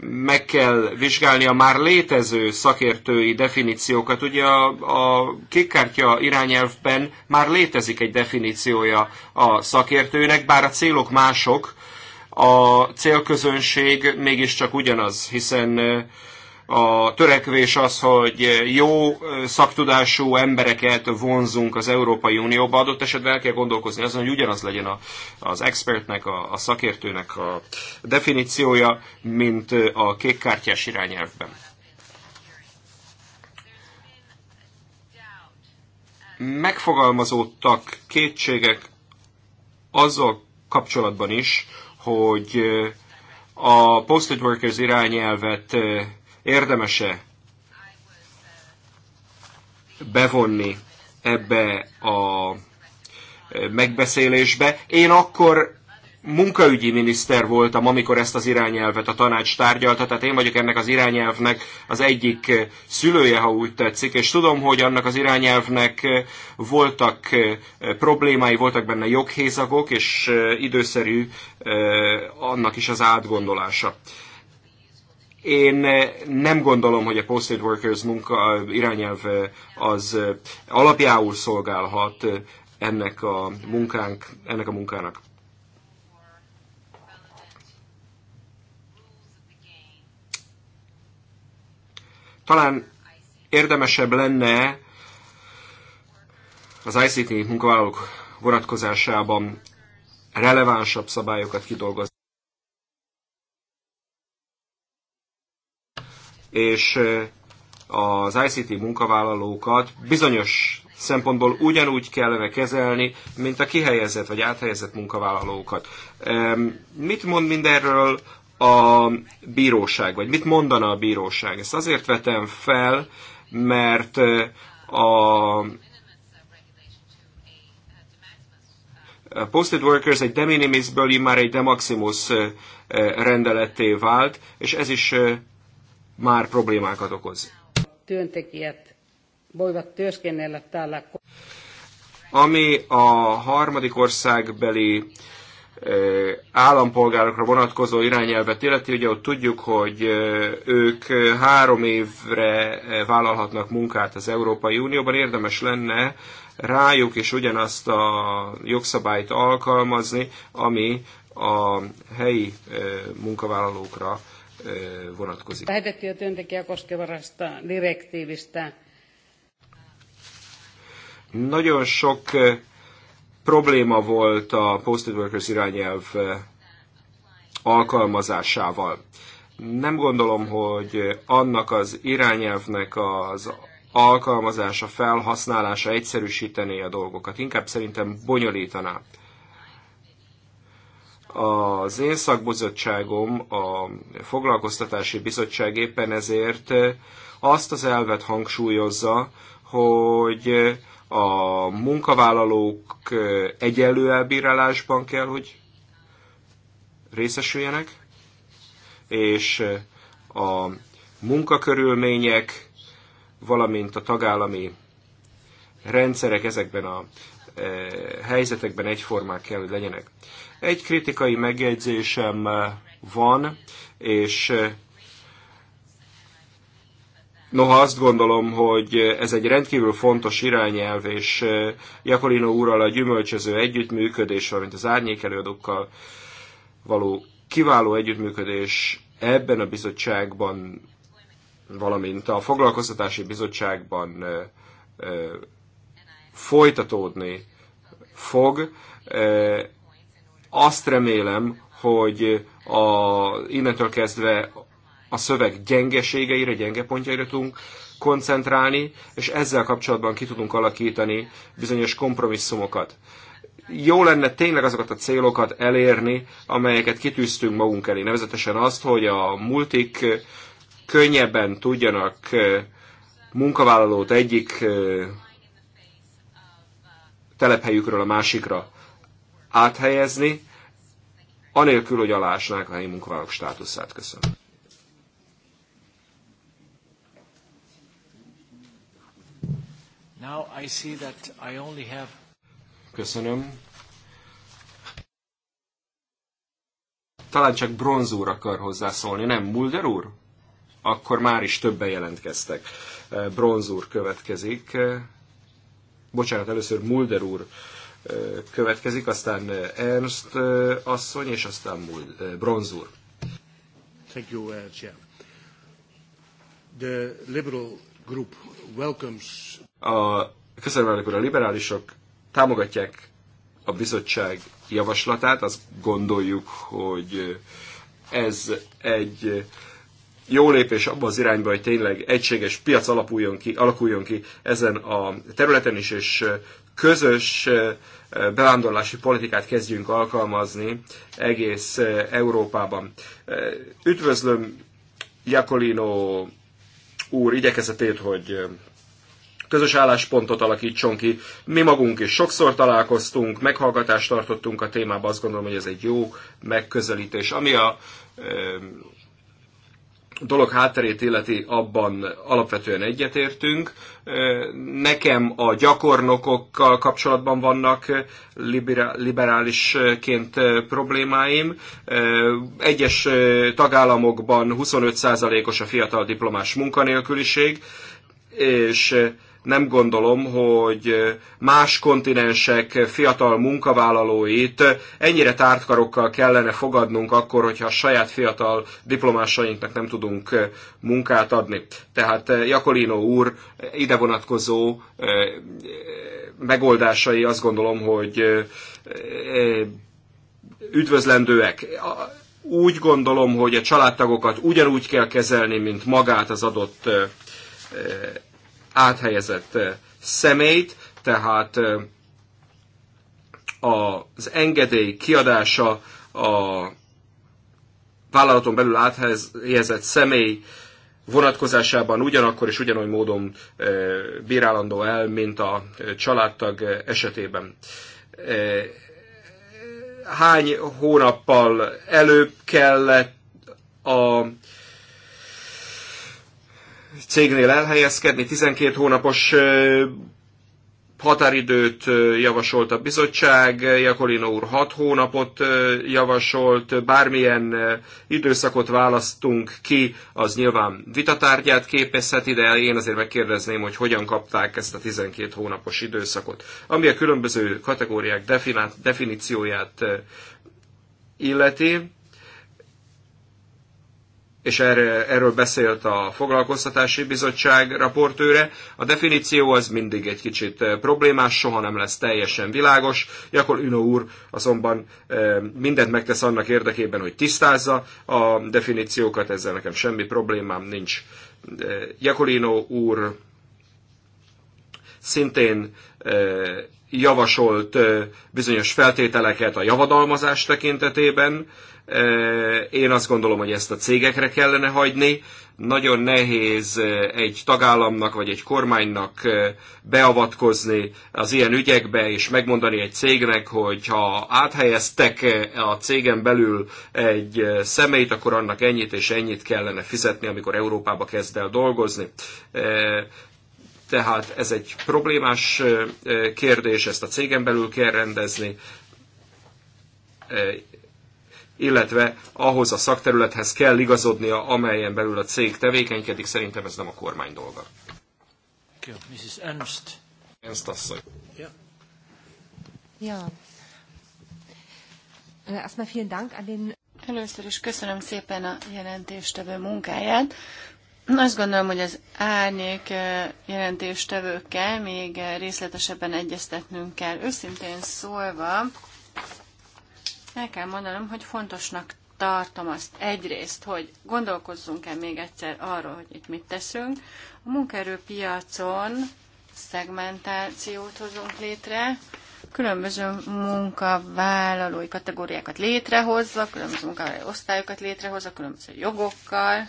meg kell vizsgálni a már létező szakértői definíciókat. Ugye a, a kékkártya irányelvben már létezik egy definíciója a szakértőnek, bár a célok mások, a célközönség mégiscsak ugyanaz, hiszen a törekvés az, hogy jó szaktudású embereket vonzunk az Európai Unióba, adott esetben el kell gondolkozni azon, hogy ugyanaz legyen a, az expertnek, a, a szakértőnek a definíciója, mint a kékkártyás irányelvben. Megfogalmazódtak kétségek azzal kapcsolatban is, hogy a postage workers irányelvet érdemese bevonni ebbe a e, megbeszélésbe. Én akkor munkaügyi miniszter voltam, amikor ezt az irányelvet a tanács tárgyalta, tehát én vagyok ennek az irányelvnek az egyik e, szülője, ha úgy tetszik, és tudom, hogy annak az irányelvnek e, voltak problémái, voltak benne joghézagok, és időszerű annak is az átgondolása. Én eh, nem gondolom, hogy a posted workers munka irányelv eh, az eh, alapjául szolgálhat ennek a munkánk, ennek a munkának. Talán érdemesebb lenne az ICT munkavállalók vonatkozásában relevánsabb szabályokat kidolgozni. és az ICT munkavállalókat bizonyos szempontból ugyanúgy kellene kezelni, mint a kihelyezett vagy áthelyezett munkavállalókat. Mit mond mindenről a bíróság, vagy mit mondana a bíróság? Ezt azért vetem fel, mert a A posted workers egy de minimisből már egy de maximus rendeletté vált, és ez is már problémákat okoz. Ami a harmadik országbeli állampolgárokra vonatkozó irányelvet illeti, ugye ott tudjuk, hogy ők három évre vállalhatnak munkát az Európai Unióban, érdemes lenne rájuk is ugyanazt a jogszabályt alkalmazni, ami a helyi munkavállalókra vonatkozik. Lähetettyä työntekijää koskevasta Nagyon sok probléma volt a Posted Workers irányelv alkalmazásával. Nem gondolom, hogy annak az irányelvnek az alkalmazása, felhasználása egyszerűsítené a dolgokat, inkább szerintem bonyolítaná. Az én szakbizottságom, a foglalkoztatási bizottság éppen ezért azt az elvet hangsúlyozza, hogy a munkavállalók egyenlő elbírálásban kell, hogy részesüljenek, és a munkakörülmények, valamint a tagállami rendszerek ezekben a helyzetekben egyformák kell, hogy legyenek. Egy kritikai megjegyzésem eh, van, és eh, Noha azt gondolom, hogy ez egy rendkívül fontos irányelv, és eh, Jakolino úrral a gyümölcsöző együttműködés, valamint az árnyékelőadókkal való kiváló együttműködés ebben a bizottságban, valamint a foglalkoztatási bizottságban folytatódni fog. Azt remélem, hogy a, innentől kezdve a szöveg gyengeségeire, gyenge pontjaira tudunk koncentrálni, és ezzel kapcsolatban ki tudunk alakítani bizonyos kompromisszumokat. Jó lenne tényleg azokat a célokat elérni, amelyeket kitűztünk magunk elé, nevezetesen azt, hogy a multik könnyebben tudjanak munkavállalót egyik telephelyükről a másikra áthelyezni, anélkül, hogy alásnák a helyi munkavállalók státuszát. Köszönöm. Now I see that I only have... Köszönöm. Talán csak bronz úr akar hozzászólni, nem Mulder úr? Akkor már is többen jelentkeztek. Bronz úr következik. Bocsánat, először Mulder úr következik, aztán Ernst asszony, és aztán Múl, Bronz Thank you, uh, Chair. The Liberal Group welcomes... A, köszönöm, hogy a liberálisok támogatják a bizottság javaslatát, azt gondoljuk, hogy ez egy jó lépés abba az irányba, hogy tényleg egységes piac alapuljon ki, alakuljon ki ezen a területen is, és közös bevándorlási politikát kezdjünk alkalmazni egész Európában. Üdvözlöm Jakolino úr igyekezetét, hogy közös álláspontot alakítson ki. Mi magunk is sokszor találkoztunk, meghallgatást tartottunk a témában, azt gondolom, hogy ez egy jó megközelítés. Ami a dolog hátterét illeti, abban alapvetően egyetértünk. Nekem a gyakornokokkal kapcsolatban vannak liberálisként problémáim. Egyes tagállamokban 25%-os a fiatal diplomás munkanélküliség, és nem gondolom, hogy más kontinensek fiatal munkavállalóit ennyire tártkarokkal kellene fogadnunk akkor, hogyha a saját fiatal diplomásainknak nem tudunk munkát adni. Tehát eh, Jakolino úr eh, ide vonatkozó eh, megoldásai azt gondolom, hogy üdvözlendőek úgy gondolom, hogy a családtagokat ugyanúgy kell kezelni, mint magát az adott áthelyezett szemét, tehát az engedély kiadása a vállalaton belül áthelyezett személy vonatkozásában ugyanakkor és ugyanolyan módon bírálandó el, mint a családtag esetében. Hány hónappal előbb kellett a cégnél elhelyezkedni. 12 hónapos határidőt javasolt a bizottság, Jakolino úr 6 hónapot javasolt, bármilyen időszakot választunk ki, az nyilván vitatárgyát képezheti, de én azért megkérdezném, hogy hogyan kapták ezt a 12 hónapos időszakot. Ami a különböző kategóriák definícióját illeti, és erről, erről beszélt a Foglalkoztatási Bizottság raportőre. A definíció az mindig egy kicsit eh, problémás, soha nem lesz teljesen világos. Jakol Üno úr azonban eh, mindent megtesz annak érdekében, hogy tisztázza a definíciókat, ezzel nekem semmi problémám nincs. Eh, Jakolino úr szintén javasolt bizonyos feltételeket a javadalmazás tekintetében. Én azt gondolom, hogy ezt a cégekre kellene hagyni. Nagyon nehéz egy tagállamnak vagy egy kormánynak beavatkozni az ilyen ügyekbe, és megmondani egy cégnek, hogy ha áthelyeztek a cégen belül egy személyt, akkor annak ennyit és ennyit kellene fizetni, amikor Európába kezd el dolgozni. Tehát ez egy problémás kérdés, ezt a cégen belül kell rendezni, illetve ahhoz a szakterülethez kell igazodnia, amelyen belül a cég tevékenykedik. Szerintem ez nem a kormány dolga. Mrs. Ernst. Ernst asszony. Ja. Äh, erstmal vielen Dank an den Először is köszönöm szépen a jelentéstevő munkáját. Azt gondolom, hogy az árnyék eh, jelentéstevőkkel még eh, részletesebben egyeztetnünk kell. Őszintén szólva, el kell mondanom, hogy fontosnak tartom azt egyrészt, hogy gondolkozzunk el még egyszer arról, hogy itt mit teszünk. A munkaerőpiacon szegmentációt hozunk létre, különböző munkavállalói kategóriákat létrehozza, különböző munkavállalói osztályokat létrehozza, különböző jogokkal,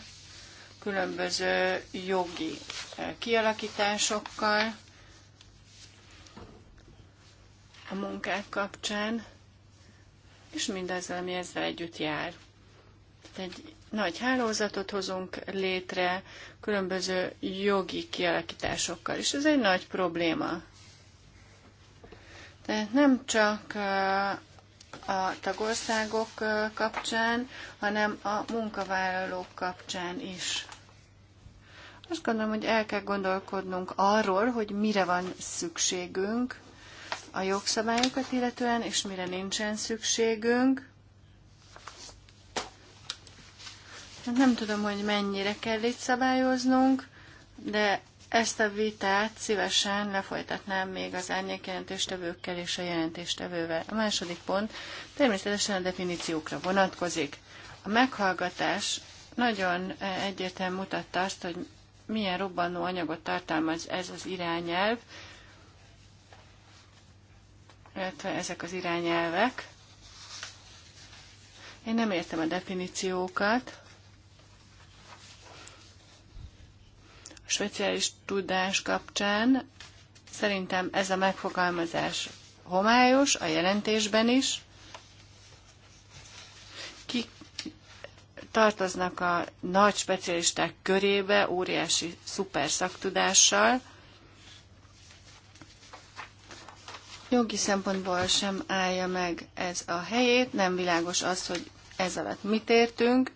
különböző jogi eh, kialakításokkal a munkák kapcsán, és mindazzal, ami ezzel együtt jár. Egy nagy hálózatot hozunk létre különböző jogi kialakításokkal, és ez egy nagy probléma. Tehát nem csak eh, a tagországok eh, kapcsán, hanem a munkavállalók kapcsán is. Azt gondolom, hogy el kell gondolkodnunk arról, hogy mire van szükségünk a jogszabályokat illetően, és mire nincsen szükségünk. Hát nem tudom, hogy mennyire kell itt szabályoznunk, de ezt a vitát szívesen lefolytatnám még az árnyékjelentéstevőkkel és a jelentéstevővel. A második pont természetesen a definíciókra vonatkozik. A meghallgatás nagyon egyértelműen mutatta azt, hogy milyen robbanó anyagot tartalmaz ez az irányelv, illetve ezek az irányelvek. Én nem értem a definíciókat. A speciális tudás kapcsán szerintem ez a megfogalmazás homályos a jelentésben is. tartoznak a nagy specialisták körébe, óriási szuper szaktudással. Jogi szempontból sem állja meg ez a helyét, nem világos az, hogy ez alatt mit értünk,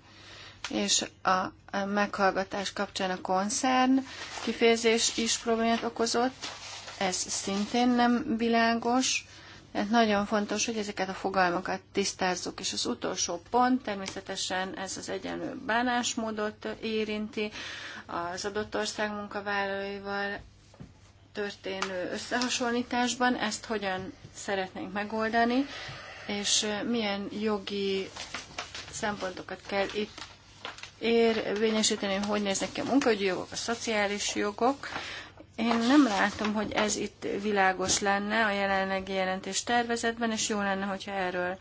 és a meghallgatás kapcsán a koncern kifejezés is problémát okozott, ez szintén nem világos. Tehát nagyon fontos, hogy ezeket a fogalmakat tisztázzuk. És az utolsó pont, természetesen ez az egyenlő bánásmódot érinti, az adott ország munkavállalóival történő összehasonlításban, ezt hogyan szeretnénk megoldani, és milyen jogi szempontokat kell itt érvényesíteni, hogy néznek ki a munkaügyi jogok, a szociális jogok, én nem látom, hogy ez itt világos lenne a jelenlegi jelentés tervezetben, és jó lenne, hogyha erről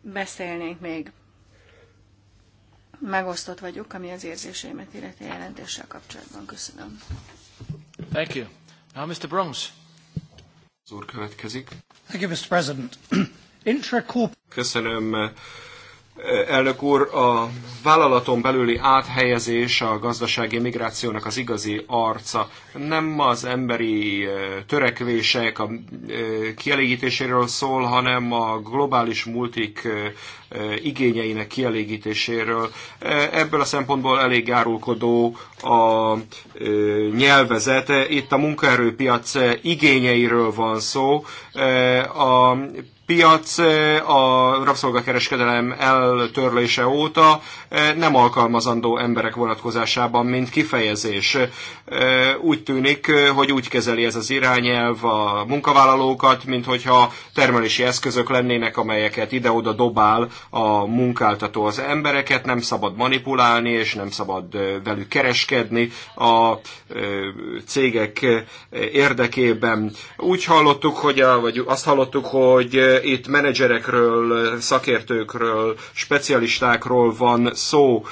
beszélnénk még. Megosztott vagyok, ami az érzéseimet illeti jelentéssel kapcsolatban. Köszönöm. Thank you. Now Mr. Bronx. Az úr következik. Thank you, Mr. President. *clears throat* Intracorp- Köszönöm Elnök úr, a vállalaton belüli áthelyezés a gazdasági migrációnak az igazi arca. Nem az emberi törekvések a kielégítéséről szól, hanem a globális multik igényeinek kielégítéséről. Ebből a szempontból elég árulkodó a nyelvezet. Itt a munkaerőpiac igényeiről van szó. A piac a rabszolgakereskedelem eltörlése óta nem alkalmazandó emberek vonatkozásában, mint kifejezés. Úgy tűnik, hogy úgy kezeli ez az irányelv a munkavállalókat, mint hogyha termelési eszközök lennének, amelyeket ide-oda dobál a munkáltató az embereket, nem szabad manipulálni, és nem szabad velük kereskedni a cégek érdekében. Úgy hallottuk, hogy a, vagy azt hallottuk, hogy itt menedzserekről, szakértőkről, specialistákról van szó,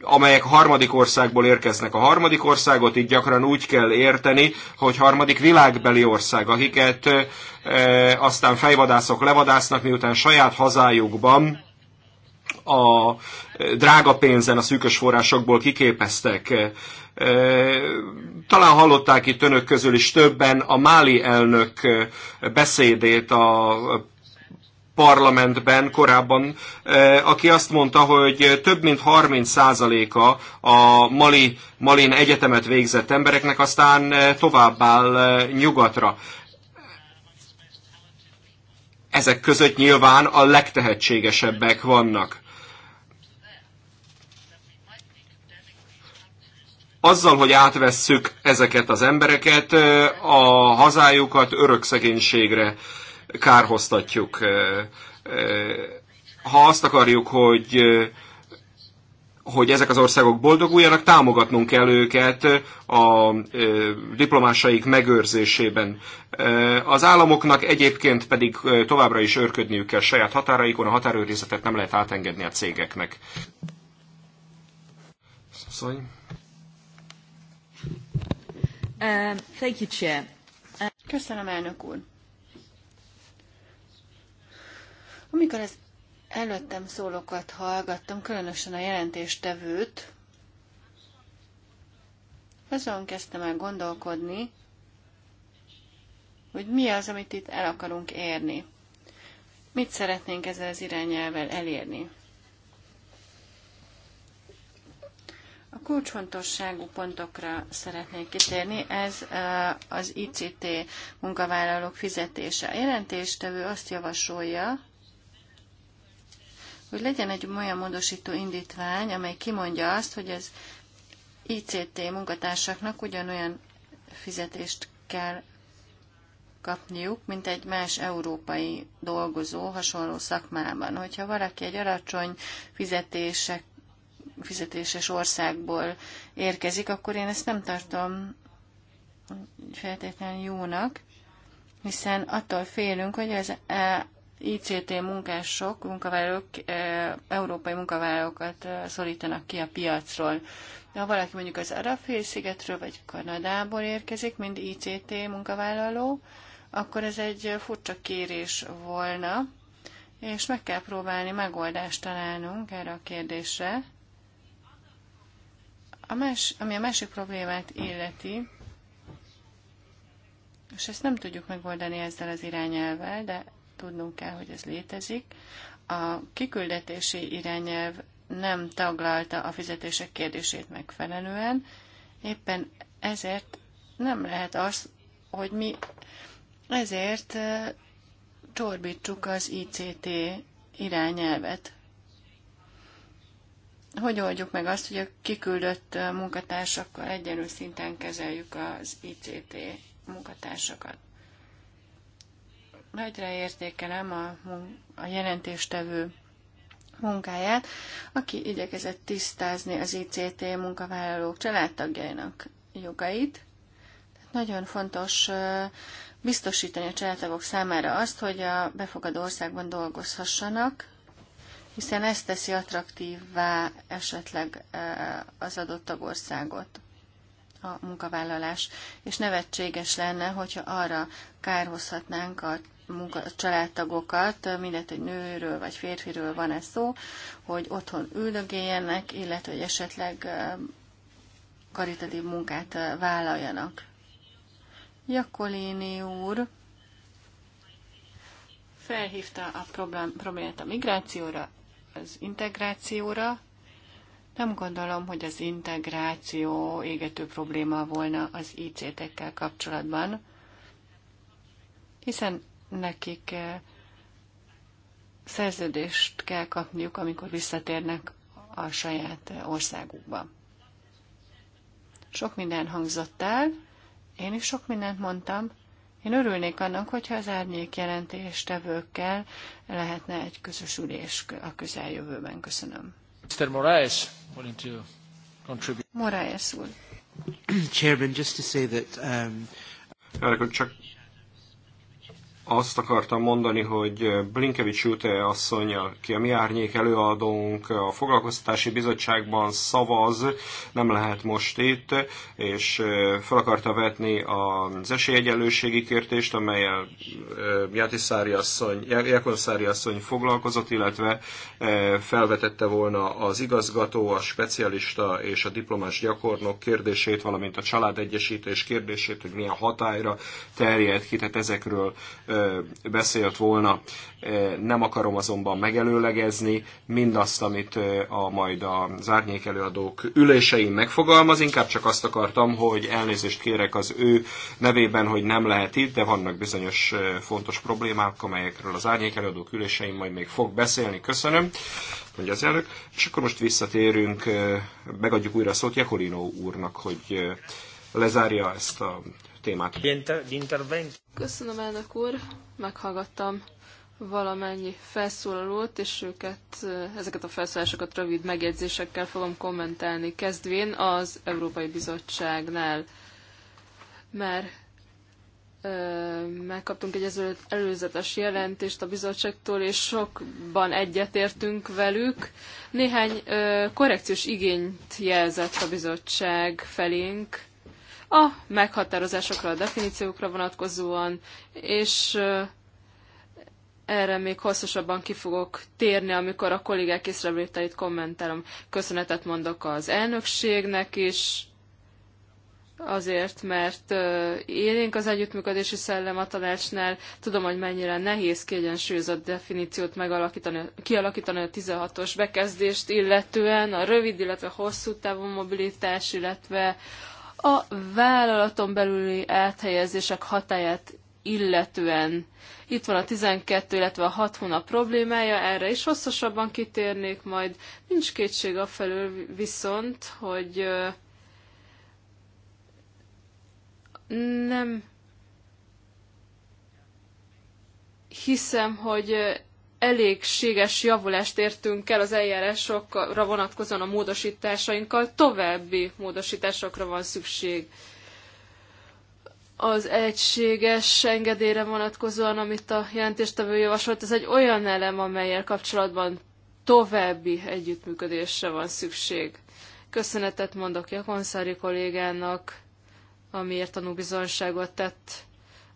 amelyek harmadik országból érkeznek. A harmadik országot itt gyakran úgy kell érteni, hogy harmadik világbeli ország, akiket aztán fejvadászok levadásznak, miután saját hazájukban a drága pénzen, a szűkös forrásokból kiképeztek. Talán hallották itt önök közül is többen a Máli elnök beszédét a parlamentben korábban, aki azt mondta, hogy több mint 30%-a a Mali, Malin egyetemet végzett embereknek aztán továbbáll nyugatra. Ezek között nyilván a legtehetségesebbek vannak. azzal, hogy átvesszük ezeket az embereket, a hazájukat örök szegénységre kárhoztatjuk. Ha azt akarjuk, hogy hogy ezek az országok boldoguljanak, támogatnunk kell őket a diplomásaik megőrzésében. Az államoknak egyébként pedig továbbra is őrködniük kell saját határaikon, a határőrizetet nem lehet átengedni a cégeknek. Szóval. Um, thank you, Chair. Köszönöm, elnök úr. Amikor az előttem szólókat hallgattam, különösen a jelentéstevőt, azon kezdtem el gondolkodni, hogy mi az, amit itt el akarunk érni. Mit szeretnénk ezzel az irányelvel elérni? A kulcsfontosságú pontokra szeretnék kitérni, ez az ICT munkavállalók fizetése. A jelentéstevő azt javasolja, hogy legyen egy olyan módosító indítvány, amely kimondja azt, hogy az ICT munkatársaknak ugyanolyan fizetést kell kapniuk, mint egy más európai dolgozó hasonló szakmában. Hogyha valaki egy alacsony fizetések fizetéses országból érkezik, akkor én ezt nem tartom feltétlenül jónak, hiszen attól félünk, hogy az e- ICT munkások, munkavállalók, e- európai munkavállalókat e, szorítanak ki a piacról. De Ha valaki mondjuk az arab félszigetről vagy Kanadából érkezik, mint ICT munkavállaló, akkor ez egy furcsa kérés volna, és meg kell próbálni megoldást találnunk erre a kérdésre. A más, ami a másik problémát illeti, és ezt nem tudjuk megoldani ezzel az irányelvel, de tudnunk kell, hogy ez létezik. A kiküldetési irányelv nem taglalta a fizetések kérdését megfelelően, éppen ezért nem lehet az, hogy mi ezért eh, csorbítsuk az ICT irányelvet hogy oldjuk meg azt, hogy a kiküldött munkatársakkal egyenlő szinten kezeljük az ICT munkatársakat. Nagyra értékelem a, a jelentéstevő munkáját, aki igyekezett tisztázni az ICT munkavállalók családtagjainak jogait. Tehát nagyon fontos biztosítani a családtagok számára azt, hogy a befogadó országban dolgozhassanak, hiszen ez teszi attraktívvá esetleg e, az adott tagországot a munkavállalás. És nevetséges lenne, hogyha arra kárhozhatnánk a munka, a családtagokat, mindegy, hogy nőről vagy férfiről van ez szó, hogy otthon üldögéljenek, illetve hogy esetleg e, karitatív munkát e, vállaljanak. Jakolini úr felhívta a problémát a migrációra, az integrációra. Nem gondolom, hogy az integráció égető probléma volna az ICT-kkel kapcsolatban, hiszen nekik eh, szerződést kell kapniuk, amikor visszatérnek a saját eh, országukba. Sok minden hangzott el, én is sok mindent mondtam, én örülnék annak, hogyha az árnyék jelentéstevőkkel lehetne egy közös ülés a közeljövőben. Köszönöm. Mr. Moraes, to contribute. Moraes úr. Chairman, just to say that... Um... Elnök, csak azt akartam mondani, hogy Blinkevics Jute asszony, aki a mi árnyék előadónk a foglalkoztatási bizottságban szavaz, nem lehet most itt, és fel akarta vetni az esélyegyenlőségi kértést, amelyel Jatiszári asszony, Jakonszári asszony foglalkozott, illetve felvetette volna az igazgató, a specialista és a diplomás gyakornok kérdését, valamint a családegyesítés kérdését, hogy milyen hatályra terjed ki, tehát ezekről beszélt volna. Nem akarom azonban megelőlegezni mindazt, amit a majd az árnyék előadók ülésein megfogalmaz. Inkább csak azt akartam, hogy elnézést kérek az ő nevében, hogy nem lehet itt, de vannak bizonyos fontos problémák, amelyekről az árnyék előadók ülésein majd még fog beszélni. Köszönöm, mondja az elnök. És akkor most visszatérünk, megadjuk újra a szót Jakolino úrnak, hogy lezárja ezt a témát. Köszönöm, elnök úr, meghallgattam valamennyi felszólalót, és őket, ezeket a felszólásokat rövid megjegyzésekkel fogom kommentálni, kezdvén az Európai Bizottságnál. Már ö, megkaptunk egy előzetes jelentést a bizottságtól, és sokban egyetértünk velük. Néhány ö, korrekciós igényt jelzett a bizottság felénk, a meghatározásokra, a definíciókra vonatkozóan, és erre még hosszasabban ki fogok térni, amikor a kollégák észrevételét kommentálom. Köszönetet mondok az elnökségnek is, azért, mert élénk az együttműködési szellem a tanácsnál. Tudom, hogy mennyire nehéz kiegyensúlyozott definíciót megalakítani, kialakítani a 16-os bekezdést, illetően a rövid, illetve hosszú távú mobilitás, illetve a vállalaton belüli áthelyezések hatáját illetően. Itt van a 12, illetve a 6 hónap problémája, erre is hosszasabban kitérnék majd. Nincs kétség felül viszont, hogy nem hiszem, hogy elégséges javulást értünk el az eljárásokra vonatkozóan a módosításainkkal, további módosításokra van szükség. Az egységes engedélyre vonatkozóan, amit a jelentéstevő javasolt, ez egy olyan elem, amelyel kapcsolatban további együttműködésre van szükség. Köszönetet mondok Jakonszári kollégának, amiért tanúbizonságot tett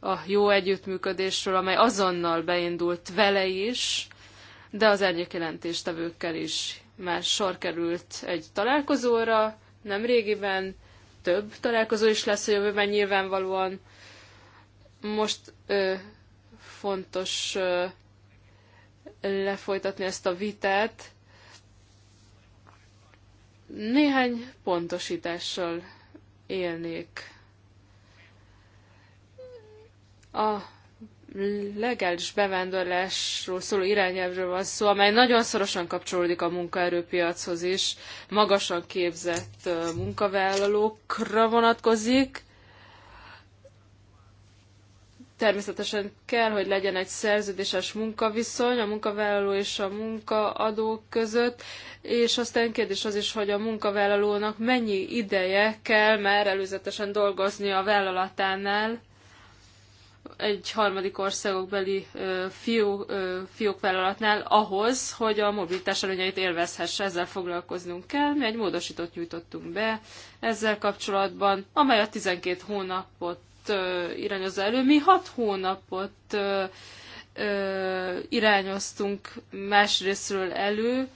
a jó együttműködésről, amely azonnal beindult vele is, de az egyik jelentéstevőkkel is már sor került egy találkozóra, nem régiben, több találkozó is lesz a jövőben nyilvánvalóan. Most ö, fontos ö, lefolytatni ezt a vitát néhány pontosítással élnék. A legális bevándorlásról szóló irányelvről van szó, amely nagyon szorosan kapcsolódik a munkaerőpiachoz is, magasan képzett munkavállalókra vonatkozik. Természetesen kell, hogy legyen egy szerződéses munkaviszony a munkavállaló és a munkaadó között, és aztán kérdés az is, hogy a munkavállalónak mennyi ideje kell már előzetesen dolgozni a vállalatánál, egy harmadik országokbeli fiú, fiókvállalatnál ahhoz, hogy a mobilitás előnyeit élvezhesse. Ezzel foglalkoznunk kell. Mi egy módosítót nyújtottunk be ezzel kapcsolatban, amely a 12 hónapot irányozza elő. Mi 6 hónapot irányoztunk másrésztről elő,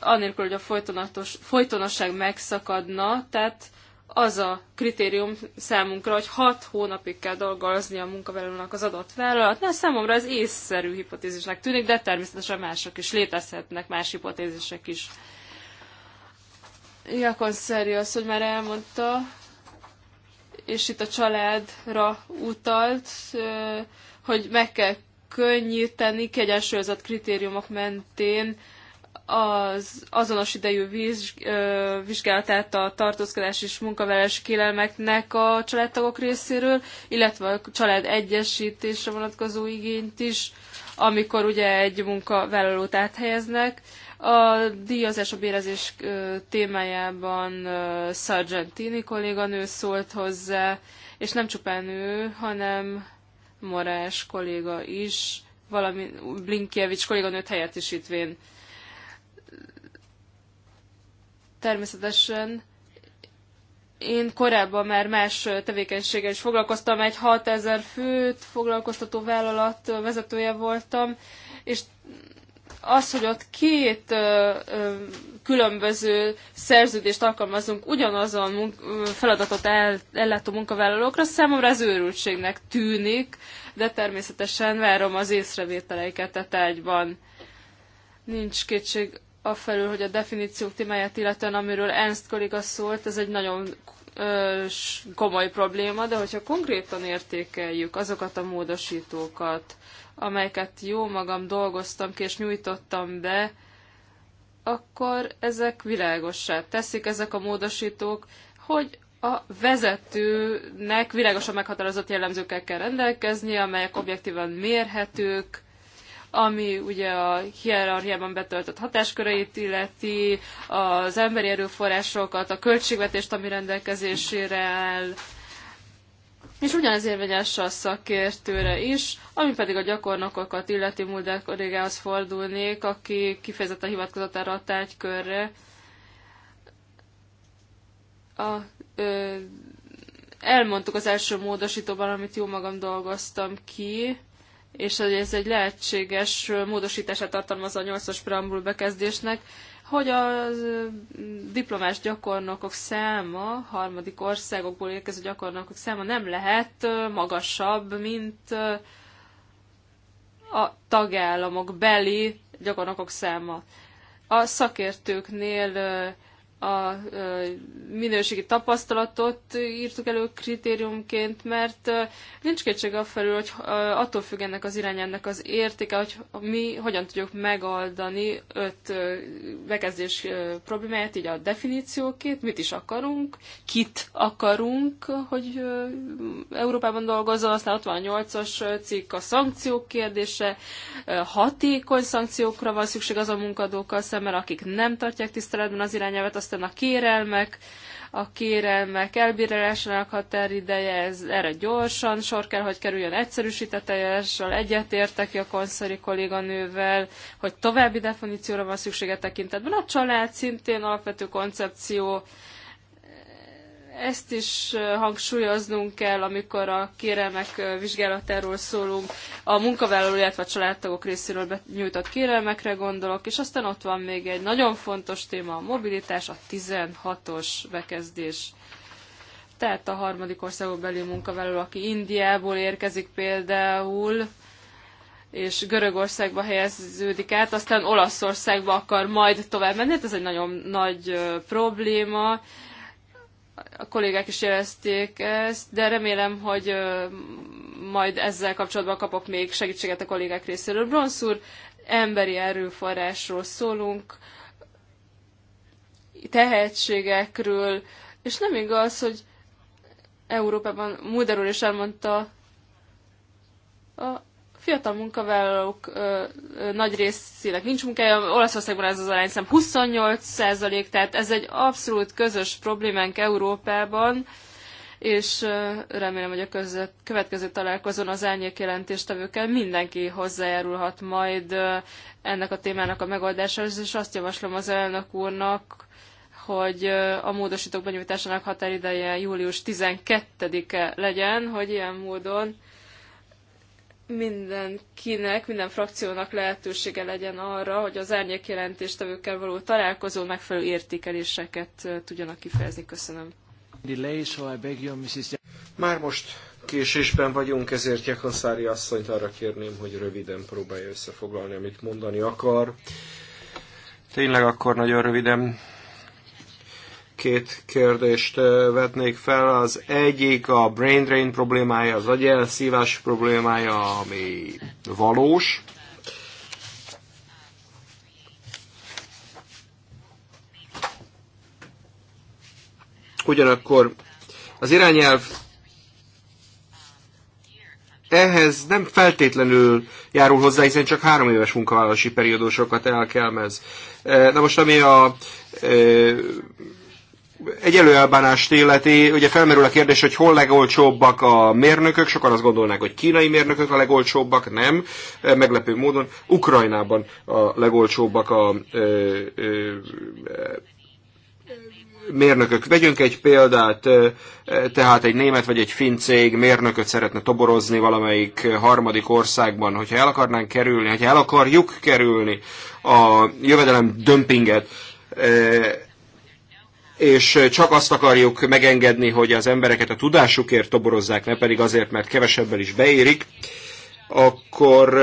anélkül, hogy a folytonatos, folytonosság megszakadna, tehát az a kritérium számunkra, hogy hat hónapig kell dolgozni a munkavállalónak az adott Na, Számomra ez észszerű hipotézisnek tűnik, de természetesen mások is létezhetnek, más hipotézisek is. Jakon szerű az, hogy már elmondta, és itt a családra utalt, hogy meg kell könnyíteni kiegyensúlyozott kritériumok mentén az azonos idejű víz, vizsgálatát a tartózkodás és munkavállalási kérelmeknek a családtagok részéről, illetve a család egyesítésre vonatkozó igényt is, amikor ugye egy munkavállalót áthelyeznek. A díjazás, a bérezés témájában Sargentini kolléganő szólt hozzá, és nem csupán ő, hanem Morás kolléga is, valami Blinkievics kolléganőt helyettesítvén. Természetesen én korábban már más tevékenységgel is foglalkoztam, egy 6000 főt foglalkoztató vállalat vezetője voltam, és az, hogy ott két ö, ö, különböző szerződést alkalmazunk ugyanazon munk- feladatot el- ellátó munkavállalókra, számomra az őrültségnek tűnik, de természetesen várom az észrevételeiket a tárgyban. Nincs kétség afelől, hogy a definíciók témáját illetően, amiről Ernst kolléga szólt, ez egy nagyon komoly probléma, de hogyha konkrétan értékeljük azokat a módosítókat, amelyeket jó magam dolgoztam ki és nyújtottam be, akkor ezek világosá teszik ezek a módosítók, hogy a vezetőnek világosan meghatározott jellemzőkkel kell rendelkeznie, amelyek objektíven mérhetők, ami ugye a hierarchiában betöltött hatásköreit illeti, az emberi erőforrásokat, a költségvetést, ami rendelkezésére áll, és ugyanez érvényes a szakértőre is, ami pedig a gyakornokokat illeti Mulder kollégához fordulnék, aki kifejezetten hivatkozott erre a tárgykörre. A, ö, elmondtuk az első módosítóban, amit jó magam dolgoztam ki, és ez egy lehetséges módosítását tartalmazza a 8-as preambul bekezdésnek, hogy a diplomás gyakornokok száma, harmadik országokból érkező gyakornokok száma nem lehet magasabb, mint a tagállamok beli gyakornokok száma. A szakértőknél a minőségi tapasztalatot írtuk elő kritériumként, mert nincs kétség felül, hogy attól függ ennek az irányának az értéke, hogy mi hogyan tudjuk megoldani öt bekezdés problémáját, így a definíciókét, mit is akarunk, kit akarunk, hogy Európában dolgozzon, aztán a nyolcas cikk a szankciók kérdése, hatékony szankciókra van szükség az a munkadókkal szemben, akik nem tartják tiszteletben az irányelvet, azt aztán a kérelmek, a kérelmek elbírálásának határideje, ez erre gyorsan sor kell, hogy kerüljön egyszerűsített eljárással, egyetértek a konszeri kolléganővel, hogy további definícióra van szüksége tekintetben. A család szintén alapvető koncepció, ezt is hangsúlyoznunk kell, amikor a kérelmek vizsgálatáról szólunk, a munkavállaló, illetve a családtagok részéről nyújtott kérelmekre gondolok, és aztán ott van még egy nagyon fontos téma, a mobilitás, a 16-os bekezdés. Tehát a harmadik országokbeli munkavállaló, aki Indiából érkezik például, és Görögországba helyeződik át, aztán Olaszországba akar majd tovább menni. Hát ez egy nagyon nagy probléma, a kollégák is jelezték ezt, de remélem, hogy majd ezzel kapcsolatban kapok még segítséget a kollégák részéről. Bronsz úr, emberi erőforrásról szólunk, tehetségekről, és nem igaz, hogy Európában Múder is elmondta, a fiatal munkavállalók ö, ö, nagy részének nincs munkája, Olaszországban ez az arányszám 28 százalék, tehát ez egy abszolút közös problémánk Európában, és ö, remélem, hogy a között, következő találkozón az árnyék jelentéstevőkkel mindenki hozzájárulhat majd ö, ennek a témának a megoldásához, és azt javaslom az elnök úrnak, hogy a módosítók benyújtásának határideje július 12-e legyen, hogy ilyen módon mindenkinek, minden frakciónak lehetősége legyen arra, hogy az árnyék jelentéstevőkkel való találkozó megfelelő értékeléseket tudjanak kifejezni. Köszönöm. Már most késésben vagyunk, ezért Jekonszári asszonyt arra kérném, hogy röviden próbálja összefoglalni, amit mondani akar. Tényleg akkor nagyon röviden két kérdést vetnék fel. Az egyik a brain drain problémája, az agyelszívás problémája, ami valós. Ugyanakkor az irányelv ehhez nem feltétlenül járul hozzá, hiszen csak három éves munkavállalási periódusokat elkelmez. Na most, ami a egy elbánást illeti, ugye felmerül a kérdés, hogy hol legolcsóbbak a mérnökök, sokan azt gondolnák, hogy kínai mérnökök a legolcsóbbak, nem, e, meglepő módon Ukrajnában a legolcsóbbak a e, e, mérnökök. Vegyünk egy példát, tehát egy német vagy egy finn cég mérnököt szeretne toborozni valamelyik harmadik országban, hogyha el akarnánk kerülni, hogyha el akarjuk kerülni a jövedelem dömpinget, és csak azt akarjuk megengedni, hogy az embereket a tudásukért toborozzák, ne pedig azért, mert kevesebben is beérik, akkor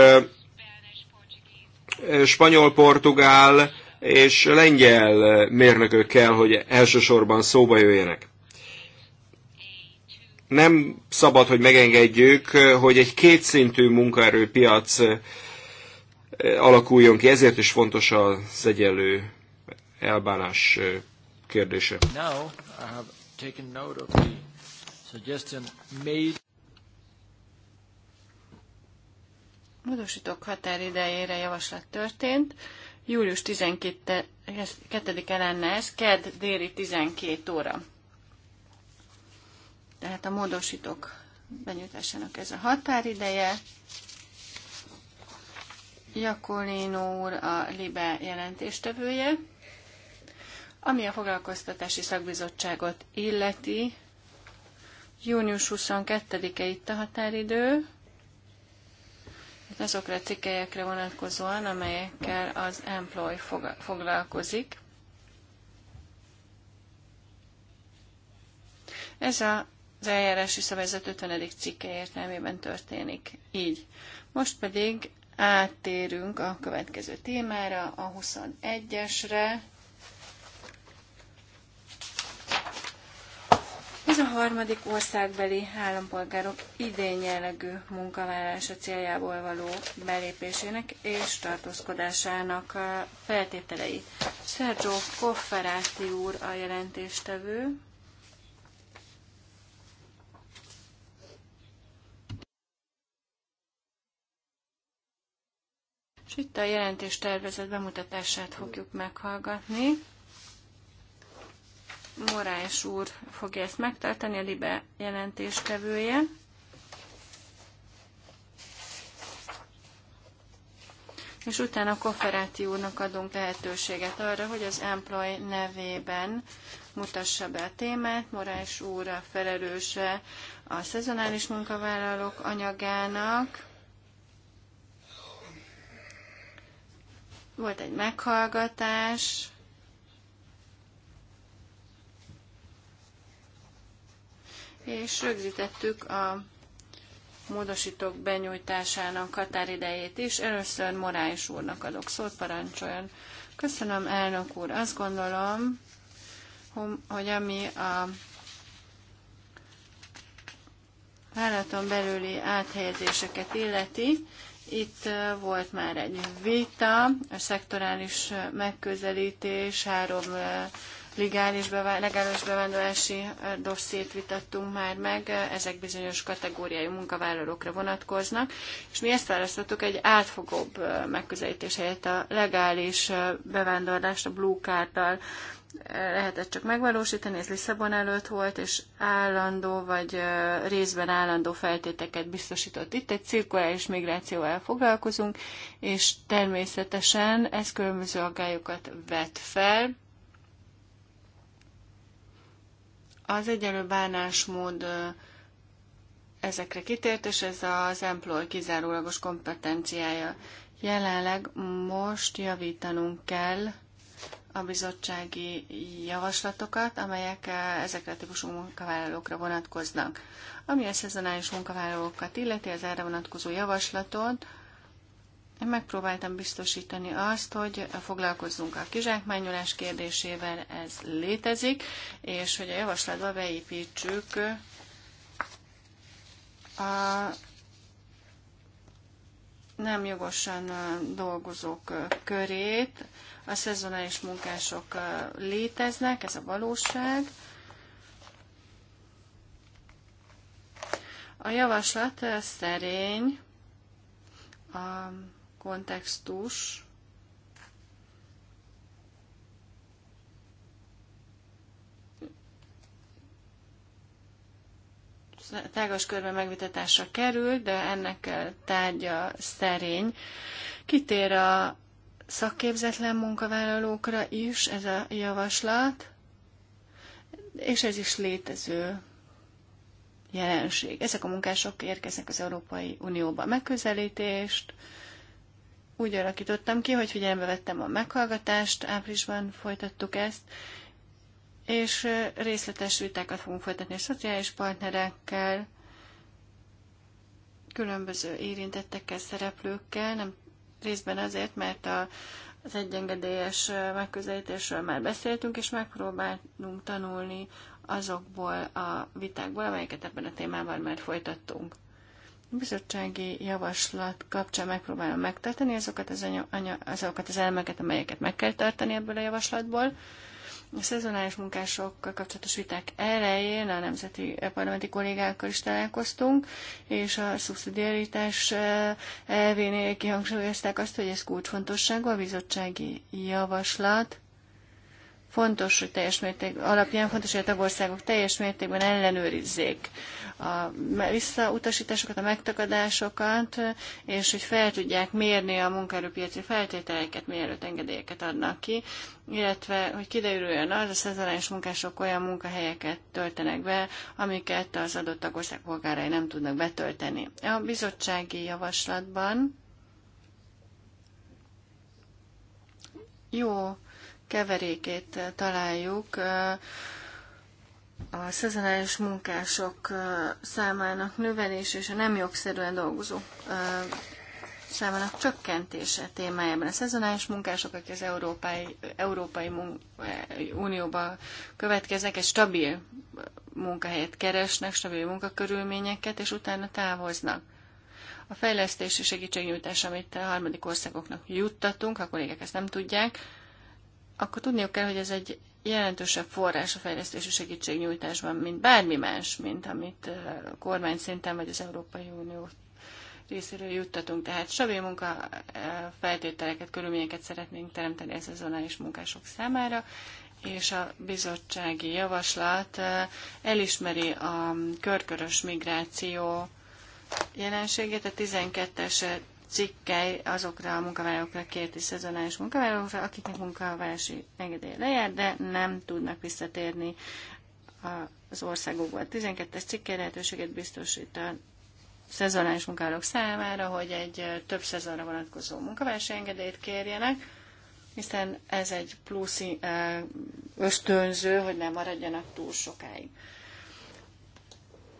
spanyol, portugál és lengyel mérnökök kell, hogy elsősorban szóba jöjjenek. Nem szabad, hogy megengedjük, hogy egy kétszintű munkaerőpiac alakuljon ki, ezért is fontos az egyenlő elbánás kérdése. Now módosítók határidejére javaslat történt. Július 12-e lenne ez, KED déli 12 óra. Tehát a módosítók benyújtásának ez a határideje. Jakolino úr a LIBE jelentéstevője. Ami a foglalkoztatási szakbizottságot illeti, június 22-e itt a határidő, azokra a cikkelyekre vonatkozóan, amelyekkel az employ foglalkozik. Ez a az eljárási szabályzat 50. cikke értelmében történik. Így. Most pedig áttérünk a következő témára, a 21-esre. Ez a harmadik országbeli állampolgárok idén jellegű munkavállalása céljából való belépésének és tartózkodásának uh, feltételei. Sergio Kofferáti úr a jelentéstevő. És itt a jelentés tervezet bemutatását fogjuk meghallgatni. Morás úr fogja ezt megtartani, a LIBE jelentéstevője. És utána a Koferáti úrnak adunk lehetőséget arra, hogy az Employ nevében mutassa be a témát. Morás úr a felelőse a szezonális munkavállalók anyagának. Volt egy meghallgatás, és rögzítettük a módosítók benyújtásának határidejét is. Először Morális úrnak adok szót, parancsoljon. Köszönöm, elnök úr. Azt gondolom, hogy ami a vállalaton belüli áthelyezéseket illeti, itt volt már egy vita, a szektorális megközelítés, három legális, bevá- legális bevándorlási dossziét vitattunk már meg, ezek bizonyos kategóriai munkavállalókra vonatkoznak, és mi ezt választottuk egy átfogóbb megközelítés helyett a legális bevándorlást a Blue Card-dal lehetett csak megvalósítani, ez Lisszabon előtt volt, és állandó vagy részben állandó feltéteket biztosított. Itt egy cirkuláris migrációval foglalkozunk, és természetesen ez különböző aggályokat vet fel, Az egyenlő bánásmód ezekre kitért, és ez az employ kizárólagos kompetenciája. Jelenleg most javítanunk kell a bizottsági javaslatokat, amelyek ezekre a típusú munkavállalókra vonatkoznak. Ami a szezonális munkavállalókat illeti, az erre vonatkozó javaslatot, én megpróbáltam biztosítani azt, hogy foglalkozzunk a kizsákmányolás kérdésével, ez létezik, és hogy a javaslatba beépítsük a nem jogosan dolgozók körét. A szezonális munkások léteznek, ez a valóság. A javaslat szerény a kontextus, tágas körben megvitatásra kerül, de ennek tárgya szerény. Kitér a szakképzetlen munkavállalókra is ez a javaslat, és ez is létező jelenség. Ezek a munkások érkeznek az Európai Unióba megközelítést, úgy alakítottam ki, hogy figyelembe vettem a meghallgatást, áprilisban folytattuk ezt, és részletes vitákat fogunk folytatni a szociális partnerekkel, különböző érintettekkel, szereplőkkel, nem részben azért, mert a, az egyengedélyes megközelítésről már beszéltünk, és megpróbálunk tanulni azokból a vitákból, amelyeket ebben a témában már folytattunk bizottsági javaslat kapcsán megpróbálom megtartani azokat az, anya, anya, azokat az elemeket, amelyeket meg kell tartani ebből a javaslatból. A szezonális munkásokkal kapcsolatos viták elején a nemzeti parlamenti kollégákkal is találkoztunk, és a szubszidiaritás eh, elvénél kihangsúlyozták azt, hogy ez kulcsfontosságú a bizottsági javaslat Fontos, hogy teljes mérték alapján fontos, hogy a tagországok teljes mértékben ellenőrizzék a visszautasításokat, a megtakadásokat, és hogy fel tudják mérni a munkaerőpiaci feltételeket, mielőtt engedélyeket adnak ki, illetve hogy kiderüljön az, a szezonális munkások olyan munkahelyeket töltenek be, amiket az adott tagország polgárai nem tudnak betölteni. A bizottsági javaslatban jó keverékét eh, találjuk eh, a szezonális munkások eh, számának növelés és a nem jogszerűen dolgozó számának csökkentése témájában. A szezonális munkások, akik az Európai, Európai Unióba következnek, egy stabil munkahelyet keresnek, stabil munkakörülményeket, és utána távoznak. A fejlesztési segítségnyújtás, amit a harmadik országoknak juttatunk, a kollégák ezt nem tudják, akkor tudniuk kell, hogy ez egy jelentősebb forrás a fejlesztési segítségnyújtásban, mint bármi más, mint amit a kormány szinten vagy az Európai Unió részéről juttatunk. Tehát stabil munka feltételeket, körülményeket szeretnénk teremteni a szezonális munkások számára, és a bizottsági javaslat elismeri a körkörös migráció jelenségét, a 12-es cikkely azokra a munkavállalókra, kérti szezonális munkavállalókra, akiknek munkavállalási engedély lejár, de nem tudnak visszatérni az országokba. A 12-es cikke lehetőséget biztosít a szezonális munkavállalók számára, hogy egy több szezonra vonatkozó munkavállalási engedélyt kérjenek, hiszen ez egy plusz ösztönző, hogy nem maradjanak túl sokáig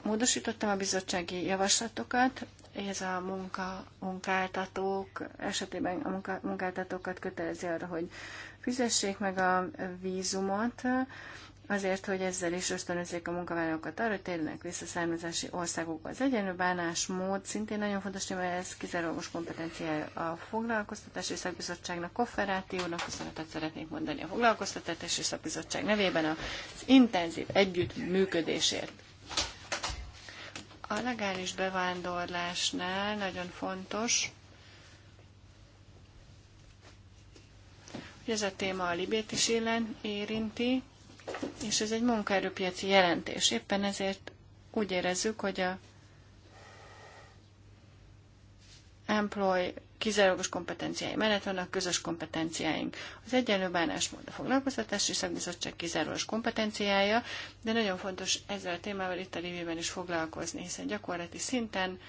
módosítottam a bizottsági javaslatokat, ez a munka, munkáltatók esetében a munka, munkáltatókat kötelezi arra, hogy fizessék meg a vízumot, azért, hogy ezzel is ösztönözzék a munkavállalókat arra, hogy térjenek vissza származási országokba. Az egyenlő bánásmód szintén nagyon fontos, mert ez kizárólagos kompetencia a foglalkoztatási szakbizottságnak, kooperációnak, köszönetet szeretnék mondani a foglalkoztatási szakbizottság nevében az intenzív együttműködésért. A legális bevándorlásnál nagyon fontos, hogy ez a téma a libét is élen érinti, és ez egy munkaerőpiaci jelentés. Éppen ezért úgy érezzük, hogy a Employ kizárólagos kompetenciái mellett vannak közös kompetenciáink. Az egyenlő bánásmód a foglalkoztatási szakbizottság kizárólagos kompetenciája, de nagyon fontos ezzel a témával itt a Lévében is foglalkozni, hiszen gyakorlati szinten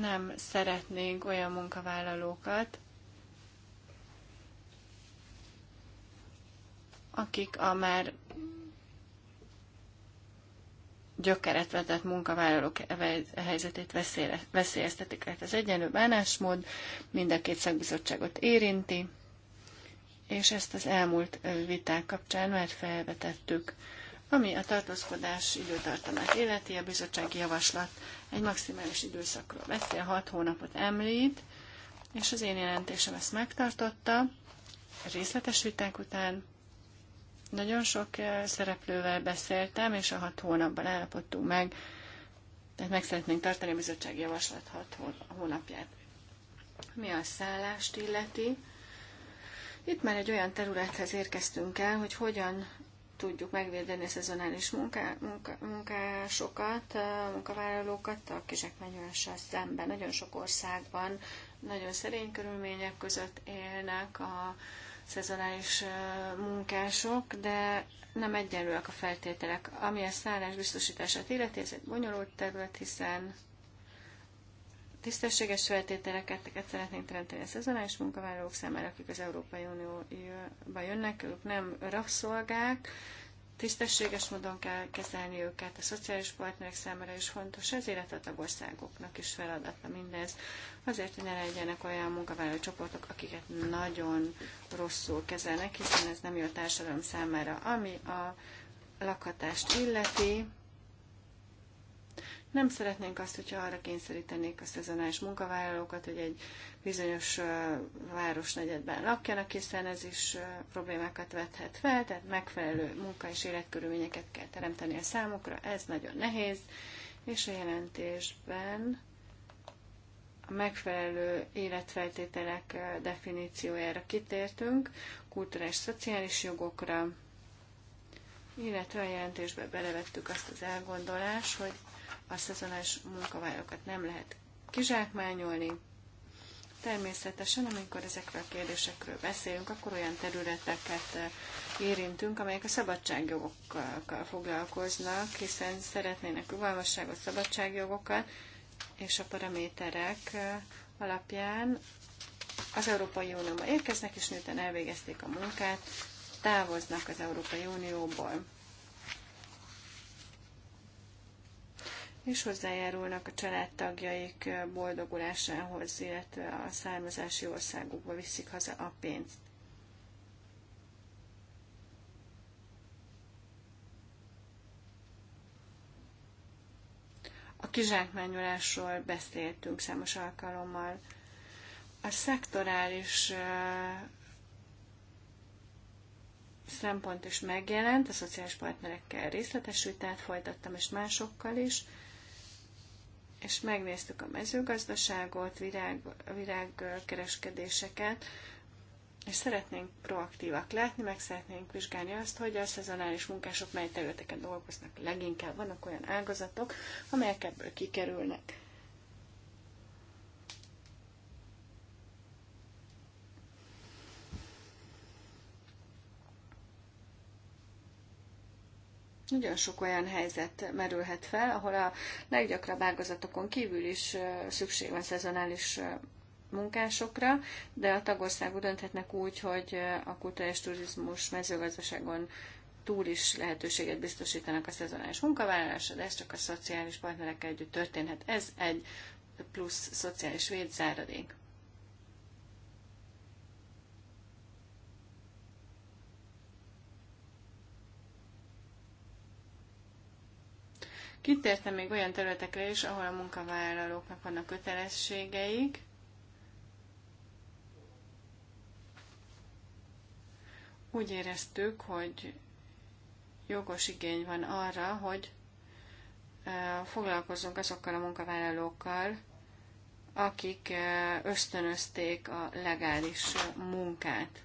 nem szeretnénk olyan munkavállalókat, akik a már gyökeret vetett munkavállalók e helyzetét veszélyeztetik. Tehát az egyenlő bánásmód mind a két szakbizottságot érinti, és ezt az elmúlt viták kapcsán már felvetettük. Ami a tartózkodás időtartamát illeti, a bizottsági javaslat egy maximális időszakról beszél, 6 hónapot említ, és az én jelentésem ezt megtartotta, részletes viták után, nagyon sok eh, szereplővel beszéltem, és a hat hónapban állapodtunk meg, tehát meg szeretnénk tartani a bizottsági javaslat hat hónapját. Mi a szállást illeti? Itt már egy olyan területhez érkeztünk el, hogy hogyan tudjuk megvédeni a szezonális munká, munka, munkásokat, eh, munkavállalókat a kizsákmányolással szemben. Nagyon sok országban nagyon szerény körülmények között élnek a szezonális munkások, de nem egyenlőek a feltételek. Ami a szállás biztosítását illeti, ez egy bonyolult terület, hiszen tisztességes feltételeket szeretnénk teremteni a szezonális munkavállalók számára, akik az Európai Unióba jönnek, ők nem rabszolgák, tisztességes módon kell kezelni őket, a szociális partnerek számára is fontos, ez élet a tagországoknak is feladata mindez, azért, hogy ne legyenek olyan munkavállaló csoportok, akiket nagyon rosszul kezelnek, hiszen ez nem jó a társadalom számára. Ami a lakhatást illeti, nem szeretnénk azt, hogyha arra kényszerítenék a szezonális munkavállalókat, hogy egy bizonyos városnegyedben lakjanak, hiszen ez is problémákat vethet fel, tehát megfelelő munka és életkörülményeket kell teremteni a számukra, ez nagyon nehéz, és a jelentésben a megfelelő életfeltételek definíciójára kitértünk, kulturális, szociális jogokra, illetve a jelentésbe belevettük azt az elgondolás, hogy a szezonás munkavállalókat nem lehet kizsákmányolni. Természetesen, amikor ezekről a kérdésekről beszélünk, akkor olyan területeket eh, érintünk, amelyek a szabadságjogokkal foglalkoznak, hiszen szeretnének rugalmasságot, szabadságjogokat, és a paraméterek eh, alapján az Európai Unióba érkeznek, és miután elvégezték a munkát, távoznak az Európai Unióból. és hozzájárulnak a családtagjaik boldogulásához, illetve a származási országukba viszik haza a pénzt. A kizsákmányolásról beszéltünk számos alkalommal. A szektorális szempont is megjelent, a szociális partnerekkel részletesült, tehát folytattam, és másokkal is és megnéztük a mezőgazdaságot, virág, virágkereskedéseket, és szeretnénk proaktívak látni, meg szeretnénk vizsgálni azt, hogy a szezonális munkások mely területeken dolgoznak leginkább. Vannak olyan ágazatok, amelyek ebből kikerülnek. Nagyon sok olyan helyzet merülhet fel, ahol a leggyakrabb ágazatokon kívül is szükség van szezonális munkásokra, de a tagországok dönthetnek úgy, hogy a kulturális turizmus mezőgazdaságon túl is lehetőséget biztosítanak a szezonális munkavállalásra, de ez csak a szociális partnerekkel együtt történhet. Ez egy plusz szociális védzáradék. Kitértem még olyan területekre is, ahol a munkavállalóknak vannak kötelességeik, úgy éreztük, hogy jogos igény van arra, hogy foglalkozzunk azokkal a munkavállalókkal, akik ösztönözték a legális munkát.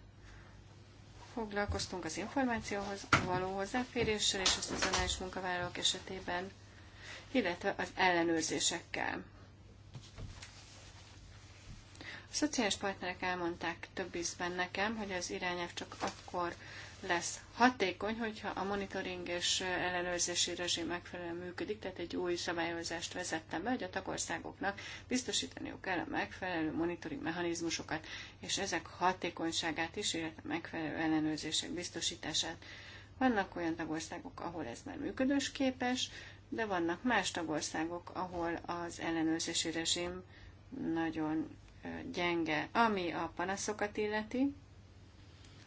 Foglalkoztunk az információhoz való hozzáféréssel, és a szezonális munkavállalók esetében illetve az ellenőrzésekkel. A szociális partnerek elmondták több ízben nekem, hogy az irányelv csak akkor lesz hatékony, hogyha a monitoring és ellenőrzési rezsim megfelelően működik, tehát egy új szabályozást vezettem be, hogy a tagországoknak biztosítaniuk kell a megfelelő monitoring mechanizmusokat, és ezek hatékonyságát is, illetve megfelelő ellenőrzések biztosítását. Vannak olyan tagországok, ahol ez már működősképes. képes, de vannak más tagországok, ahol az ellenőrzési rezsim nagyon gyenge, ami a panaszokat illeti,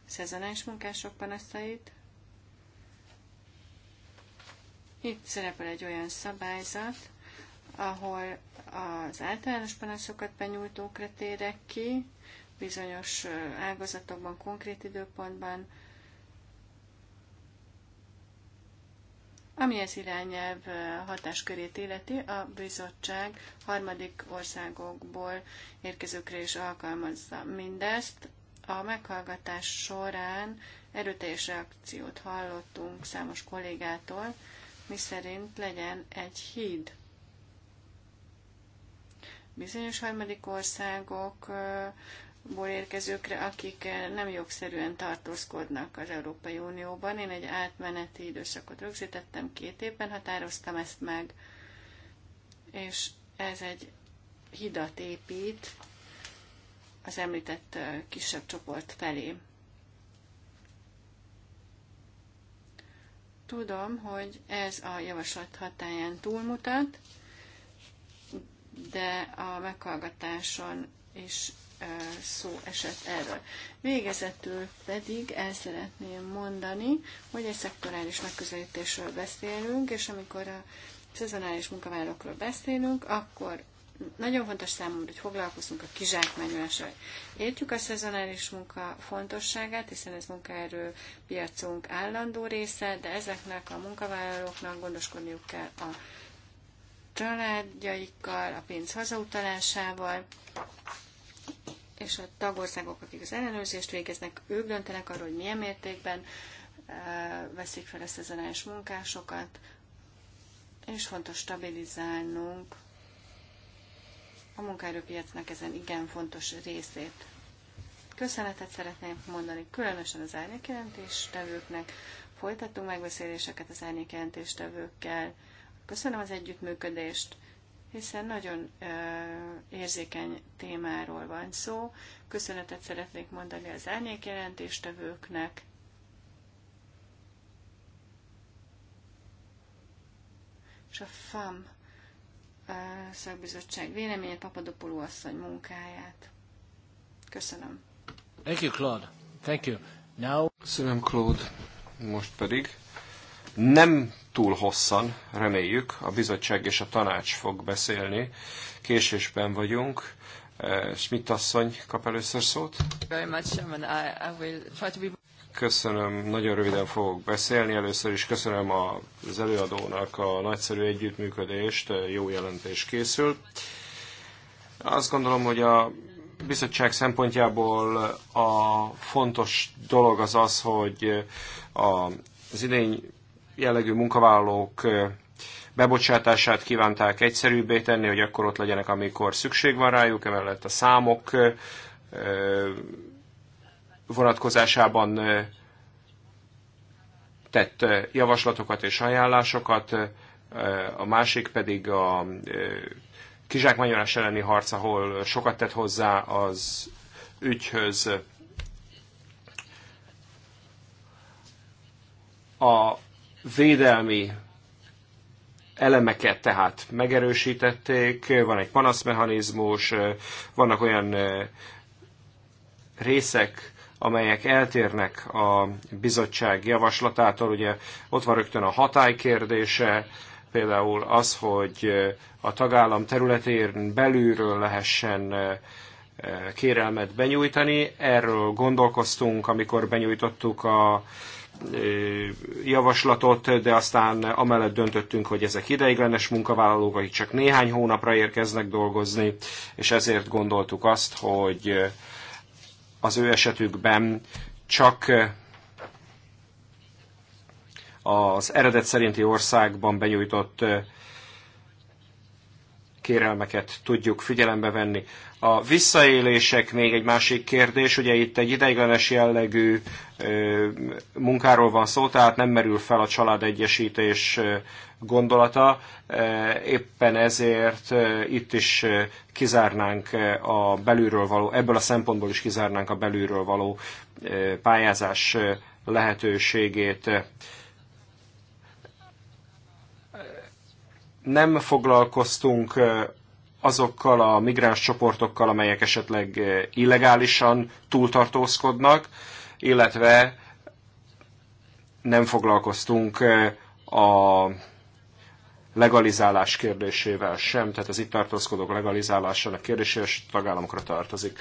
szezonális munkások panaszait. Itt szerepel egy olyan szabályzat, ahol az általános panaszokat benyújtókra térek ki, bizonyos ágazatokban, konkrét időpontban, Ami az irányelv hatáskörét életi, a bizottság harmadik országokból érkezőkre is alkalmazza mindezt. A meghallgatás során erőteljes reakciót hallottunk számos kollégától, miszerint legyen egy híd. Bizonyos harmadik országok ból érkezőkre, akik eh, nem jogszerűen tartózkodnak az Európai Unióban. Én egy átmeneti időszakot rögzítettem, két évben határoztam ezt meg, és ez egy hidat épít az említett eh, kisebb csoport felé. Tudom, hogy ez a javaslat hatáján túlmutat, de a meghallgatáson és szó esett erről. Végezetül pedig el szeretném mondani, hogy egy szektorális megközelítésről beszélünk, és amikor a szezonális munkavállalókról beszélünk, akkor nagyon fontos számomra, hogy foglalkozunk a kizsákmányolással. Értjük a szezonális munka fontosságát, hiszen ez munkaerő piacunk állandó része, de ezeknek a munkavállalóknak gondoskodniuk kell a családjaikkal, a pénz hazautalásával, és a tagországok, akik az ellenőrzést végeznek, ők döntenek arról, hogy milyen mértékben veszik fel ezt a szezonális munkásokat, és fontos stabilizálnunk a munkaerőpiacnak ezen igen fontos részét. Köszönetet szeretnék mondani, különösen az árnyékjelentéstevőknek. Folytattunk megbeszéléseket az árnyékjelentéstevőkkel. Köszönöm az együttműködést, hiszen nagyon ö, érzékeny témáról van szó. Köszönetet szeretnék mondani az árnyékjelentéstevőknek. És a FAM ö, szakbizottság véleményét, Papadopoló asszony munkáját. Köszönöm. Thank you, Claude. Thank you. Now... Köszönöm, Claude. Most pedig nem túl hosszan, reméljük. A bizottság és a tanács fog beszélni. Késésben vagyunk. Eh, Schmidt asszony kap először szót. Köszönöm, nagyon röviden fogok beszélni. Először is köszönöm az előadónak a nagyszerű együttműködést, eh, jó jelentés készül. Azt gondolom, hogy a bizottság szempontjából a fontos dolog az az, hogy eh, az idény jellegű munkavállalók bebocsátását kívánták egyszerűbbé tenni, hogy akkor ott legyenek, amikor szükség van rájuk, emellett a számok vonatkozásában tett javaslatokat és ajánlásokat, a másik pedig a kizsákmányolás elleni harc, ahol sokat tett hozzá az ügyhöz. A védelmi elemeket tehát megerősítették, van egy panaszmechanizmus, vannak olyan részek, amelyek eltérnek a bizottság javaslatától. Ugye ott van rögtön a hatály kérdése, például az, hogy a tagállam területén belülről lehessen kérelmet benyújtani. Erről gondolkoztunk, amikor benyújtottuk a javaslatot, de aztán amellett döntöttünk, hogy ezek ideiglenes munkavállalók, akik csak néhány hónapra érkeznek dolgozni, és ezért gondoltuk azt, hogy az ő esetükben csak az eredet szerinti országban benyújtott kérelmeket tudjuk figyelembe venni. A visszaélések még egy másik kérdés, ugye itt egy ideiglenes jellegű munkáról van szó, tehát nem merül fel a családegyesítés gondolata, éppen ezért itt is kizárnánk a belülről való, ebből a szempontból is kizárnánk a belülről való pályázás lehetőségét. Nem foglalkoztunk azokkal a migráns csoportokkal, amelyek esetleg eh, illegálisan túltartózkodnak, illetve nem foglalkoztunk eh, a legalizálás kérdésével sem, tehát az itt tartózkodók legalizálásának kérdésével, és tagállamokra tartozik.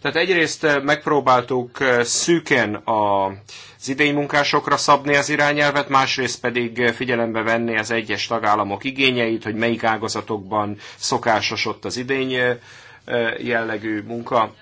Tehát egyrészt eh, megpróbáltuk eh, szűken a az idei munkásokra szabni az irányelvet, másrészt pedig eh, figyelembe venni az egyes tagállamok igényeit, hogy melyik ágazatokban szokásos ott az idény jellegű munka.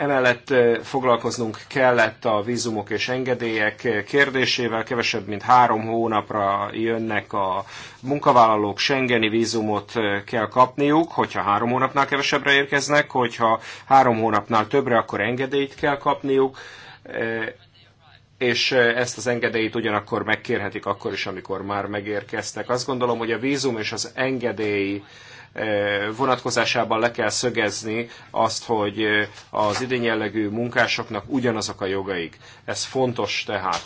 Emellett eh, foglalkoznunk kellett a vízumok és engedélyek eh, kérdésével. Kevesebb, mint három hónapra jönnek a munkavállalók, Schengeni vízumot eh, kell kapniuk, hogyha három hónapnál kevesebbre érkeznek, hogyha három hónapnál többre, akkor engedélyt kell kapniuk és ezt az engedélyt ugyanakkor megkérhetik akkor is, amikor már megérkeztek. Azt gondolom, hogy a vízum és az engedély vonatkozásában le kell szögezni azt, hogy az idényjellegű munkásoknak ugyanazok a jogaik. Ez fontos tehát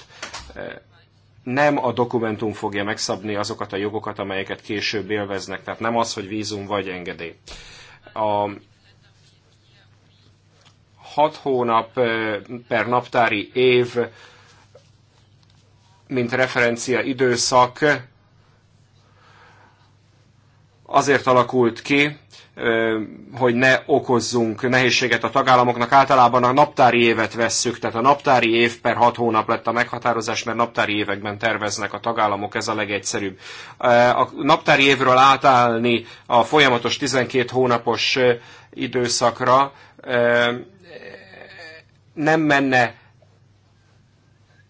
nem a dokumentum fogja megszabni azokat a jogokat, amelyeket később élveznek, tehát nem az, hogy vízum vagy engedély. A hat hónap per naptári év, mint referencia időszak, azért alakult ki, hogy ne okozzunk nehézséget a tagállamoknak. Általában a naptári évet vesszük, tehát a naptári év per hat hónap lett a meghatározás, mert naptári években terveznek a tagállamok, ez a legegyszerűbb. A naptári évről átállni a folyamatos 12 hónapos időszakra nem menne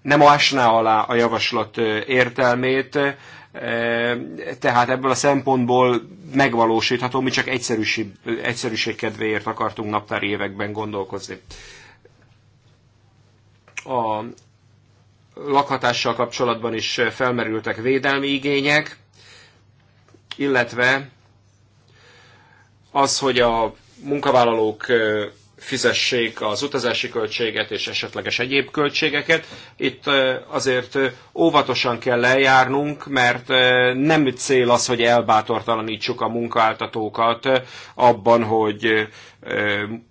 nem ásná alá a javaslat értelmét, tehát ebből a szempontból megvalósítható, mi csak egyszerűség, egyszerűség kedvéért akartunk naptári években gondolkozni. A lakhatással kapcsolatban is felmerültek védelmi igények, illetve az, hogy a munkavállalók fizessék az utazási költséget és esetleges egyéb költségeket. Itt azért óvatosan kell eljárnunk, mert nem cél az, hogy elbátortalanítsuk a munkáltatókat abban, hogy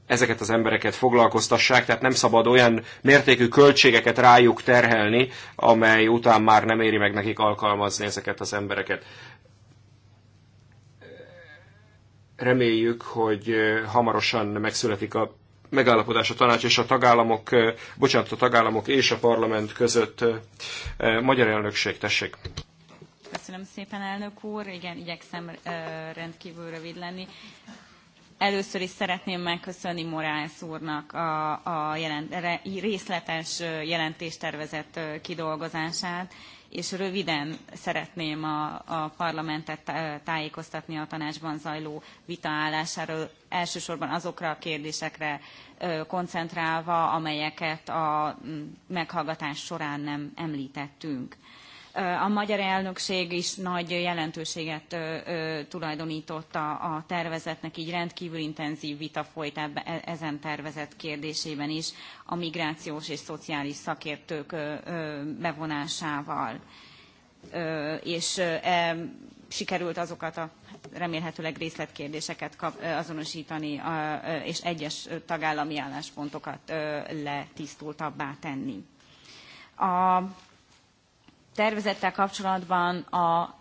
ezeket az embereket foglalkoztassák, tehát nem szabad olyan mértékű költségeket rájuk terhelni, amely után már nem éri meg nekik alkalmazni ezeket az embereket reméljük, hogy hamarosan megszületik a megállapodás a tanács és a tagállamok, bocsánat, a tagállamok és a parlament között. Magyar elnökség, tessék. Köszönöm szépen, elnök úr. Igen, igyekszem rendkívül rövid lenni. Először is szeretném megköszönni Morales úrnak a, a jelent, részletes jelentéstervezet kidolgozását és röviden szeretném a, a parlamentet tájékoztatni a tanácsban zajló vita állásáról, elsősorban azokra a kérdésekre koncentrálva, amelyeket a meghallgatás során nem említettünk. A magyar elnökség is nagy jelentőséget tulajdonított a, a tervezetnek, így rendkívül intenzív vita folyt ebbe, ezen tervezet kérdésében is a migrációs és szociális szakértők bevonásával. És e, sikerült azokat a remélhetőleg részletkérdéseket azonosítani, és egyes tagállami álláspontokat letisztultabbá tenni. A tervezettel kapcsolatban a,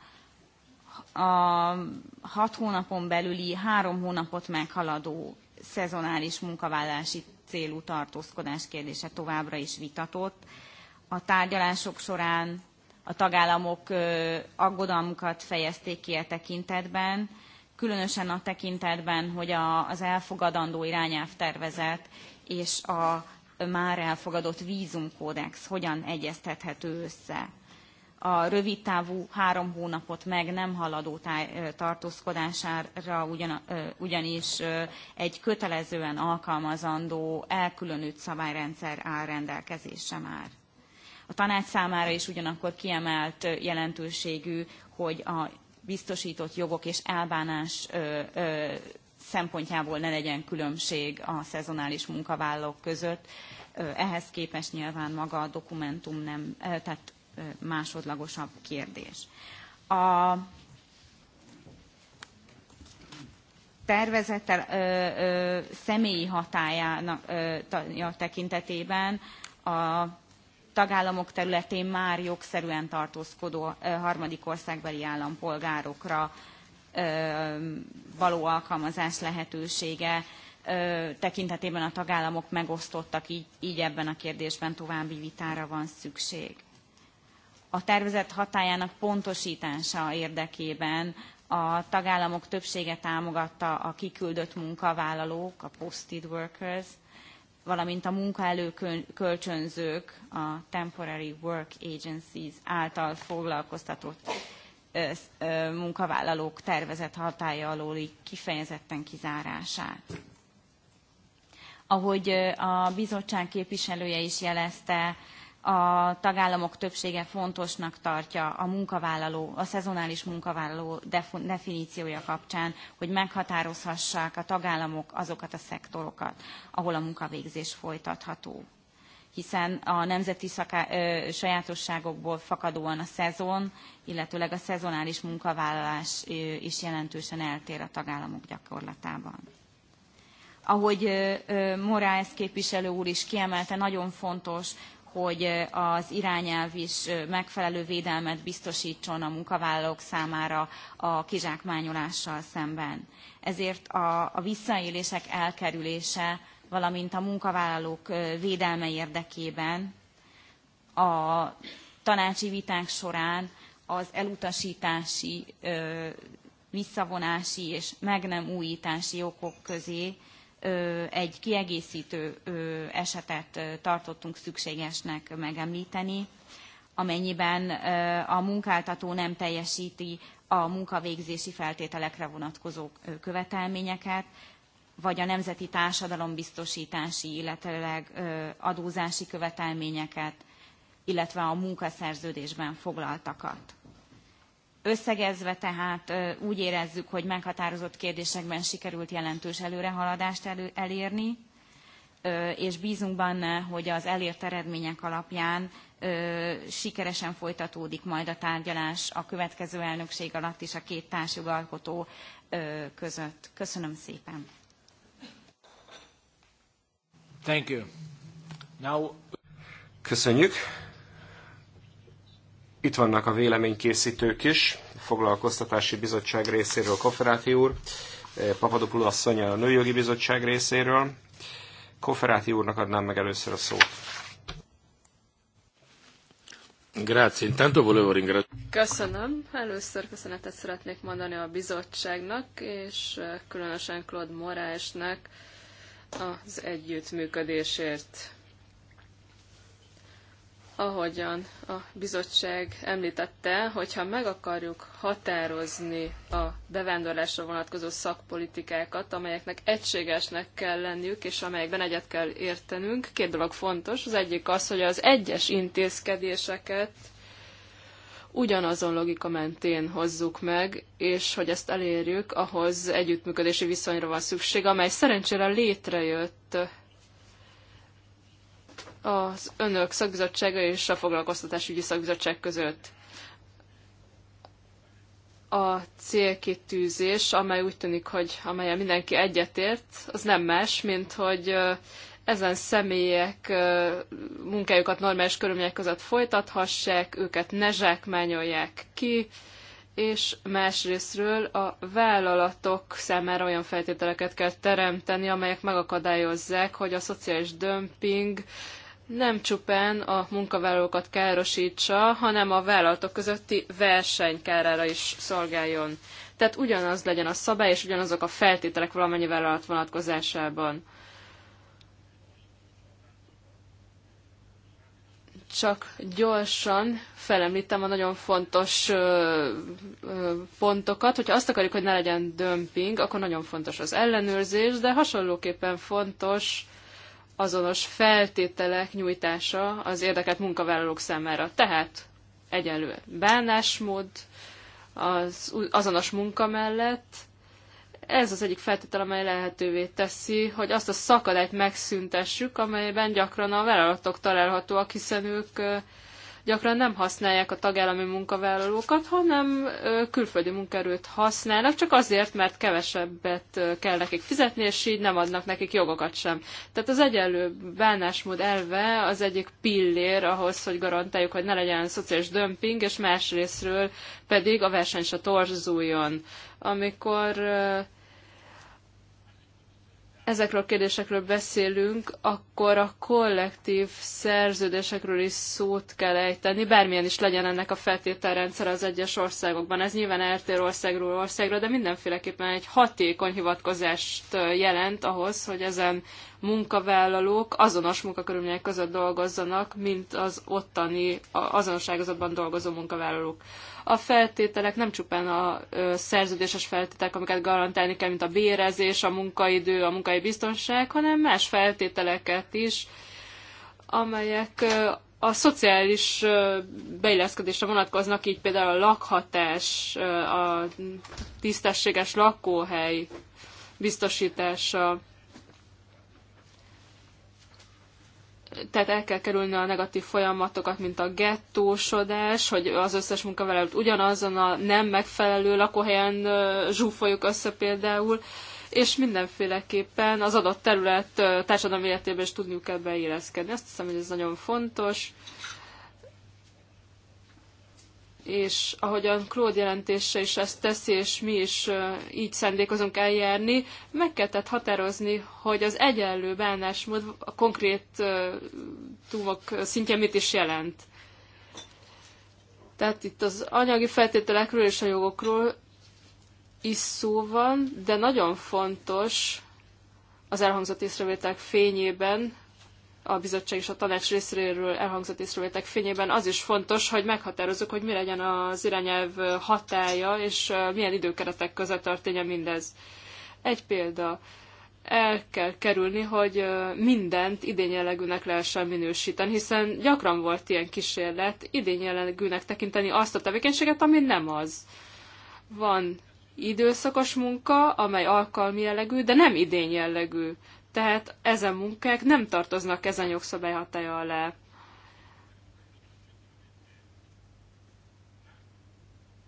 a hat hónapon belüli három hónapot meghaladó szezonális munkavállalási célú tartózkodás kérdése továbbra is vitatott. A tárgyalások során a tagállamok aggodalmukat fejezték ki a e tekintetben, különösen a tekintetben, hogy a, az elfogadandó irányelv tervezet és a már elfogadott vízumkódex hogyan egyeztethető össze a rövid távú három hónapot meg nem haladó táj, tartózkodására ugyan, ugyanis egy kötelezően alkalmazandó elkülönült szabályrendszer áll rendelkezésre már. A tanács számára is ugyanakkor kiemelt jelentőségű, hogy a biztosított jogok és elbánás ö, ö, szempontjából ne legyen különbség a szezonális munkavállalók között. Ehhez képest nyilván maga a dokumentum nem, tehát másodlagosabb kérdés. A tervezettel ö, ö, személyi hatájának ö, tekintetében a tagállamok területén már jogszerűen tartózkodó ö, harmadik országbeli állampolgárokra ö, való alkalmazás lehetősége ö, tekintetében a tagállamok megosztottak, így, így ebben a kérdésben további vitára van szükség a tervezet hatájának pontosítása érdekében a tagállamok többsége támogatta a kiküldött munkavállalók, a posted workers, valamint a munkaelőkölcsönzők, a temporary work agencies által foglalkoztatott munkavállalók tervezett hatája alóli kifejezetten kizárását. Ahogy a bizottság képviselője is jelezte, a tagállamok többsége fontosnak tartja a munkavállaló, a szezonális munkavállaló definíciója kapcsán, hogy meghatározhassák a tagállamok azokat a szektorokat, ahol a munkavégzés folytatható. Hiszen a nemzeti szaká, ö, sajátosságokból fakadóan a szezon, illetőleg a szezonális munkavállalás ö, is jelentősen eltér a tagállamok gyakorlatában ahogy Moráez képviselő úr is kiemelte, nagyon fontos hogy az irányelv is megfelelő védelmet biztosítson a munkavállalók számára a kizsákmányolással szemben. Ezért a, a visszaélések elkerülése, valamint a munkavállalók védelme érdekében a tanácsi viták során az elutasítási, visszavonási és meg nem újítási okok közé egy kiegészítő esetet tartottunk szükségesnek megemlíteni, amennyiben a munkáltató nem teljesíti a munkavégzési feltételekre vonatkozó követelményeket, vagy a nemzeti társadalombiztosítási, illetőleg adózási követelményeket, illetve a munkaszerződésben foglaltakat. Összegezve tehát úgy érezzük, hogy meghatározott kérdésekben sikerült jelentős előrehaladást elő, elérni, és bízunk benne, hogy az elért eredmények alapján sikeresen folytatódik majd a tárgyalás a következő elnökség alatt is a két társjogalkotó között. Köszönöm szépen. Thank you. Now... Köszönjük. Itt vannak a véleménykészítők is, a Foglalkoztatási Bizottság részéről Koferáti úr, eh, Papadopoulou asszony a Nőjogi Bizottság részéről. Koferáti úrnak adnám meg először a szót. Grazie, intanto volevo ringraziare. Köszönöm. Először köszönetet szeretnék mondani a bizottságnak, és eh, különösen Claude Moraesnek az együttműködésért ahogyan a bizottság említette, hogyha meg akarjuk határozni a bevándorlásra vonatkozó szakpolitikákat, amelyeknek egységesnek kell lenniük, és amelyekben egyet kell értenünk, két dolog fontos. Az egyik az, hogy az egyes intézkedéseket ugyanazon logika mentén hozzuk meg, és hogy ezt elérjük, ahhoz együttműködési viszonyra van szükség, amely szerencsére létrejött az önök szakbizottsága és a foglalkoztatásügyi szakbizottság között. A célkitűzés, amely úgy tűnik, hogy amelyen mindenki egyetért, az nem más, mint hogy ezen személyek munkájukat normális körülmények között folytathassák, őket ne zsákmányolják ki, és másrésztről a vállalatok számára olyan feltételeket kell teremteni, amelyek megakadályozzák, hogy a szociális dömping nem csupán a munkavállalókat károsítsa, hanem a vállalatok közötti verseny kárára is szolgáljon. Tehát ugyanaz legyen a szabály, és ugyanazok a feltételek valamennyi vállalat vonatkozásában. Csak gyorsan felemlítem a nagyon fontos ö, ö, pontokat. Hogyha azt akarjuk, hogy ne legyen dömping, akkor nagyon fontos az ellenőrzés, de hasonlóképpen fontos ö, azonos feltételek nyújtása az érdekelt munkavállalók számára. Tehát egyenlő bánásmód, az azonos munka mellett, ez az egyik feltétel, amely lehetővé teszi, hogy azt a szakadályt megszüntessük, amelyben gyakran a vállalatok találhatóak, hiszen ők gyakran nem használják a tagállami munkavállalókat, hanem külföldi munkerőt használnak, csak azért, mert kevesebbet kell nekik fizetni, és így nem adnak nekik jogokat sem. Tehát az egyenlő bánásmód elve az egyik pillér ahhoz, hogy garantáljuk, hogy ne legyen szociális dömping, és másrésztről pedig a verseny se torzuljon. Amikor ezekről a kérdésekről beszélünk, akkor a kollektív szerződésekről is szót kell ejteni, bármilyen is legyen ennek a feltételrendszer az egyes országokban. Ez nyilván eltér országról országra, de mindenféleképpen egy hatékony hivatkozást jelent ahhoz, hogy ezen munkavállalók azonos munkakörülmények között dolgozzanak, mint az ottani azonos ágazatban dolgozó munkavállalók. A feltételek nem csupán a szerződéses feltételek, amiket garantálni kell, mint a bérezés, a munkaidő, a munkai biztonság, hanem más feltételeket is, amelyek a szociális beilleszkedésre vonatkoznak, így például a lakhatás, a tisztességes lakóhely biztosítása, tehát el kell kerülni a negatív folyamatokat, mint a gettósodás, hogy az összes munkavállalót ugyanazon a nem megfelelő lakóhelyen zsúfoljuk össze például, és mindenféleképpen az adott terület társadalmi életében is tudniuk kell beilleszkedni. Azt hiszem, hogy ez nagyon fontos és ahogyan Claude jelentése is ezt teszi, és mi is így szándékozunk eljárni, meg kellett határozni, hogy az egyenlő bánásmód a konkrét túmok szintje mit is jelent. Tehát itt az anyagi feltételekről és a jogokról is szó van, de nagyon fontos az elhangzott észrevételek fényében, a bizottság és a tanács részéről elhangzott észrevétek fényében az is fontos, hogy meghatározzuk, hogy mi legyen az irányelv hatája, és milyen időkeretek között történjen mindez. Egy példa. El kell kerülni, hogy mindent idényjellegűnek lehessen minősíteni, hiszen gyakran volt ilyen kísérlet idényjellegűnek tekinteni azt a tevékenységet, ami nem az. Van időszakos munka, amely alkalmi jellegű, de nem idényjellegű tehát ezen munkák nem tartoznak ezen jogszabály hatája alá.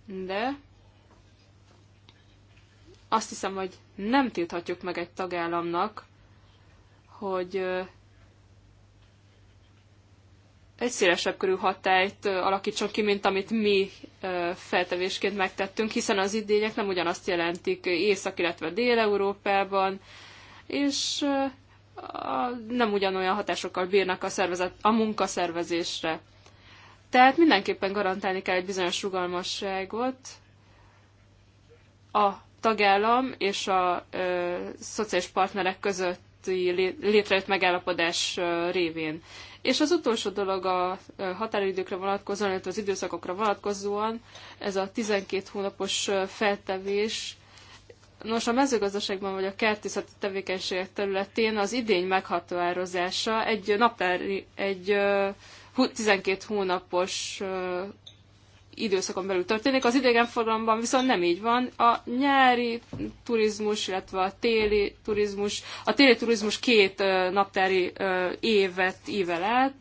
De azt hiszem, hogy nem tilthatjuk meg egy tagállamnak, hogy egy szélesebb körű hatályt alakítson ki, mint amit mi feltevésként megtettünk, hiszen az idények nem ugyanazt jelentik Észak, illetve Dél-Európában, és nem ugyanolyan hatásokkal bírnak a, szervezet, a munkaszervezésre. Tehát mindenképpen garantálni kell egy bizonyos rugalmasságot a tagállam és a ö, szociális partnerek közötti létrejött megállapodás ö, révén. És az utolsó dolog a határidőkre vonatkozóan, illetve az időszakokra vonatkozóan, ez a 12 hónapos feltevés Nos, a mezőgazdaságban vagy a kertészeti tevékenységek területén az idény meghatározása egy naptári, egy 12 hónapos időszakon belül történik. Az idegenforgalomban viszont nem így van. A nyári turizmus, illetve a téli turizmus, a téli turizmus két naptári évet ível át,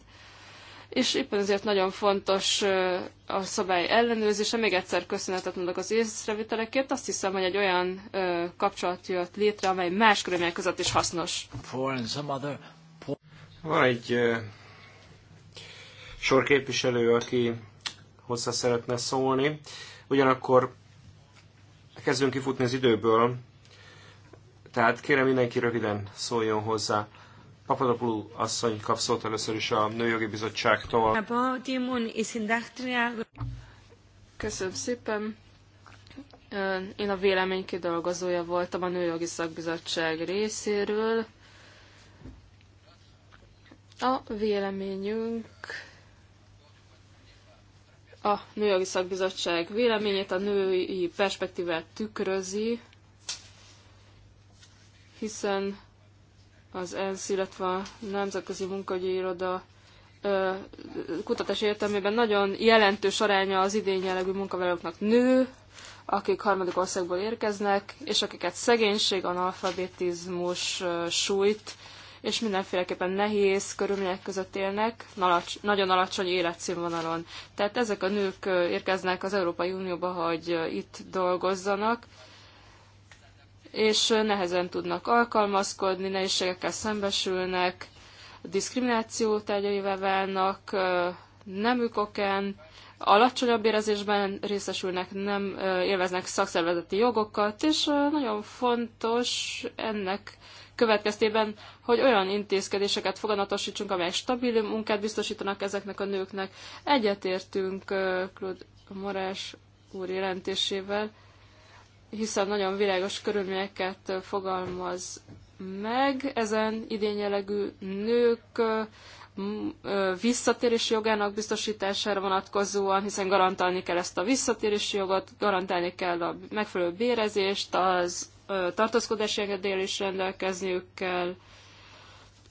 és éppen ezért nagyon fontos a szabály ellenőrzése. Még egyszer köszönetet mondok az észrevételekért. Azt hiszem, hogy egy olyan kapcsolat jött létre, amely más körülmények között is hasznos. Van egy sor képviselő, aki hozzá szeretne szólni. Ugyanakkor kezdünk kifutni az időből, tehát kérem mindenki röviden szóljon hozzá. Papadopoulou asszony kap szót először is a Nőjogi Bizottságtól. Köszönöm szépen. Én a vélemény kidolgozója voltam a Nőjogi Szakbizottság részéről. A véleményünk a Nőjogi Szakbizottság véleményét a női perspektívát tükrözi, hiszen az ENSZ, illetve a Nemzetközi Munkagyi Iroda kutatási értelmében nagyon jelentős aránya az idén jellegű munkavállalóknak nő, akik harmadik országból érkeznek, és akiket szegénység, analfabetizmus sújt, és mindenféleképpen nehéz körülmények között élnek, alacs- nagyon alacsony életszínvonalon. Tehát ezek a nők érkeznek az Európai Unióba, hogy itt dolgozzanak, és nehezen tudnak alkalmazkodni, nehézségekkel szembesülnek, diszkrimináció tárgyaivel válnak, nemük alacsonyabb érezésben részesülnek, nem élveznek szakszervezeti jogokat, és nagyon fontos ennek következtében, hogy olyan intézkedéseket foganatosítsunk, amelyek stabil munkát biztosítanak ezeknek a nőknek. Egyetértünk Claude Morás úr jelentésével, hiszen nagyon világos körülményeket fogalmaz meg ezen idényelegű nők visszatérési jogának biztosítására vonatkozóan, hiszen garantálni kell ezt a visszatérési jogot, garantálni kell a megfelelő bérezést, az tartózkodási engedélyel is rendelkezniük kell,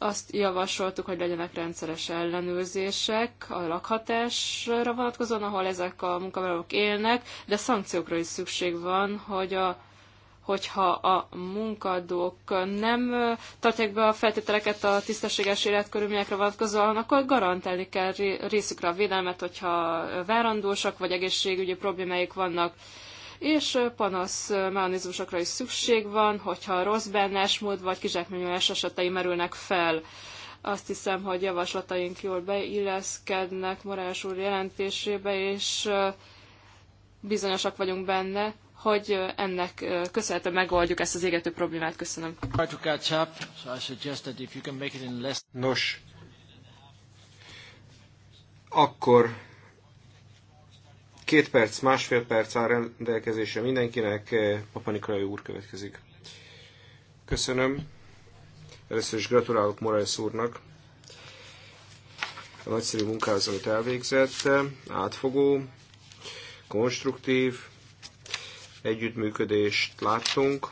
azt javasoltuk, hogy legyenek rendszeres ellenőrzések a lakhatásra vonatkozóan, ahol ezek a munkavállalók élnek, de szankciókra is szükség van, hogy a hogyha a munkadók nem tartják be a feltételeket a tisztességes életkörülményekre vonatkozóan, akkor garantálni kell részükre a védelmet, hogyha várandósak vagy egészségügyi problémáik vannak és panasz mechanizmusokra is szükség van, hogyha rossz bánásmód vagy kizsákmányolás esetei merülnek fel. Azt hiszem, hogy javaslataink jól beilleszkednek Morás úr jelentésébe, és bizonyosak vagyunk benne, hogy ennek köszönhetően megoldjuk ezt az égető problémát. Köszönöm. Nos, akkor Két perc, másfél perc áll rendelkezésre mindenkinek. Papanikolai úr következik. Köszönöm. Először is gratulálok Morales úrnak a nagyszerű munkához, amit elvégzett. Átfogó, konstruktív együttműködést láttunk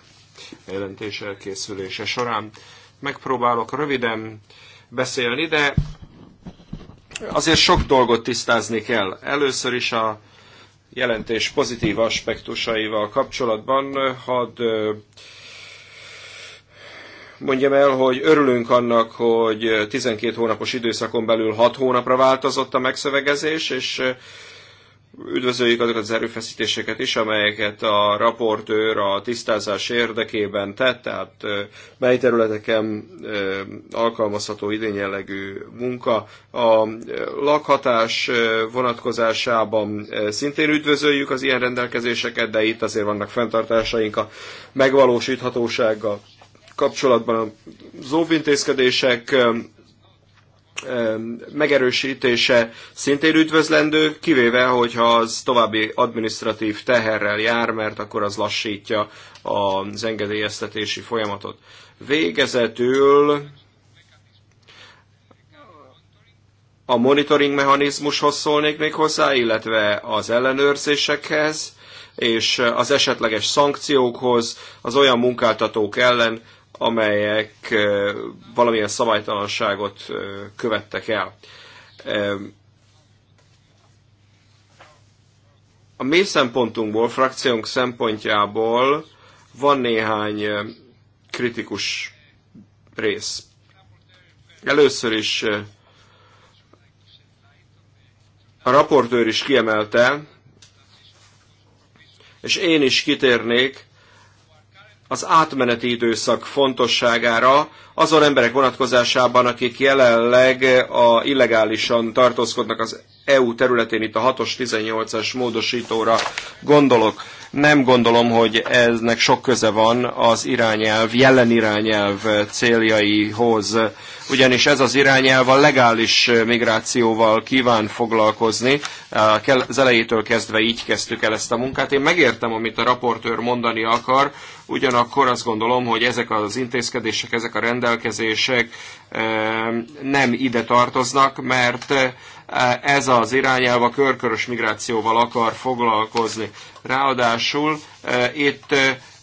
a jelentés elkészülése során. Megpróbálok röviden beszélni, de azért sok dolgot tisztázni kell. Először is a jelentés pozitív aspektusaival kapcsolatban hadd mondjam el, hogy örülünk annak, hogy 12 hónapos időszakon belül 6 hónapra változott a megszövegezés, és Üdvözöljük azokat az erőfeszítéseket is, amelyeket a raportőr a tisztázás érdekében tett, tehát mely területeken alkalmazható idényjellegű munka. A lakhatás vonatkozásában szintén üdvözöljük az ilyen rendelkezéseket, de itt azért vannak fenntartásaink a megvalósíthatósággal kapcsolatban az óvintézkedések megerősítése szintén üdvözlendő, kivéve, hogyha az további administratív teherrel jár, mert akkor az lassítja az engedélyeztetési folyamatot. Végezetül a monitoring mechanizmushoz szólnék még hozzá, illetve az ellenőrzésekhez, és az esetleges szankciókhoz az olyan munkáltatók ellen, amelyek valamilyen szabálytalanságot követtek el. A mi szempontunkból, frakciónk szempontjából van néhány kritikus rész. Először is a raportőr is kiemelte, és én is kitérnék az átmeneti időszak fontosságára, azon emberek vonatkozásában, akik jelenleg eh, a illegálisan tartózkodnak az EU területén, itt a 6-os, 18-as módosítóra gondolok. Nem gondolom, hogy eznek sok köze van az irányelv, jelen irányelv céljaihoz, ugyanis ez az irányelv a legális eh, migrációval kíván foglalkozni. Az elejétől kezdve így kezdtük el ezt a munkát. Én megértem, amit a raportőr mondani akar, ugyanakkor azt gondolom, hogy ezek az intézkedések, ezek a rendelkezések, rendelkezések nem ide tartoznak, mert ez az irányelv a körkörös migrációval akar foglalkozni. Ráadásul itt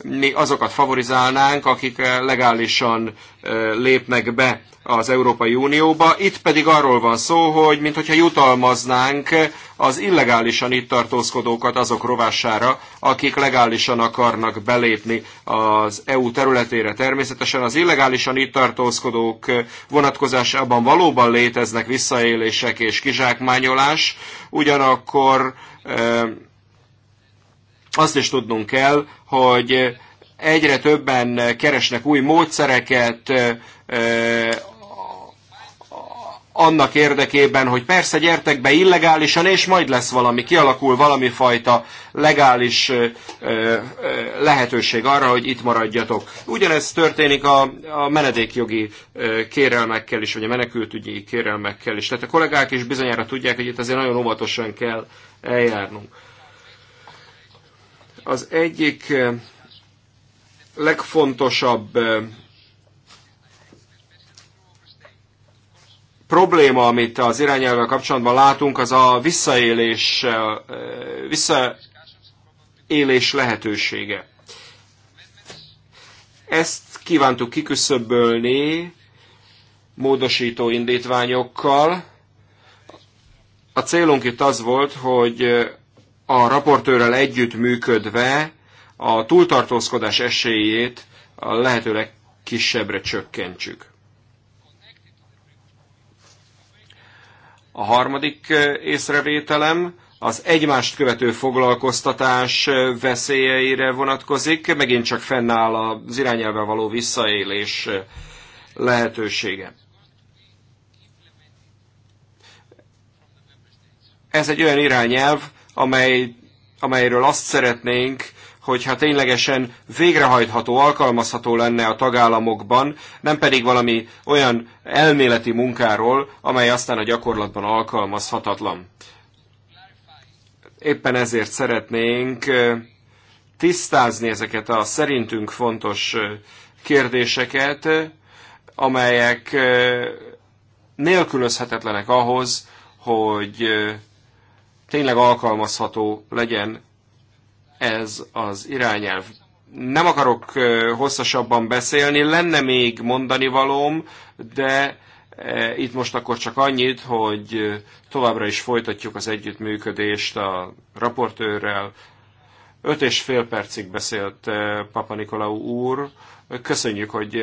mi azokat favorizálnánk, akik eh, legálisan eh, lépnek be az Európai Unióba. Itt pedig arról van szó, hogy mintha jutalmaznánk az illegálisan itt tartózkodókat azok rovására, akik legálisan akarnak belépni az EU területére. Természetesen az illegálisan itt tartózkodók eh, vonatkozásában valóban léteznek visszaélések és kizsákmányolás, ugyanakkor azt is tudnunk kell, hogy egyre többen keresnek új módszereket annak érdekében, hogy persze gyertek be illegálisan, és majd lesz valami, kialakul valami fajta legális lehetőség arra, hogy itt maradjatok. Ugyanez történik a, a menedékjogi kérelmekkel is, vagy a menekültügyi kérelmekkel is. Tehát a kollégák is bizonyára tudják, hogy itt azért nagyon óvatosan kell eljárnunk. Az egyik eh, legfontosabb eh, probléma, amit az irányelvvel kapcsolatban látunk, az a visszaélés, eh, visszaélés lehetősége. Ezt kívántuk kiküszöbölni módosító indítványokkal. A célunk itt az volt, hogy a raportőrrel együttműködve a túltartózkodás esélyét a lehető legkisebbre csökkentsük. A harmadik eh, észrevételem az egymást követő foglalkoztatás eh, veszélyeire vonatkozik, megint csak fennáll az irányelve való visszaélés eh, lehetősége. Ez egy olyan irányelv, amely, amelyről azt szeretnénk, hogyha ténylegesen végrehajtható, alkalmazható lenne a tagállamokban, nem pedig valami olyan elméleti munkáról, amely aztán a gyakorlatban alkalmazhatatlan. Éppen ezért szeretnénk tisztázni ezeket a szerintünk fontos kérdéseket, amelyek nélkülözhetetlenek ahhoz, hogy tényleg alkalmazható legyen ez az irányelv. Nem akarok hosszasabban beszélni, lenne még mondani valóm, de itt most akkor csak annyit, hogy továbbra is folytatjuk az együttműködést a raportőrrel. Öt és fél percig beszélt Papa Nikolau úr. Köszönjük, hogy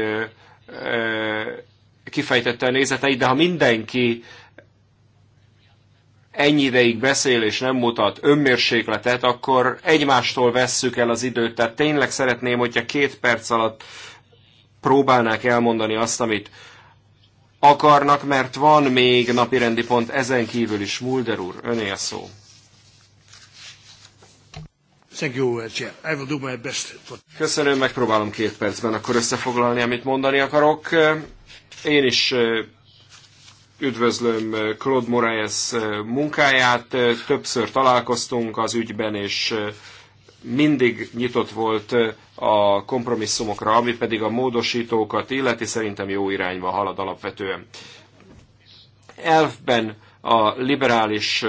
kifejtette a nézeteit, de ha mindenki ennyi ideig beszél és nem mutat önmérsékletet, akkor egymástól vesszük el az időt. Tehát tényleg szeretném, hogyha két perc alatt próbálnák elmondani azt, amit akarnak, mert van még napirendi pont ezen kívül is. Mulder úr, öné a szó. Uh, Köszönöm, megpróbálom két percben akkor összefoglalni, amit mondani akarok. Én is uh, Üdvözlöm eh, Claude Moraes eh, munkáját, eh, többször találkoztunk az ügyben, és mindig nyitott volt a kompromisszumokra, ami pedig a módosítókat illeti, szerintem jó irányba halad alapvetően. Elfben a liberális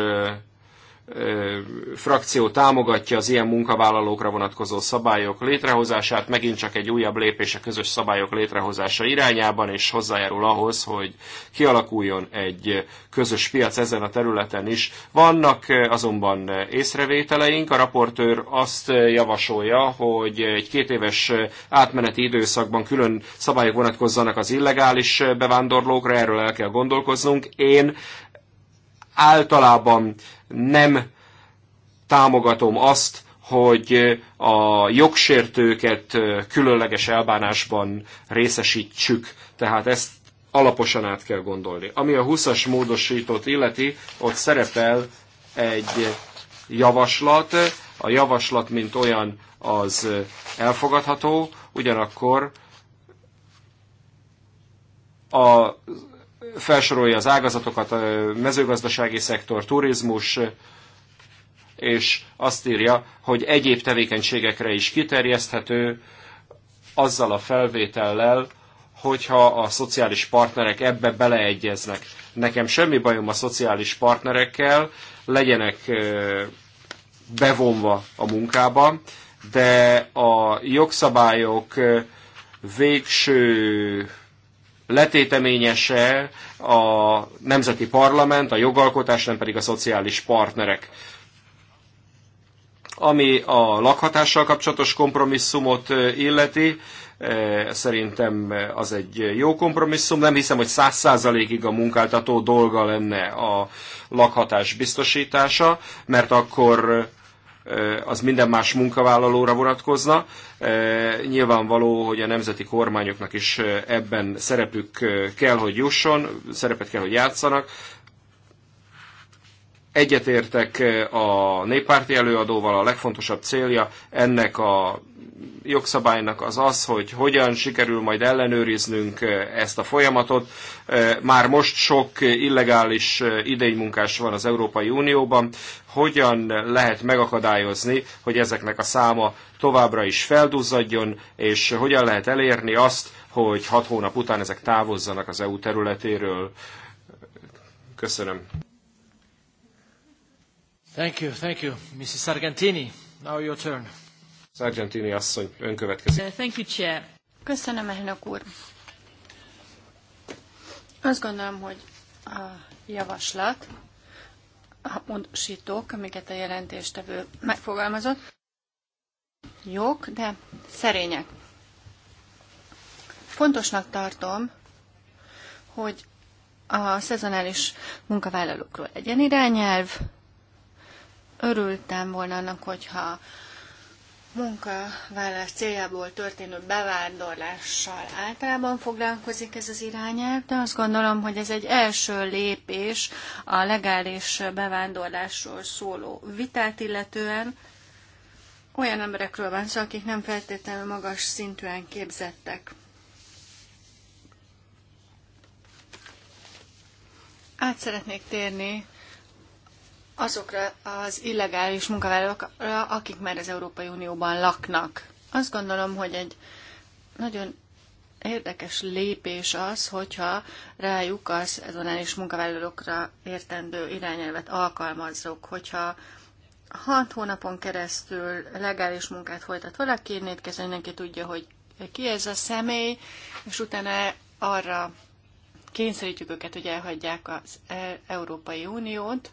frakció támogatja az ilyen munkavállalókra vonatkozó szabályok létrehozását, megint csak egy újabb lépés a közös szabályok létrehozása irányában, és hozzájárul ahhoz, hogy kialakuljon egy közös piac ezen a területen is. Vannak azonban észrevételeink, a raportőr azt javasolja, hogy egy két éves átmeneti időszakban külön szabályok vonatkozzanak az illegális bevándorlókra, erről el kell gondolkoznunk. Én általában nem támogatom azt, hogy a jogsértőket különleges elbánásban részesítsük. Tehát ezt alaposan át kell gondolni. Ami a 20-as módosítót illeti, ott szerepel egy javaslat. A javaslat, mint olyan, az elfogadható, ugyanakkor a felsorolja az ágazatokat, a mezőgazdasági szektor, turizmus, és azt írja, hogy egyéb tevékenységekre is kiterjeszthető, azzal a felvétellel, hogyha a szociális partnerek ebbe beleegyeznek. Nekem semmi bajom a szociális partnerekkel, legyenek bevonva a munkába, de a jogszabályok végső letéteményese a nemzeti parlament, a jogalkotás, nem pedig a szociális partnerek. Ami a lakhatással kapcsolatos kompromisszumot illeti, szerintem az egy jó kompromisszum. Nem hiszem, hogy száz százalékig a munkáltató dolga lenne a lakhatás biztosítása, mert akkor az minden más munkavállalóra vonatkozna. Nyilvánvaló, hogy a nemzeti kormányoknak is ebben szerepük kell, hogy jusson, szerepet kell, hogy játszanak. Egyetértek a néppárti előadóval, a legfontosabb célja ennek a jogszabálynak az az, hogy hogyan sikerül majd ellenőriznünk ezt a folyamatot. Már most sok illegális idénymunkás van az Európai Unióban. Hogyan lehet megakadályozni, hogy ezeknek a száma továbbra is felduzzadjon, és hogyan lehet elérni azt, hogy hat hónap után ezek távozzanak az EU területéről. Köszönöm. Thank you, thank you. Mrs. Sargentini, now your turn. Sargentini asszony, ön következik. Uh, thank you, Chair. Köszönöm, elnök úr. Azt gondolom, hogy a javaslat, a módosítók, amiket a jelentéstevő megfogalmazott, jók, de szerények. Fontosnak tartom, hogy a szezonális munkavállalókról legyen irányelv. Örültem volna annak, hogyha munkavállalás céljából történő bevándorlással általában foglalkozik ez az irányelv, de azt gondolom, hogy ez egy első lépés a legális bevándorlásról szóló vitát illetően. Olyan emberekről van szó, akik nem feltétlenül magas szintűen képzettek. Át szeretnék térni azokra az illegális munkavállalókra, akik már az Európai Unióban laknak. Azt gondolom, hogy egy nagyon érdekes lépés az, hogyha rájuk az ezonális munkavállalókra értendő irányelvet alkalmazzuk, hogyha hat hónapon keresztül legális munkát folytat valaki, nétkező mindenki tudja, hogy ki ez a személy, és utána arra kényszerítjük őket, hogy elhagyják az e- Európai Uniót,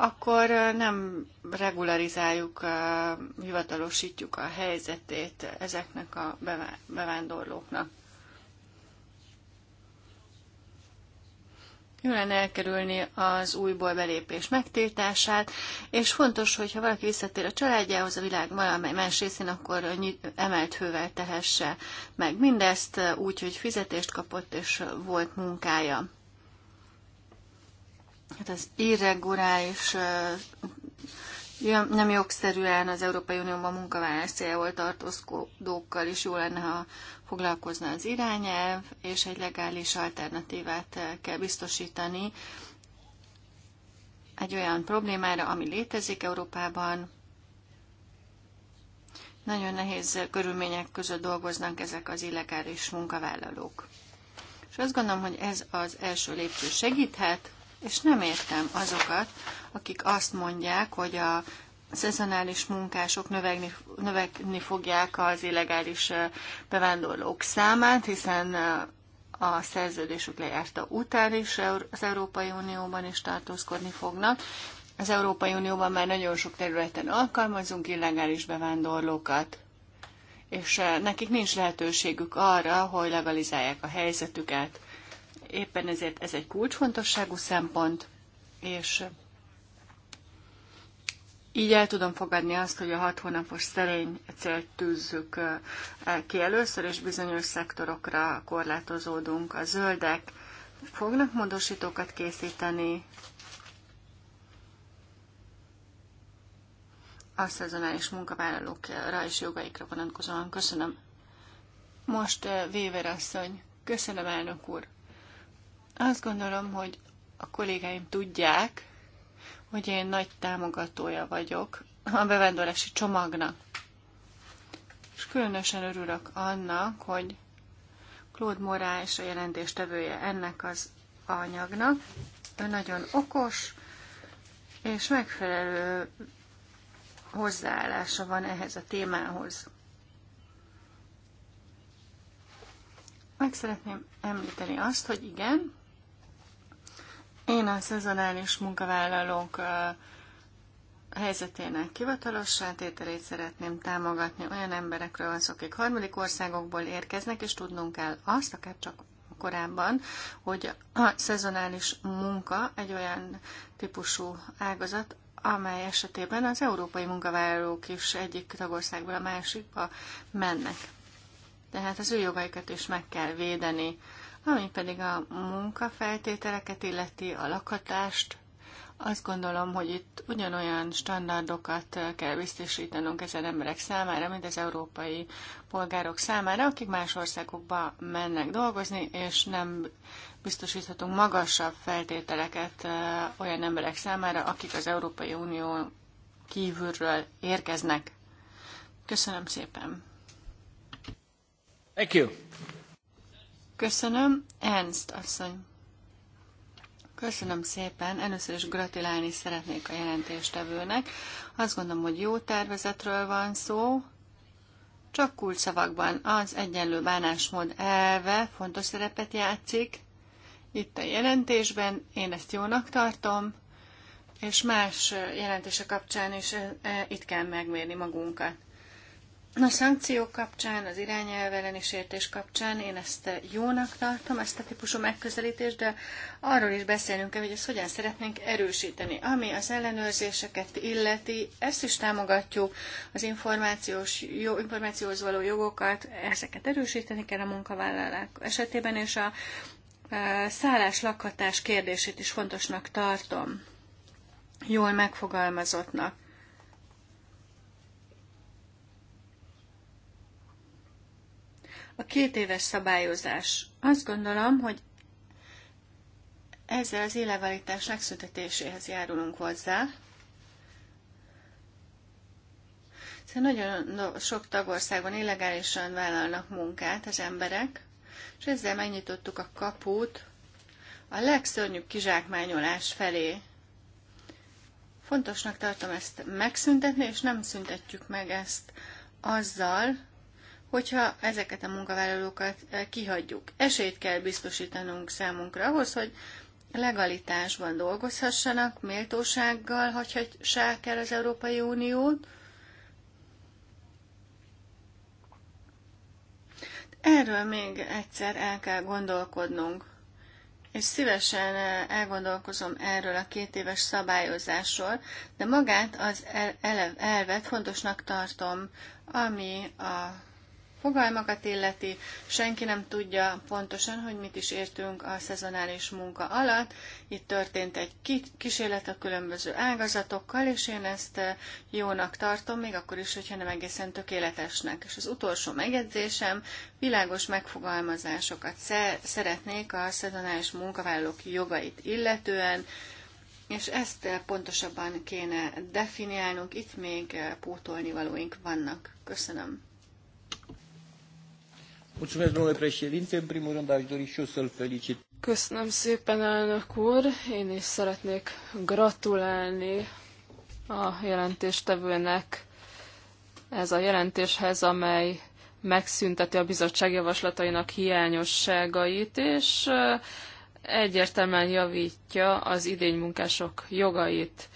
akkor nem regularizáljuk, hivatalosítjuk a helyzetét ezeknek a bevándorlóknak. Jó lenne elkerülni az újból belépés megtiltását, és fontos, hogy ha valaki visszatér a családjához a világ valamely más részén, akkor emelt hővel tehesse meg mindezt, úgy, hogy fizetést kapott és volt munkája hát az irreguláris, nem jogszerűen az Európai Unióban munkavállalás céljából tartózkodókkal is jó lenne, ha foglalkozna az irányelv, és egy legális alternatívát kell biztosítani egy olyan problémára, ami létezik Európában, nagyon nehéz körülmények között dolgoznak ezek az illegális munkavállalók. És azt gondolom, hogy ez az első lépcső segíthet, és nem értem azokat, akik azt mondják, hogy a szezonális munkások növegni, növegni fogják az illegális bevándorlók számát, hiszen a szerződésük lejárta után is az Európai Unióban is tartózkodni fognak. Az Európai Unióban már nagyon sok területen alkalmazunk illegális bevándorlókat, és nekik nincs lehetőségük arra, hogy legalizálják a helyzetüket. Éppen ezért ez egy kulcsfontosságú szempont, és így el tudom fogadni azt, hogy a hat hónapos szerény célt tűzzük ki először, és bizonyos szektorokra korlátozódunk. A zöldek fognak módosítókat készíteni, a szezonális munkavállalókra és jogaikra vonatkozóan. Köszönöm. Most Véver asszony. Köszönöm, elnök úr. Azt gondolom, hogy a kollégáim tudják, hogy én nagy támogatója vagyok a bevándorlási csomagnak. És különösen örülök annak, hogy Claude és a jelentéstevője ennek az anyagnak. Ő nagyon okos, és megfelelő hozzáállása van ehhez a témához. Meg szeretném említeni azt, hogy igen, én a szezonális munkavállalók helyzetének hivatalos tételét szeretném támogatni. Olyan emberekről van szó, akik harmadik országokból érkeznek, és tudnunk kell azt, akár csak korábban, hogy a szezonális munka egy olyan típusú ágazat, amely esetében az európai munkavállalók is egyik tagországból a másikba mennek. Tehát az ő jogaikat is meg kell védeni. Ami pedig a munkafeltételeket illeti, a lakhatást, azt gondolom, hogy itt ugyanolyan standardokat kell biztosítanunk ezen emberek számára, mint az európai polgárok számára, akik más országokba mennek dolgozni, és nem biztosíthatunk magasabb feltételeket olyan emberek számára, akik az Európai Unió kívülről érkeznek. Köszönöm szépen! Thank you. Köszönöm, Ernst asszony. Köszönöm szépen. Először is gratulálni szeretnék a jelentéstevőnek. Azt gondolom, hogy jó tervezetről van szó. Csak kulcsszavakban az egyenlő bánásmód elve fontos szerepet játszik. Itt a jelentésben én ezt jónak tartom, és más jelentése kapcsán is eh, itt kell megmérni magunkat. A szankciók kapcsán, az irányelv elleni sértés kapcsán én ezt jónak tartom, ezt a típusú megközelítést, de arról is beszélünk, kell, hogy ezt hogyan szeretnénk erősíteni. Ami az ellenőrzéseket illeti, ezt is támogatjuk, az információs, jó, információhoz való jogokat, ezeket erősíteni kell a munkavállalák esetében, és a e, szállás-lakhatás kérdését is fontosnak tartom, jól megfogalmazottnak. A két éves szabályozás. Azt gondolom, hogy ezzel az élevelítás megszüntetéséhez járulunk hozzá, Szóval nagyon sok tagországban illegálisan vállalnak munkát az emberek, és ezzel megnyitottuk a kaput a legszörnyűbb kizsákmányolás felé. Fontosnak tartom ezt megszüntetni, és nem szüntetjük meg ezt azzal, hogyha ezeket a munkavállalókat e, kihagyjuk. Esélyt kell biztosítanunk számunkra ahhoz, hogy legalitásban dolgozhassanak, méltósággal hagyhassák el az Európai Uniót. Erről még egyszer el kell gondolkodnunk. És szívesen e, elgondolkozom erről a két éves szabályozásról, de magát az elvet fontosnak tartom, ami a fogalmakat illeti, senki nem tudja pontosan, hogy mit is értünk a szezonális munka alatt. Itt történt egy kísérlet a különböző ágazatokkal, és én ezt eh, jónak tartom, még akkor is, hogyha nem egészen tökéletesnek. És az utolsó megjegyzésem, világos megfogalmazásokat szeretnék a szezonális munkavállalók jogait illetően, és ezt eh, pontosabban kéne definiálnunk, itt még eh, pótolni valóink vannak. Köszönöm. Mulțumesc, domnule președinte. În primul rând aș dori și eu să-l felicit. Köszönöm szépen, elnök úr. Én is szeretnék gratulálni a jelentéstevőnek ez a jelentéshez, amely megszünteti a bizottság javaslatainak hiányosságait, és egyértelműen javítja az idénymunkások jogait.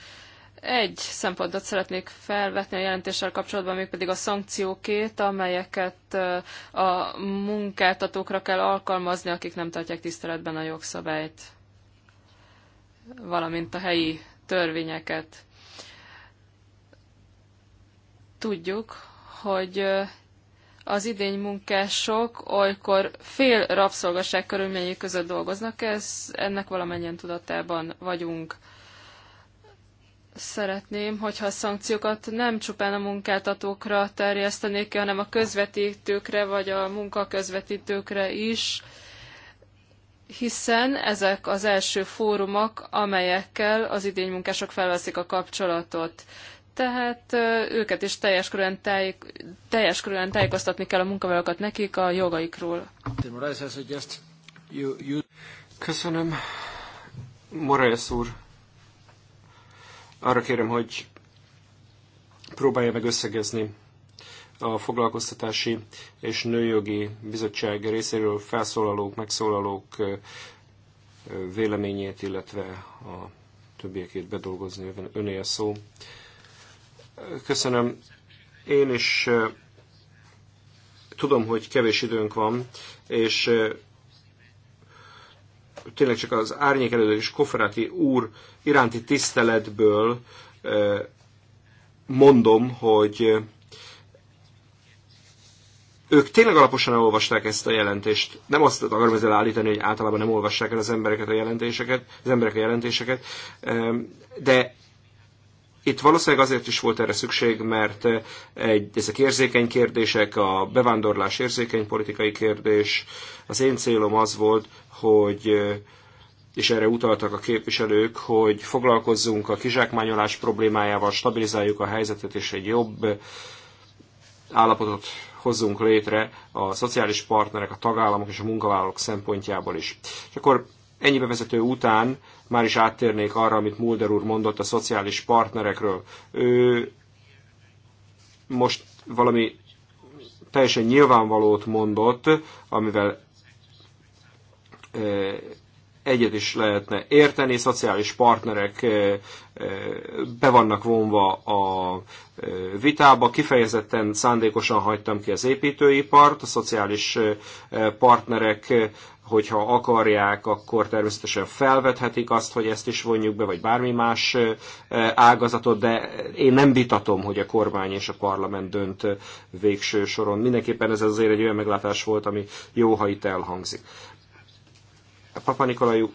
Egy szempontot szeretnék felvetni a jelentéssel kapcsolatban, mégpedig a szankciókét, amelyeket a munkáltatókra kell alkalmazni, akik nem tartják tiszteletben a jogszabályt, valamint a helyi törvényeket. Tudjuk, hogy az idény munkások olykor fél rabszolgaság körülményei között dolgoznak, ez, ennek valamennyien tudatában vagyunk szeretném, hogyha a szankciókat nem csupán a munkáltatókra terjesztenék ki, hanem a közvetítőkre vagy a munkaközvetítőkre is, hiszen ezek az első fórumok, amelyekkel az idénymunkások felveszik a kapcsolatot. Tehát őket is teljes körülön, táj, teljes körülön tájékoztatni kell a munkavállalókat nekik a jogaikról. Köszönöm. Morales úr, arra kérem, hogy próbálja meg összegezni a foglalkoztatási és nőjogi bizottság részéről felszólalók, megszólalók véleményét, illetve a többiekét bedolgozni. Öné a szó. Köszönöm. Én is tudom, hogy kevés időnk van, és tényleg csak az árnyékelődő és Koferati úr iránti tiszteletből mondom, hogy ők tényleg alaposan elolvasták ezt a jelentést. Nem azt akarom ezzel állítani, hogy általában nem olvassák el az embereket a jelentéseket, az emberek a jelentéseket, de itt valószínűleg azért is volt erre szükség, mert eh, egy, ezek érzékeny kérdések, a bevándorlás érzékeny politikai kérdés. Az én célom az volt, hogy eh, és erre utaltak a képviselők, hogy foglalkozzunk a kizsákmányolás problémájával, stabilizáljuk a helyzetet, és egy jobb eh, állapotot hozzunk létre a szociális partnerek, a tagállamok és a munkavállalók szempontjából is. És akkor Ennyi bevezető után már is áttérnék arra, amit Mulder úr mondott a szociális partnerekről. Ő most valami teljesen nyilvánvalót mondott, amivel egyet is lehetne érteni, szociális partnerek be vannak vonva a vitába, kifejezetten szándékosan hagytam ki az építőipart, a szociális partnerek hogyha akarják, akkor természetesen felvethetik azt, hogy ezt is vonjuk be, vagy bármi más ágazatot, de én nem vitatom, hogy a kormány és a parlament dönt végső soron. Mindenképpen ez azért egy olyan meglátás volt, ami jó, ha itt elhangzik. Papa Nikolajú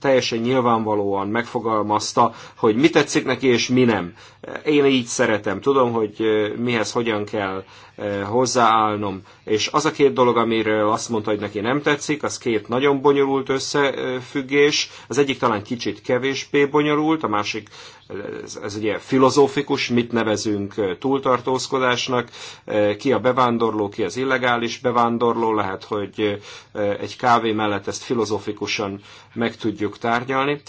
teljesen nyilvánvalóan megfogalmazta, hogy mi tetszik neki és mi nem. Én így szeretem, tudom, hogy mihez hogyan kell hozzáállnom. És az a két dolog, amiről azt mondta, hogy neki nem tetszik, az két nagyon bonyolult összefüggés. Az egyik talán kicsit kevésbé bonyolult, a másik, ez, ez ugye filozófikus, mit nevezünk túltartózkodásnak, ki a bevándorló, ki az illegális bevándorló, lehet, hogy egy kávé mellett ezt filozófikusan meg tudjuk tárgyalni.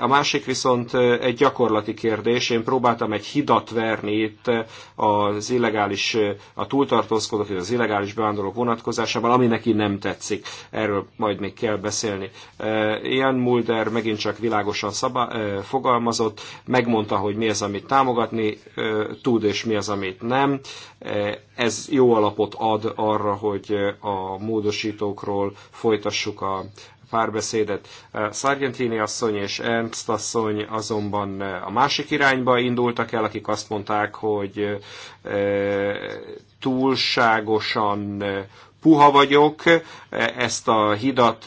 A másik viszont egy gyakorlati kérdés, én próbáltam próbáltam egy hidat verni itt az illegális, a túltartózkodók és az illegális bevándorlók vonatkozásában, ami neki nem tetszik. Erről majd még kell beszélni. Ian Mulder megint csak világosan szabá, fogalmazott, megmondta, hogy mi az, amit támogatni tud, és mi az, amit nem. Ez jó alapot ad arra, hogy a módosítókról folytassuk a párbeszédet. Eh, Sargentini asszony és Ernst asszony azonban eh, a másik irányba indultak el, akik azt mondták, hogy eh, túlságosan puha vagyok, ezt a hidat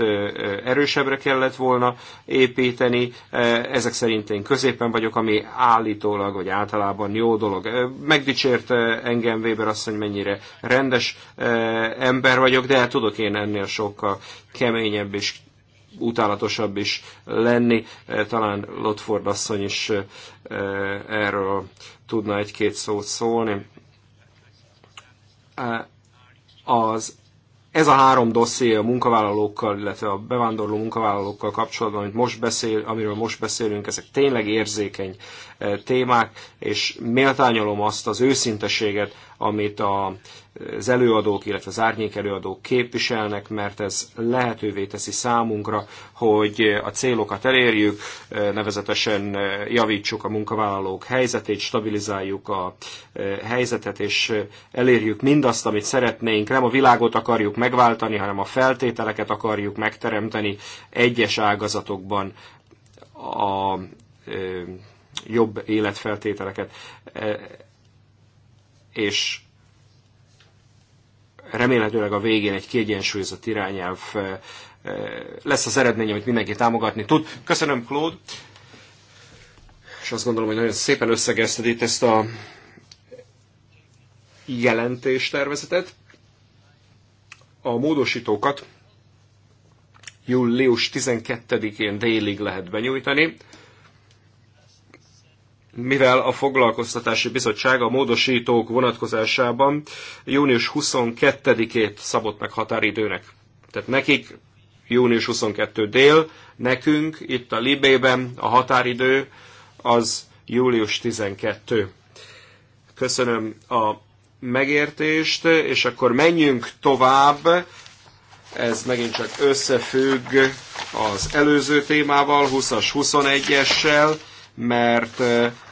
erősebbre kellett volna építeni, ezek szerint én középen vagyok, ami állítólag, vagy általában jó dolog. Megdicsért engem Weber azt, hogy mennyire rendes ember vagyok, de hát tudok én ennél sokkal keményebb és utálatosabb is lenni. Eh, talán Lotford asszony is eh, eh, erről tudna egy-két szót szólni. Az ez a három dosszié a munkavállalókkal, illetve a bevándorló munkavállalókkal kapcsolatban, amit most beszél, amiről most beszélünk, ezek tényleg érzékeny témák, és méltányolom azt az őszinteséget, amit a az előadók, illetve az árnyék előadók képviselnek, mert ez lehetővé teszi számunkra, hogy a célokat elérjük, nevezetesen javítsuk a munkavállalók helyzetét, stabilizáljuk a e, helyzetet, és elérjük mindazt, amit szeretnénk. Nem a világot akarjuk megváltani, hanem a feltételeket akarjuk megteremteni egyes ágazatokban a e, jobb életfeltételeket. E, és remélhetőleg a végén egy kiegyensúlyozott irányelv lesz az eredmény, amit mindenki támogatni tud. Köszönöm, Claude, és azt gondolom, hogy nagyon szépen összegezted itt ezt a jelentéstervezetet. A módosítókat július 12-én délig lehet benyújtani mivel a Foglalkoztatási Bizottság a módosítók vonatkozásában június 22-ét szabott meg határidőnek. Tehát nekik június 22 dél, nekünk itt a Libében a határidő az július 12. Köszönöm a megértést, és akkor menjünk tovább. Ez megint csak összefügg az előző témával, 20-as, 21-essel, mert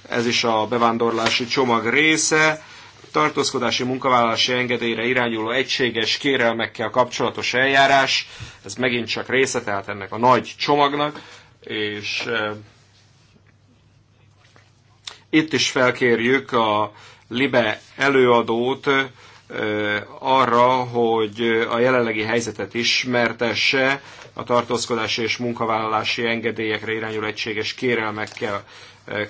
ez is a bevándorlási csomag része. Tartózkodási munkavállalási engedélyre irányuló egységes kérelmekkel kapcsolatos eljárás, ez megint csak része, tehát ennek a nagy csomagnak, és itt is felkérjük a Libe előadót arra, hogy a jelenlegi helyzetet ismertesse a tartózkodási és munkavállalási engedélyekre irányuló egységes kérelmekkel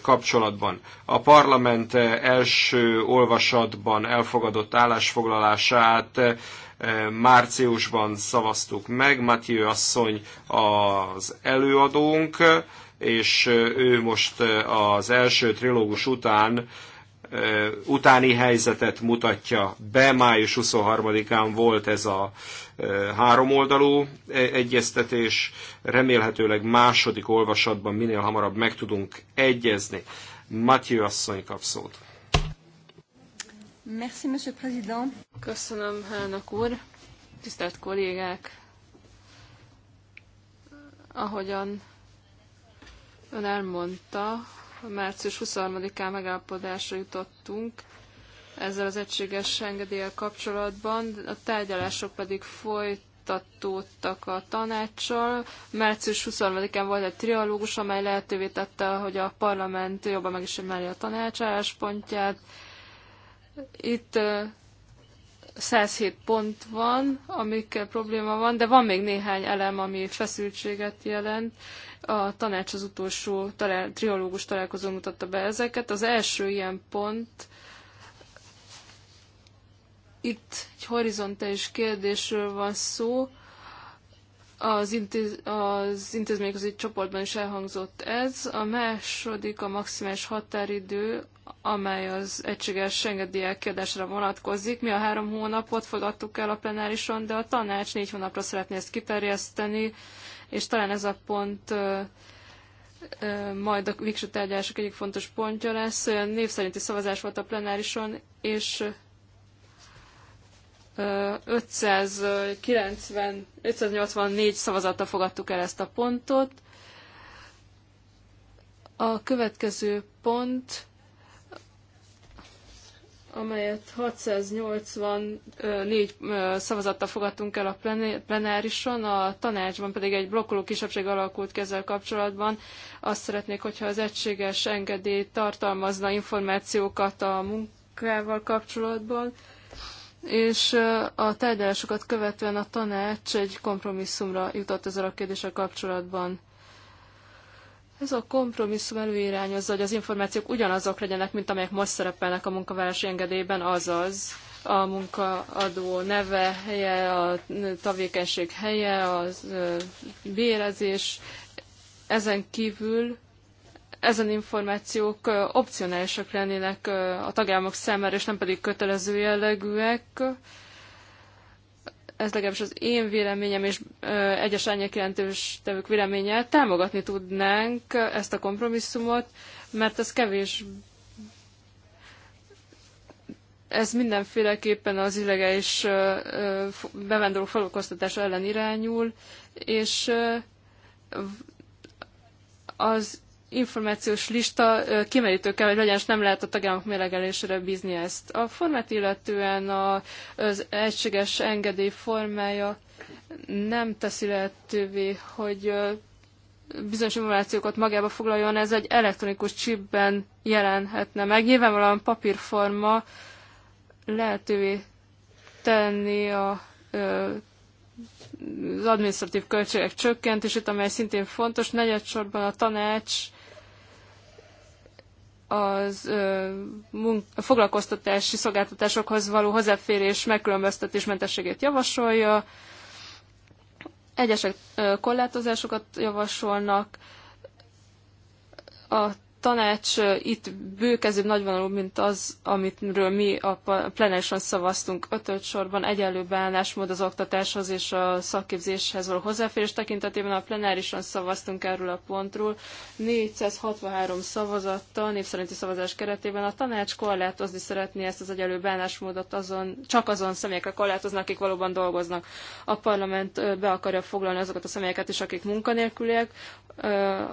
kapcsolatban. A parlament első olvasatban elfogadott állásfoglalását eh, márciusban szavaztuk meg, Matthieu asszony az előadónk, és eh, ő most eh, az első trilógus után utáni helyzetet mutatja be. Május 23-án volt ez a háromoldalú egyeztetés, remélhetőleg második olvasatban minél hamarabb meg tudunk egyezni. Matyő asszony kap szót. Merci, Monsieur Président. Köszönöm, elnök úr. Tisztelt kollégák! Ahogyan ön elmondta, március 23-án megállapodásra jutottunk ezzel az egységes engedéllyel kapcsolatban, a tárgyalások pedig folytatódtak a tanácssal. Március 23-án volt egy trialógus, amely lehetővé tette, hogy a parlament jobban megismerje a tanács álláspontját. Itt 107 pont van, amikkel probléma van, de van még néhány elem, ami feszültséget jelent. A tanács az utolsó talál, triológus találkozón mutatta be ezeket. Az első ilyen pont, itt egy horizontális kérdésről van szó, az, intéz, az intézményközi csoportban is elhangzott ez. A második a maximális határidő, amely az egységes engedélyek kérdésre vonatkozik. Mi a három hónapot fogadtuk el a plenárison, de a tanács négy hónapra szeretné ezt kiterjeszteni, és talán ez a pont ö, ö, majd a végső tárgyalások egyik fontos pontja lesz. Név szerinti szavazás volt a plenárison, és 590, 584 szavazattal fogadtuk el ezt a pontot. A következő pont, amelyet 684 szavazattal fogadtunk el a plenárison, a tanácsban pedig egy blokkoló kisebbség alakult kezel kapcsolatban. Azt szeretnék, hogyha az egységes engedély tartalmazna információkat a munkával kapcsolatban, és a tárgyalásokat követően a tanács egy kompromisszumra jutott ezzel a kérdéssel kapcsolatban. Ez a kompromisszum előirányozza, hogy az információk ugyanazok legyenek, mint amelyek most szerepelnek a munkavállalási engedélyben, azaz a munkaadó neve, helye, a tevékenység helye, a bérezés. Ezen kívül ezen információk opcionálisak lennének a tagállamok számára, és nem pedig kötelező jellegűek. Ez legalábbis az én véleményem és egyes ányek jelentős tevők véleménye. Támogatni tudnánk ezt a kompromisszumot, mert ez kevés ez mindenféleképpen az illegális bevándorló foglalkoztatása ellen irányul, és az információs lista kimerítő kell, hogy legyen, és nem lehet a tagállamok mélegelésére bízni ezt. A formát illetően a, az egységes engedély formája nem teszi lehetővé, hogy bizonyos információkat magába foglaljon, ez egy elektronikus chipben jelenhetne meg. Nyilvánvalóan papírforma lehetővé tenni a az adminisztratív költségek csökkentését, amely szintén fontos. Negyedsorban a tanács az a foglalkoztatási szolgáltatásokhoz való hozzáférés megkülönböztetésmentességét javasolja, egyesek korlátozásokat javasolnak, a tanács itt bőkezőbb, nagyvonalú, mint az, amitről mi a plenárison szavaztunk. Ötöt sorban egyenlő beállásmód az oktatáshoz és a szakképzéshez való hozzáférés tekintetében a plenárison szavaztunk erről a pontról. 463 szavazattal népszerinti szavazás keretében a tanács korlátozni szeretné ezt az egyenlő beállásmódot azon, csak azon személyekre korlátoznak, akik valóban dolgoznak. A parlament be akarja foglalni azokat a személyeket is, akik munkanélküliek.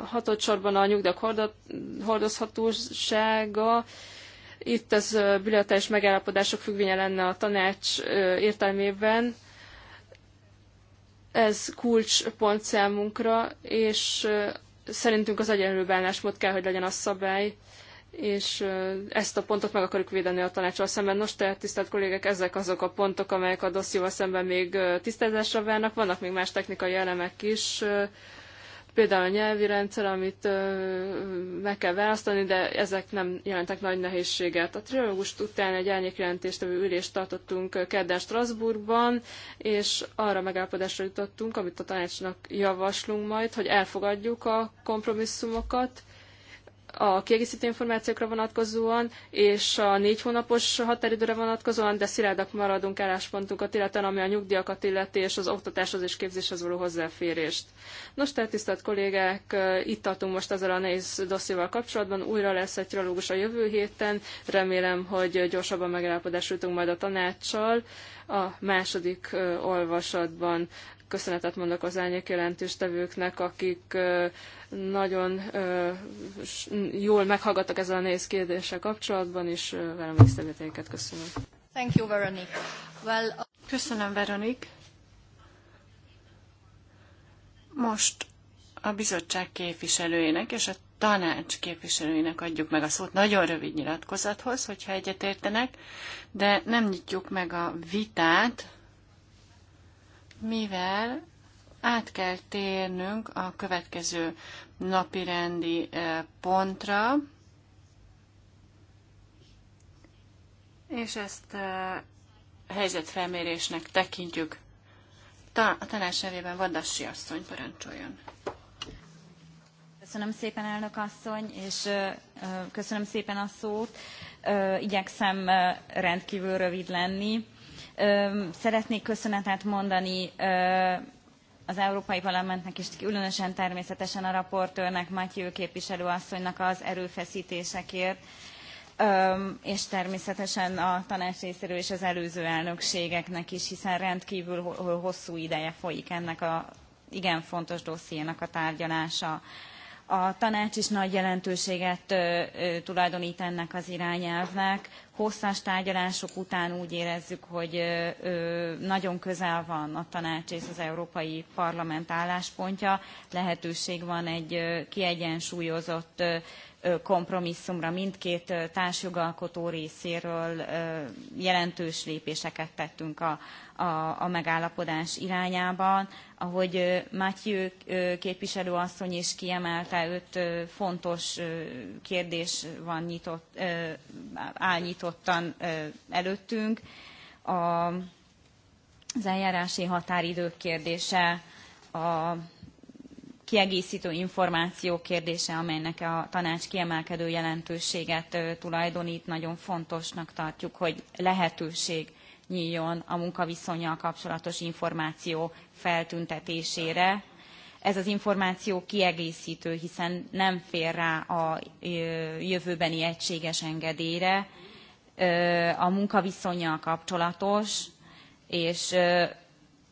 Hatodsorban a nyugdíjak hordozhatósága. Itt ez bilaterális megállapodások függvénye lenne a tanács értelmében. Ez pont számunkra, és szerintünk az egyenlő bánásmód kell, hogy legyen a szabály, és ezt a pontot meg akarjuk védeni a tanácsal szemben. Nos, tehát tisztelt kollégek, ezek azok a pontok, amelyek a dosszióval szemben még tisztázásra várnak. Vannak még más technikai elemek is, például a nyelvi rendszer, amit meg kell választani, de ezek nem jelentek nagy nehézséget. A trilógus után egy árnyékjelentéstevő ülést tartottunk kedden Strasbourgban, és arra megállapodásra jutottunk, amit a tanácsnak javaslunk majd, hogy elfogadjuk a kompromisszumokat, a kiegészítő információkra vonatkozóan, és a négy hónapos határidőre vonatkozóan, de szilárdak maradunk álláspontunkat, illetve ami a nyugdíjakat illeti, és az oktatáshoz és képzéshez való hozzáférést. Nos, tehát tisztelt kollégák, eh, itt tartunk most ezzel a nehéz dosszival kapcsolatban, újra lesz egy trilógus a jövő héten, remélem, hogy gyorsabban megállapodás jutunk majd a tanácssal a második eh, olvasatban köszönetet mondok az árnyék jelentéstevőknek, akik nagyon jól meghallgattak ezzel a nehéz kérdéssel kapcsolatban, és velem észrevételéket köszönöm. Thank you, Veronique. Well, uh, Köszönöm, Veronik. Most a bizottság képviselőjének és a tanács képviselőinek adjuk meg a szót nagyon rövid nyilatkozathoz, hogyha egyetértenek, de nem nyitjuk meg a vitát, mivel át kell térnünk a következő napirendi eh, pontra, és ezt eh, helyzetfelmérésnek tekintjük. a tanács nevében Vadassi asszony parancsoljon. Köszönöm szépen, elnök asszony, és eh, köszönöm szépen a szót. Igyekszem rendkívül rövid lenni Szeretnék köszönetet mondani az Európai Parlamentnek és különösen természetesen a raportőrnek, Matyő képviselő asszonynak az erőfeszítésekért, és természetesen a tanács részéről és az előző elnökségeknek is, hiszen rendkívül hosszú ideje folyik ennek a igen fontos dossziénak a tárgyalása. A tanács is nagy jelentőséget tulajdonít ennek az irányelvnek. Hosszas tárgyalások után úgy érezzük, hogy nagyon közel van a tanács és az Európai Parlament álláspontja. Lehetőség van egy kiegyensúlyozott kompromisszumra mindkét társjogalkotó részéről jelentős lépéseket tettünk a, a, a megállapodás irányában. Ahogy Mátyő képviselőasszony is kiemelte, öt fontos kérdés van nyitott, állnyitottan előttünk. A, az eljárási határidők kérdése, a kiegészítő információ kérdése, amelynek a tanács kiemelkedő jelentőséget tulajdonít. Nagyon fontosnak tartjuk, hogy lehetőség nyíljon a munkaviszonyjal kapcsolatos információ feltüntetésére. Ez az információ kiegészítő, hiszen nem fér rá a jövőbeni egységes engedélyre, a munkaviszonyjal kapcsolatos, és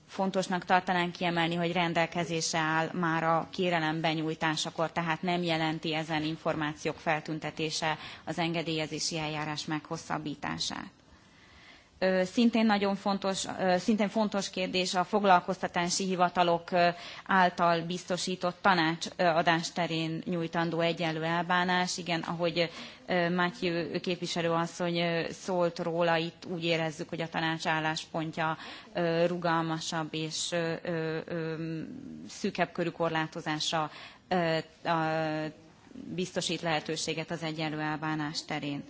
fontosnak tartanánk kiemelni, hogy rendelkezésre áll már a kérelem benyújtásakor, tehát nem jelenti ezen információk feltüntetése az engedélyezési eljárás meghosszabbítását szintén nagyon fontos, szintén fontos kérdés a foglalkoztatási hivatalok által biztosított tanácsadás terén nyújtandó egyenlő elbánás. Igen, ahogy Mátyő képviselőasszony szólt róla, itt úgy érezzük, hogy a tanács álláspontja rugalmasabb és szűkebb körű korlátozásra biztosít lehetőséget az egyenlő elbánás terén.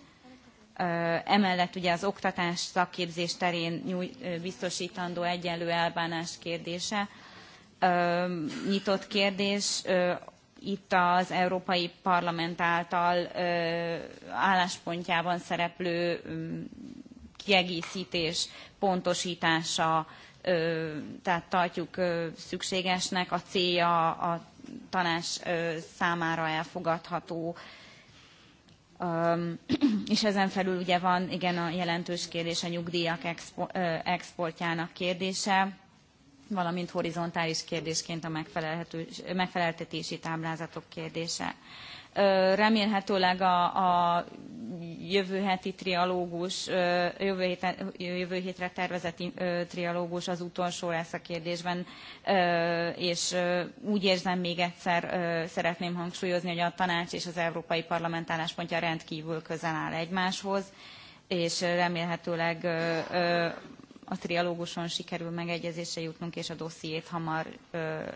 Emellett ugye az oktatás szakképzés terén nyújt, biztosítandó egyenlő elbánás kérdése. Nyitott kérdés, itt az Európai Parlament által álláspontjában szereplő kiegészítés, pontosítása, tehát tartjuk szükségesnek. A célja a tanács számára elfogadható *clears throat* és ezen felül ugye van, igen, a jelentős kérdés a nyugdíjak exportjának kérdése, valamint horizontális kérdésként a megfeleltetési táblázatok kérdése remélhetőleg a, a jövő heti trialógus, jövő, héten, jövő hétre tervezett trialógus az utolsó lesz a kérdésben, és úgy érzem még egyszer, szeretném hangsúlyozni, hogy a tanács és az Európai Parlament álláspontja rendkívül közel áll egymáshoz, és remélhetőleg a trialóguson sikerül megegyezésre jutnunk, és a dossziét hamar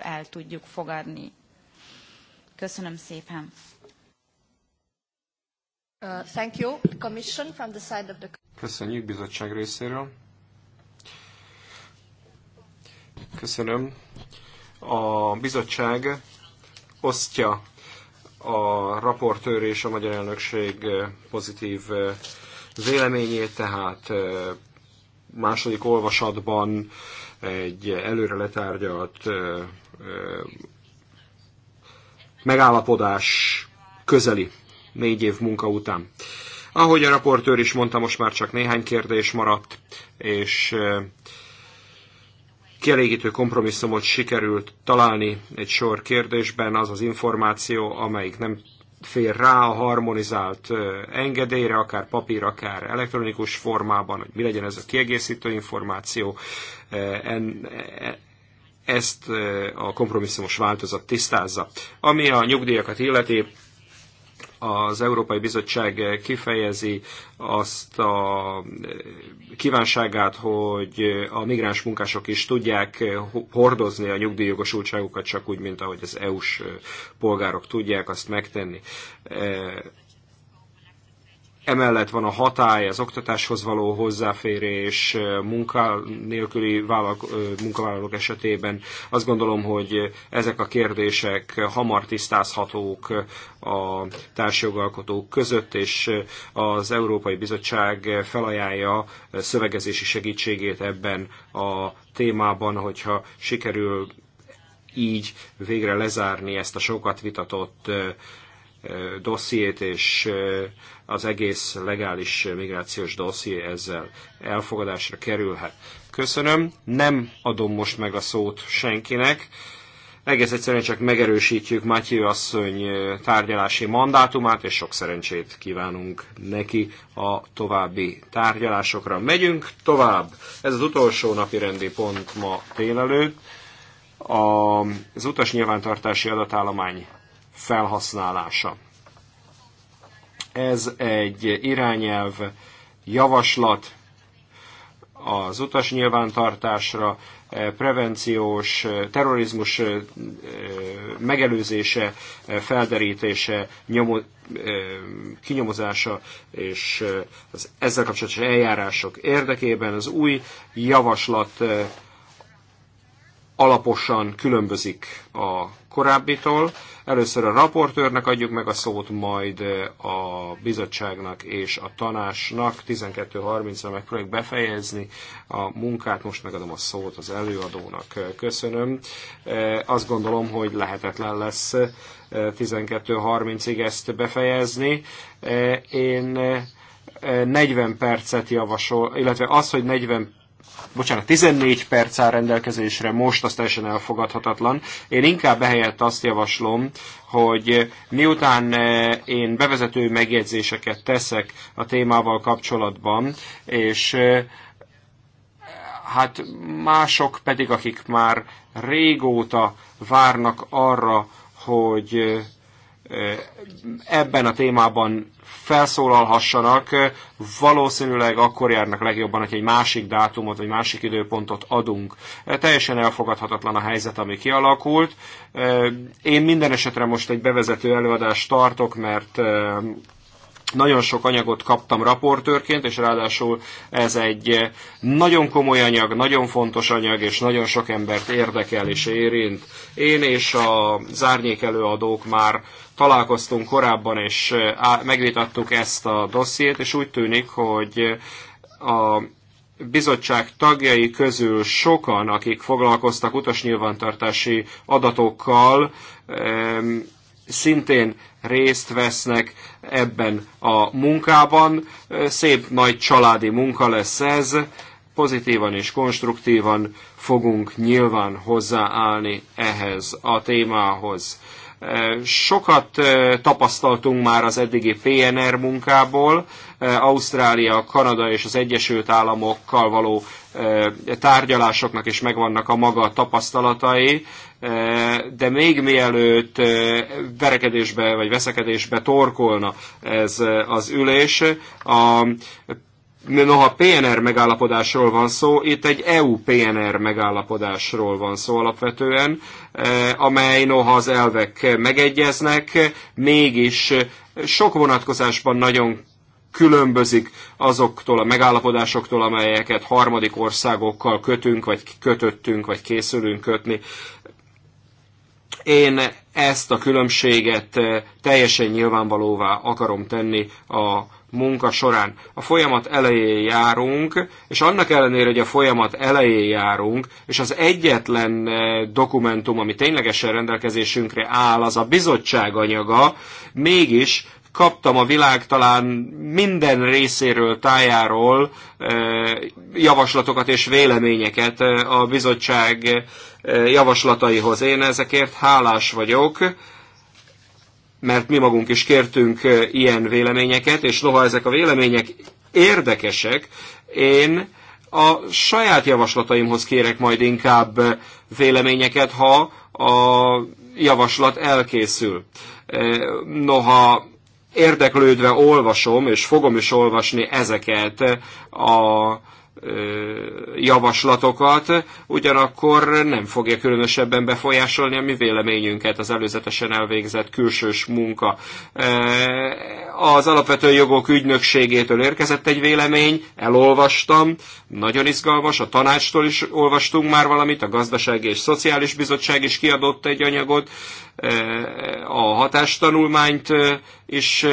el tudjuk fogadni. Köszönöm szépen! Uh, thank you, Commission, from the side of the... Köszönjük bizottság részéről. Köszönöm. A bizottság osztja a raportőr és a magyar elnökség uh, pozitív uh, véleményét, tehát második olvasatban egy előre letárgyalt megállapodás közeli négy év munka után. Ahogy a raportőr is mondta, most már csak néhány kérdés maradt, és kielégítő kompromisszumot sikerült találni egy sor kérdésben, az az információ, amelyik nem fér rá a harmonizált engedélyre, akár papír, akár elektronikus formában, hogy mi legyen ez a kiegészítő információ. En, e, ezt a kompromisszumos változat tisztázza. Ami a nyugdíjakat illeti, az Európai Bizottság kifejezi azt a kívánságát, hogy a migráns munkások is tudják hordozni a nyugdíjjogosultságukat, csak úgy, mint ahogy az EU-s polgárok tudják azt megtenni. Emellett van a hatály, az oktatáshoz való hozzáférés, munkanélküli munkavállalók esetében. Azt gondolom, hogy ezek a kérdések hamar tisztázhatók a társjogalkotók között, és az Európai Bizottság felajánlja szövegezési segítségét ebben a témában, hogyha sikerül így végre lezárni ezt a sokat vitatott dossziét, és az egész legális migrációs dosszié ezzel elfogadásra kerülhet. Köszönöm, nem adom most meg a szót senkinek. Egész egyszerűen csak megerősítjük Matyi asszony tárgyalási mandátumát, és sok szerencsét kívánunk neki a további tárgyalásokra. Megyünk tovább. Ez az utolsó napi rendi pont ma délelőtt. Az utas nyilvántartási adatállomány felhasználása. Ez egy irányelv, javaslat az utas nyilvántartásra, eh, prevenciós, eh, terrorizmus eh, megelőzése, felderítése, nyomo, kinyomozása és az ezzel kapcsolatos eljárások érdekében az új javaslat alaposan különbözik a korábbitól. Először a raportőrnek adjuk meg a szót, majd eh, a bizottságnak és a tanásnak. 12.30-ra megpróbáljuk befejezni a munkát, most megadom a szót az előadónak. Köszönöm. Eh, azt gondolom, hogy lehetetlen lesz 12.30-ig eh, ezt befejezni. Én 40 percet javasol, illetve az, hogy 40 bocsánat, 14 perc áll rendelkezésre, most az teljesen elfogadhatatlan. Én inkább ehelyett azt javaslom, hogy miután eh, én bevezető megjegyzéseket teszek a témával kapcsolatban, és eh, hát mások pedig, akik már régóta várnak arra, hogy eh, Eh, ebben a témában felszólalhassanak, valószínűleg akkor járnak legjobban, hogy egy másik dátumot vagy másik időpontot adunk. Eh, teljesen elfogadhatatlan a helyzet, ami kialakult. Eh, én minden esetre most egy bevezető előadást tartok, mert nagyon sok anyagot kaptam raportőrként, és ráadásul ez egy eh, nagyon komoly anyag, nagyon fontos anyag, és nagyon sok embert érdekel és érint. Én és a zárnyék előadók már találkoztunk korábban, és eh, megvitattuk ezt a dossziét, és úgy tűnik, hogy eh, a bizottság tagjai közül sokan, akik foglalkoztak utasnyilvántartási adatokkal, szintén részt vesznek ebben a munkában. Szép nagy családi munka lesz ez, pozitívan és konstruktívan fogunk nyilván hozzáállni ehhez a témához. Sokat tapasztaltunk már az eddigi PNR munkából, Ausztrália, Kanada és az Egyesült Államokkal való tárgyalásoknak is megvannak a maga tapasztalatai de még mielőtt verekedésbe vagy veszekedésbe torkolna ez az ülés, a Noha PNR megállapodásról van szó, itt egy EU-PNR megállapodásról van szó alapvetően, amely noha az elvek megegyeznek, mégis sok vonatkozásban nagyon különbözik azoktól a megállapodásoktól, amelyeket harmadik országokkal kötünk, vagy kötöttünk, vagy készülünk kötni. Én ezt a különbséget eh, teljesen nyilvánvalóvá akarom tenni a munka során. A folyamat elején járunk, és annak ellenére, hogy a folyamat elején járunk, és az egyetlen eh, dokumentum, ami ténylegesen rendelkezésünkre áll, az a bizottság anyaga, mégis kaptam a világ talán minden részéről, tájáról javaslatokat és véleményeket a bizottság javaslataihoz. Én ezekért hálás vagyok, mert mi magunk is kértünk ilyen véleményeket, és noha ezek a vélemények érdekesek, én a saját javaslataimhoz kérek majd inkább véleményeket, ha a javaslat elkészül. Noha érdeklődve olvasom, és fogom is olvasni ezeket a javaslatokat, ugyanakkor nem fogja különösebben befolyásolni a mi véleményünket az előzetesen elvégzett külsős munka. Az alapvető jogok ügynökségétől érkezett egy vélemény, elolvastam, nagyon izgalmas, a tanácstól is olvastunk már valamit, a Gazdasági és Szociális Bizottság is kiadott egy anyagot, a hatástanulmányt is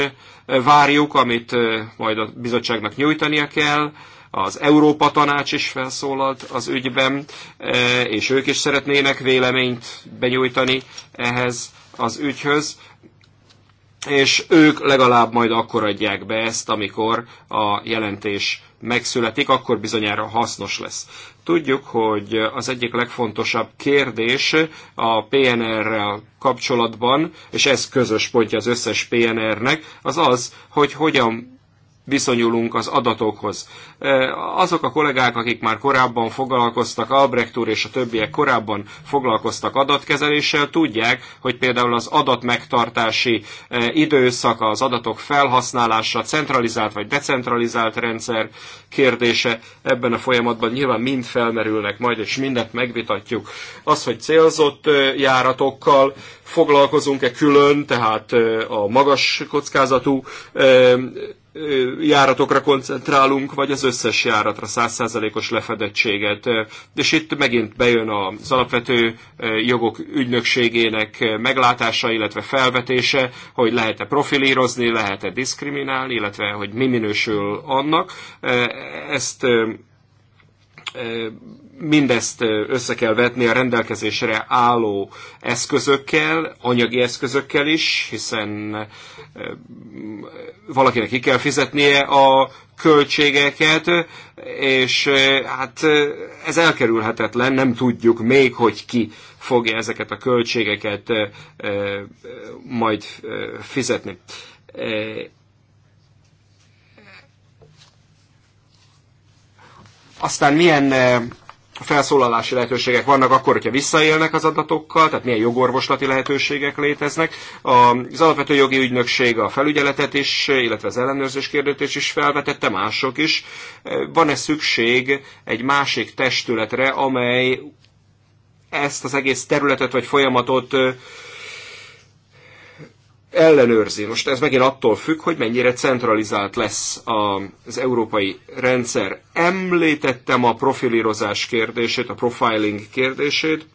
várjuk, amit majd a bizottságnak nyújtania kell, az Európa Tanács is felszólalt az ügyben, e, és ők is szeretnének véleményt benyújtani ehhez az ügyhöz és ők legalább majd akkor adják be ezt, amikor a jelentés megszületik, akkor bizonyára hasznos lesz. Tudjuk, hogy az egyik legfontosabb kérdés a PNR-rel kapcsolatban, és ez közös pontja az összes PNR-nek, az az, hogy hogyan viszonyulunk az adatokhoz. Azok a kollégák, akik már korábban foglalkoztak, Albrecht úr és a többiek korábban foglalkoztak adatkezeléssel, tudják, hogy például az adatmegtartási időszaka, az adatok felhasználása, centralizált vagy decentralizált rendszer kérdése ebben a folyamatban nyilván mind felmerülnek majd, és mindent megvitatjuk. Az, hogy célzott járatokkal foglalkozunk-e külön, tehát a magas kockázatú járatokra koncentrálunk, vagy az összes járatra, százszázalékos lefedettséget. És itt megint bejön az alapvető jogok ügynökségének meglátása, illetve felvetése, hogy lehet-e profilírozni, lehet-e diszkriminálni, illetve hogy mi minősül annak. Ezt mindezt össze kell vetni a rendelkezésre álló eszközökkel, anyagi eszközökkel is, hiszen valakinek ki kell fizetnie a költségeket, és hát ez elkerülhetetlen, nem tudjuk még, hogy ki fogja ezeket a költségeket majd fizetni. Aztán milyen felszólalási lehetőségek vannak akkor, hogyha visszaélnek az adatokkal, tehát milyen jogorvoslati lehetőségek léteznek. Az alapvető jogi ügynökség a felügyeletet is, illetve az ellenőrzés kérdőtés is felvetette, mások is. Van-e szükség egy másik testületre, amely ezt az egész területet vagy folyamatot ellenőrzi. Most ez megint attól függ, hogy mennyire centralizált lesz az európai rendszer. Említettem a profilírozás kérdését, a profiling kérdését.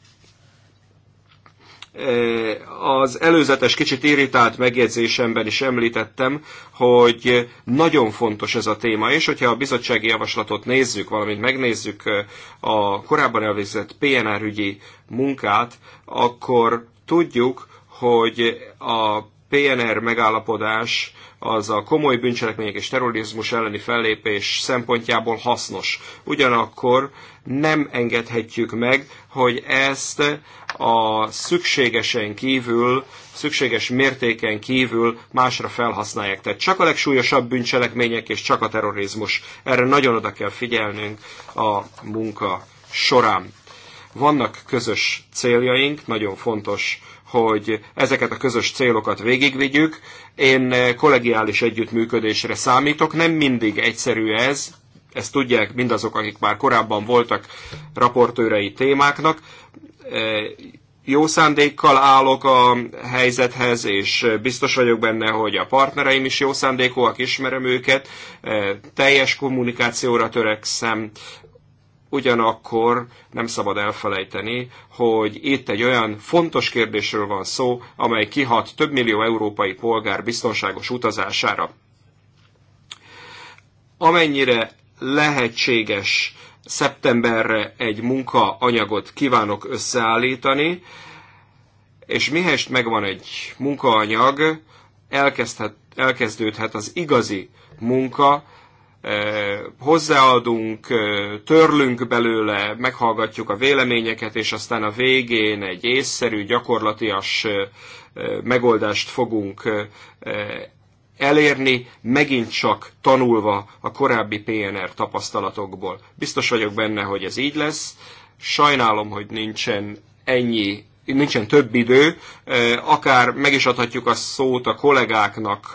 E, az előzetes kicsit irritált megjegyzésemben is említettem, hogy nagyon fontos ez a téma, és hogyha a bizottsági javaslatot nézzük, valamint megnézzük e, a korábban elvégzett PNR ügyi munkát, akkor tudjuk, hogy a PNR megállapodás az a komoly bűncselekmények és terrorizmus elleni fellépés szempontjából hasznos. Ugyanakkor nem engedhetjük meg, hogy ezt a szükségesen kívül, szükséges mértéken kívül másra felhasználják. Tehát csak a legsúlyosabb bűncselekmények és csak a terrorizmus. Erre nagyon oda kell figyelnünk a munka során. Vannak közös céljaink, nagyon fontos hogy ezeket a közös célokat végigvigyük. Én eh, kollegiális együttműködésre számítok, nem mindig egyszerű ez, ezt tudják mindazok, akik már korábban voltak raportőrei témáknak. Eh, jó szándékkal állok a helyzethez, és biztos vagyok benne, hogy a partnereim is jó szándékúak, ismerem őket, eh, teljes kommunikációra törekszem, ugyanakkor nem szabad elfelejteni, hogy itt egy olyan fontos kérdésről van szó, amely kihat több millió európai polgár biztonságos utazására. Amennyire lehetséges szeptemberre egy munkaanyagot kívánok összeállítani, és mihest megvan egy munkaanyag, elkezdhet, elkezdődhet az igazi munka, hozzáadunk, törlünk belőle, meghallgatjuk a véleményeket, és aztán a végén egy észszerű, gyakorlatias megoldást fogunk elérni, megint csak tanulva a korábbi PNR tapasztalatokból. Biztos vagyok benne, hogy ez így lesz. Sajnálom, hogy nincsen ennyi nincsen több idő, akár meg is adhatjuk a szót a kollégáknak,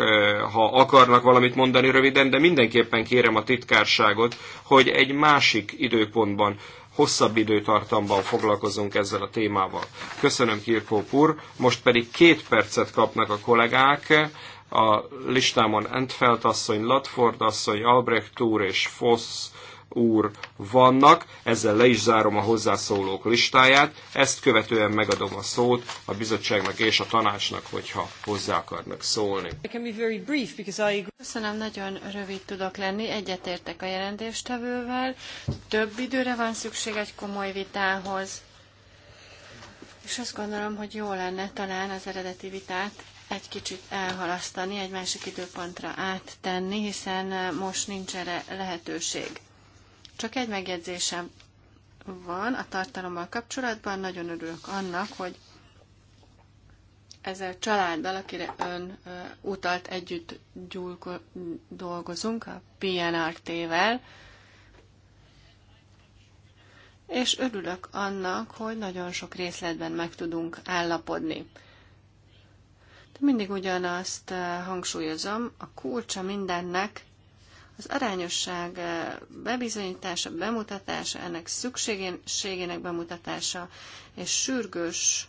ha akarnak valamit mondani röviden, de mindenképpen kérem a titkárságot, hogy egy másik időpontban, hosszabb időtartamban foglalkozunk ezzel a témával. Köszönöm Kirkó úr, most pedig két percet kapnak a kollégák, a listámon Entfeld asszony, Latford asszony, Albrecht úr és Foss úr vannak. Ezzel le is zárom a hozzászólók listáját. Ezt követően megadom a szót a bizottságnak és a tanácsnak, hogyha hozzá akarnak szólni. Köszönöm, nagyon rövid tudok lenni. Egyetértek a jelentéstevővel. Több időre van szükség egy komoly vitához. És azt gondolom, hogy jó lenne talán az eredeti vitát egy kicsit elhalasztani, egy másik időpontra áttenni, hiszen most nincs erre lehetőség. Csak egy megjegyzésem van a tartalommal kapcsolatban. Nagyon örülök annak, hogy ezzel családdal, akire ön utalt, együtt gyúlko, dolgozunk a PNRT-vel, és örülök annak, hogy nagyon sok részletben meg tudunk állapodni. De mindig ugyanazt hangsúlyozom, a kulcsa mindennek az arányosság eh, bebizonyítása, bemutatása, ennek szükségének bemutatása, és sürgős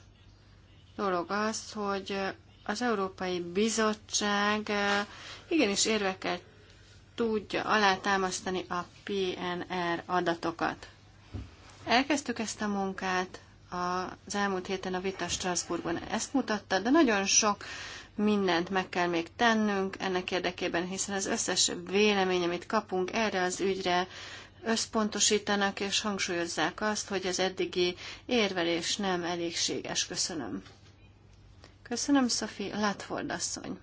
dolog az, hogy eh, az Európai Bizottság eh, igenis érvekkel tudja alátámasztani a PNR adatokat. Elkezdtük ezt a munkát az elmúlt héten a vita Strasbourgban. Ezt mutatta, de nagyon sok uh, mindent meg kell még tennünk ennek érdekében, hiszen az összes vélemény, amit kapunk erre az ügyre, összpontosítanak és hangsúlyozzák azt, hogy az eddigi érvelés nem elégséges. Köszönöm. Köszönöm, Szofi Latford asszony.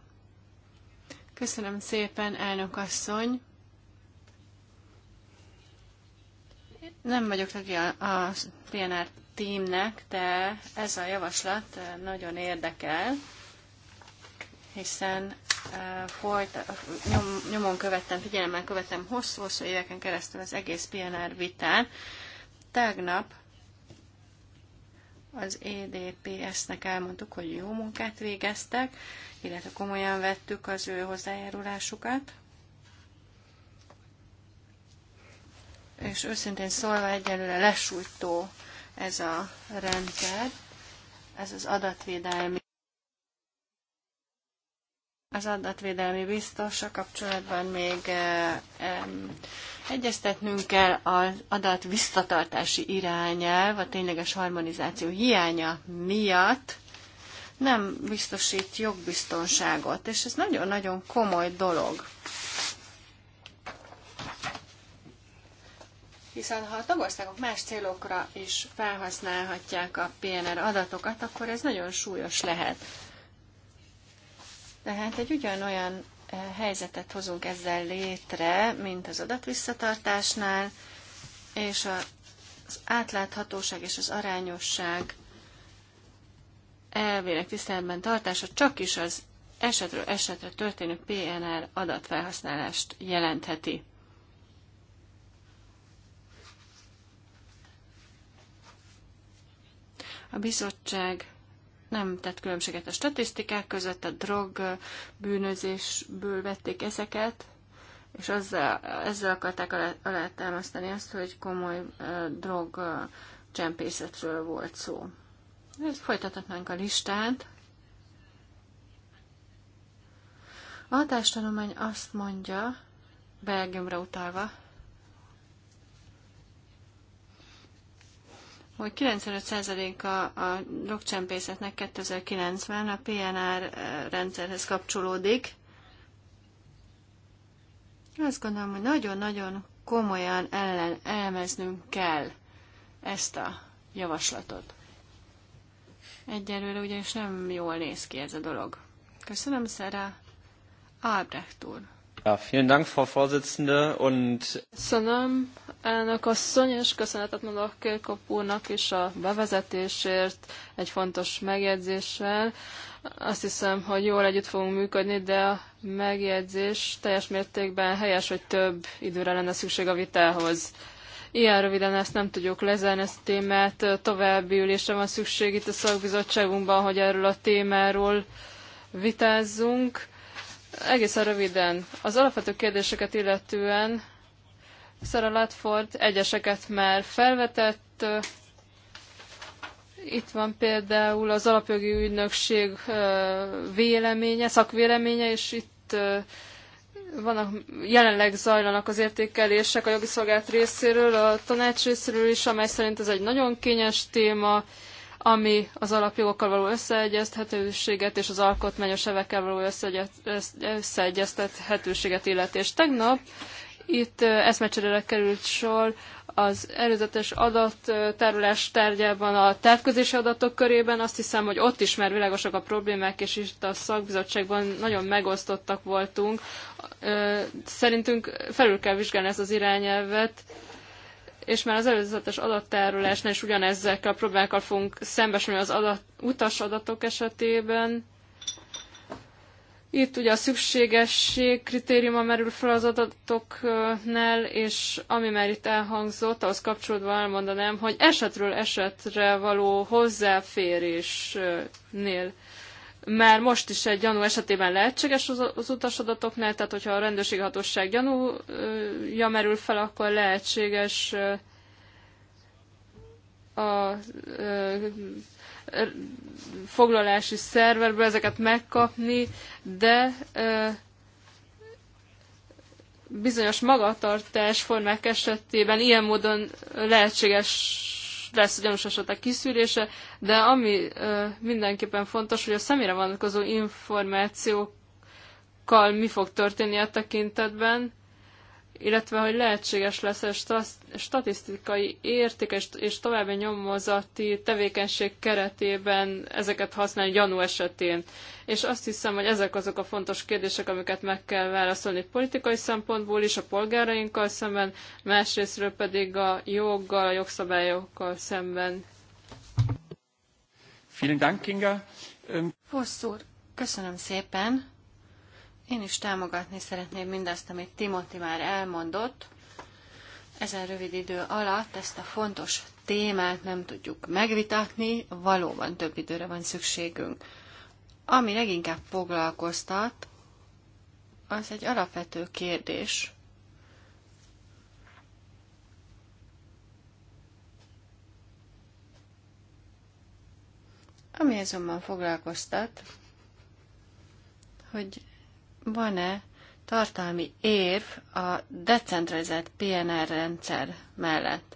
Köszönöm szépen, elnök asszony. Nem vagyok tagja a PNR tímnek, de ez a javaslat nagyon érdekel hiszen eh, folyt, nyom, nyomon követtem, figyelemmel követtem hosszú-hosszú éveken keresztül az egész PNR vitán. Tegnap az EDPS-nek elmondtuk, hogy jó munkát végeztek, illetve komolyan vettük az ő hozzájárulásukat. És őszintén szólva egyelőre lesújtó ez a rendszer, ez az adatvédelmi az adatvédelmi a kapcsolatban még eh, egyeztetnünk kell az adat visszatartási irányelv a tényleges harmonizáció hiánya miatt nem biztosít jogbiztonságot, és ez nagyon-nagyon komoly dolog. Hiszen ha a tagországok más célokra is felhasználhatják a PNR adatokat, akkor ez nagyon súlyos lehet. Tehát egy ugyanolyan eh, helyzetet hozunk ezzel létre, mint az adatvisszatartásnál, és az átláthatóság és az arányosság elvének tiszteletben tartása csak is az esetről esetre történő PNR adatfelhasználást jelentheti. A bizottság nem tett különbséget a statisztikák között, a drog bűnözésből vették ezeket, és azzal, ezzel akarták alá, támasztani azt, hogy komoly uh, drog uh, csempészetről volt szó. Ezt folytathatnánk a listát. A hatástanulmány azt mondja, Belgiumra utalva, hogy 95%-a a drogcsempészetnek 2090 a PNR eh, rendszerhez kapcsolódik. Azt gondolom, hogy nagyon-nagyon komolyan ellen elemeznünk kell ezt a javaslatot. Egyelőre ugyanis nem jól néz ki ez a dolog. Köszönöm, Szera. Albrecht úr. Ja, vielen Dank, Frau Vorsitzende, und... Köszönöm, elnök asszony, és köszönetet mondok Kirkop úrnak is a bevezetésért, egy fontos megjegyzéssel. Azt hiszem, hogy jól együtt fogunk működni, de a megjegyzés teljes mértékben helyes, hogy több időre lenne szükség a vitához. Ilyen röviden ezt nem tudjuk lezárni, ezt a témát. További ülésre van szükség itt a szakbizottságunkban, hogy erről a témáról vitázzunk Egészen röviden. Az alapvető kérdéseket illetően Sarah Latford egyeseket már felvetett. Itt van például az alapjogi ügynökség véleménye, szakvéleménye, és itt vannak, jelenleg zajlanak az értékelések a jogi szolgált részéről, a tanács részéről is, amely szerint ez egy nagyon kényes téma, ami az alapjogokkal való összeegyezthetőséget és az alkotmányos evekkel való összeegyeztethetőséget illeti. És tegnap itt eszmecserére került sor az előzetes adattárolás tárgyában a távközési adatok körében. Azt hiszem, hogy ott is már világosak a problémák, és itt a szakbizottságban nagyon megosztottak voltunk. Szerintünk felül kell vizsgálni ezt az irányelvet, és már az előzetes adattárolásnál is ugyanezekkel a problémákkal fogunk szembesülni az adat, utas adatok esetében. Itt ugye a szükségesség kritériuma merül fel az adatoknál, és ami már itt elhangzott, ahhoz kapcsolódva elmondanám, hogy esetről esetre való hozzáférésnél már most is egy gyanú esetében lehetséges az, az utasadatoknál, tehát hogyha a rendőrségi hatóság gyanúja merül fel, akkor lehetséges a foglalási szerverből ezeket megkapni, de bizonyos magatartás formák esetében ilyen módon lehetséges lesz gyanús esetek kiszűrése, de ami mindenképpen fontos, hogy a személyre vonatkozó információkkal mi fog történni a e tekintetben, illetve hogy lehetséges lesz a statisztikai érték és további nyomozati tevékenység keretében ezeket használni gyanú esetén. És azt hiszem, hogy ezek azok a fontos kérdések, amiket meg kell válaszolni politikai szempontból is, a polgárainkkal szemben, másrésztről pedig a joggal, a jogszabályokkal szemben. Vielen Dank, Kinga. Fosszúr, köszönöm szépen. Én is támogatni szeretném mindazt, amit Timothy már elmondott. Ezen rövid idő alatt ezt a fontos témát nem tudjuk megvitatni, valóban több időre van szükségünk. Ami leginkább foglalkoztat, az egy alapvető kérdés. Ami azonban foglalkoztat, hogy van-e tartalmi érv a decentralizált PNR rendszer mellett?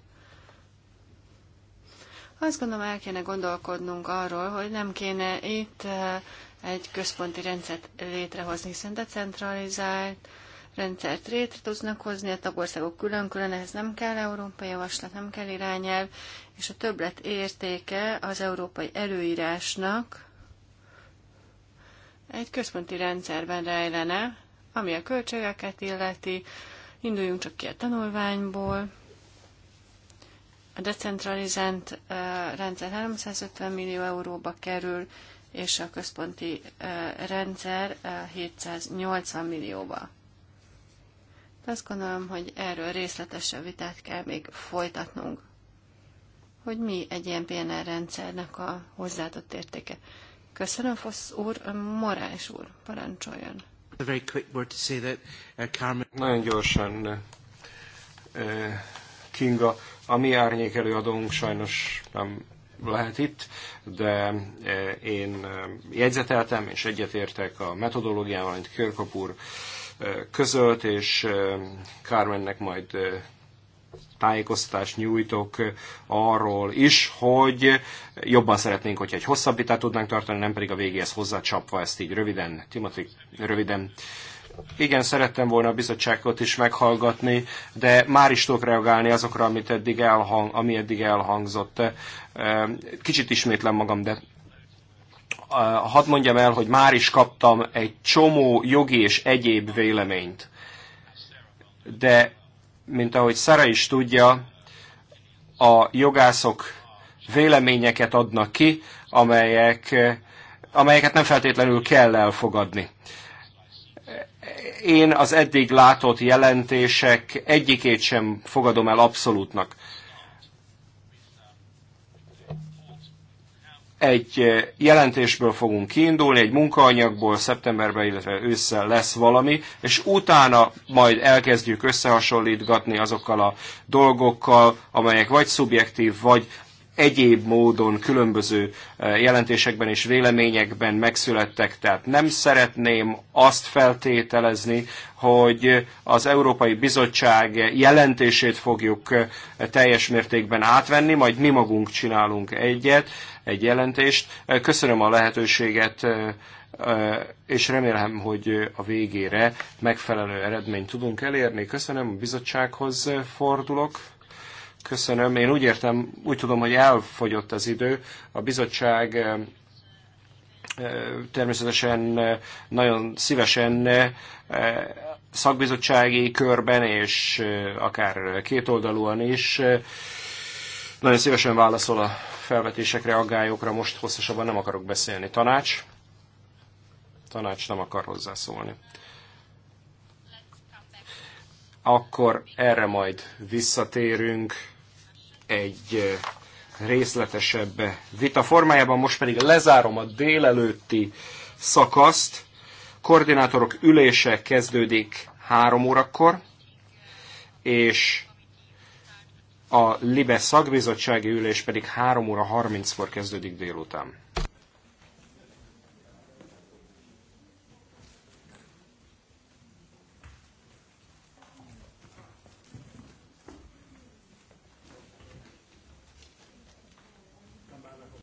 Azt gondolom, el kéne gondolkodnunk arról, hogy nem kéne itt eh, egy központi rendszert létrehozni, hiszen decentralizált rendszert létre tudnak hozni, a tagországok külön-külön, ehhez nem kell európai javaslat, nem kell irányelv, és a többlet értéke az európai előírásnak egy központi rendszerben rejlene, ami a költségeket illeti, induljunk csak ki a tanulványból. A decentralizált rendszer 350 millió euróba kerül, és a központi rendszer 780 millióba. De azt gondolom, hogy erről részletesebb vitát kell még folytatnunk, hogy mi egy ilyen PNR rendszernek a hozzáadott értéke. Köszönöm, Fosz úr. Morás úr, parancsoljon. Uh, Nagyon gyorsan, uh, Kinga, a mi árnyék előadónk sajnos nem lehet itt, de uh, én jegyzeteltem, és egyetértek a metodológiával, amit Körkapúr közölt, és Carmennek majd tájékoztatást nyújtok arról is, hogy jobban szeretnénk, hogyha egy hosszabb vitát tudnánk tartani, nem pedig a végéhez hozzácsapva ezt így röviden. Timothy, röviden. Igen, szerettem volna a bizottságot is meghallgatni, de már is tudok reagálni azokra, amit eddig elhang, ami eddig elhangzott. Kicsit ismétlem magam, de hadd mondjam el, hogy már is kaptam egy csomó jogi és egyéb véleményt. De mint ahogy Szara is tudja, a jogászok véleményeket adnak ki, amelyek, amelyeket nem feltétlenül kell elfogadni. Én az eddig látott jelentések egyikét sem fogadom el abszolútnak. egy eh, jelentésből fogunk kiindulni, egy munkaanyagból szeptemberben, illetve ősszel lesz valami, és utána majd elkezdjük összehasonlítgatni azokkal a dolgokkal, amelyek vagy szubjektív, vagy egyéb módon különböző eh, jelentésekben és véleményekben megszülettek. Tehát nem szeretném azt feltételezni, hogy az Európai Bizottság jelentését fogjuk eh, teljes mértékben átvenni, majd mi magunk csinálunk egyet egy jelentést. Köszönöm a lehetőséget, és remélem, hogy a végére megfelelő eredményt tudunk elérni. Köszönöm, a bizottsághoz fordulok. Köszönöm. Én úgy értem, úgy tudom, hogy elfogyott az idő. A bizottság természetesen nagyon szívesen szakbizottsági körben, és akár kétoldalúan is nagyon szívesen válaszol a felvetésekre, aggályokra most hosszasabban nem akarok beszélni. Tanács? Tanács nem akar hozzászólni. Akkor erre majd visszatérünk egy eh, részletesebb eh, vita formájában. Most pedig lezárom a délelőtti szakaszt. Koordinátorok ülése kezdődik három órakor, és a LIBE szakbizottsági ülés pedig 3 óra 30-kor kezdődik délután.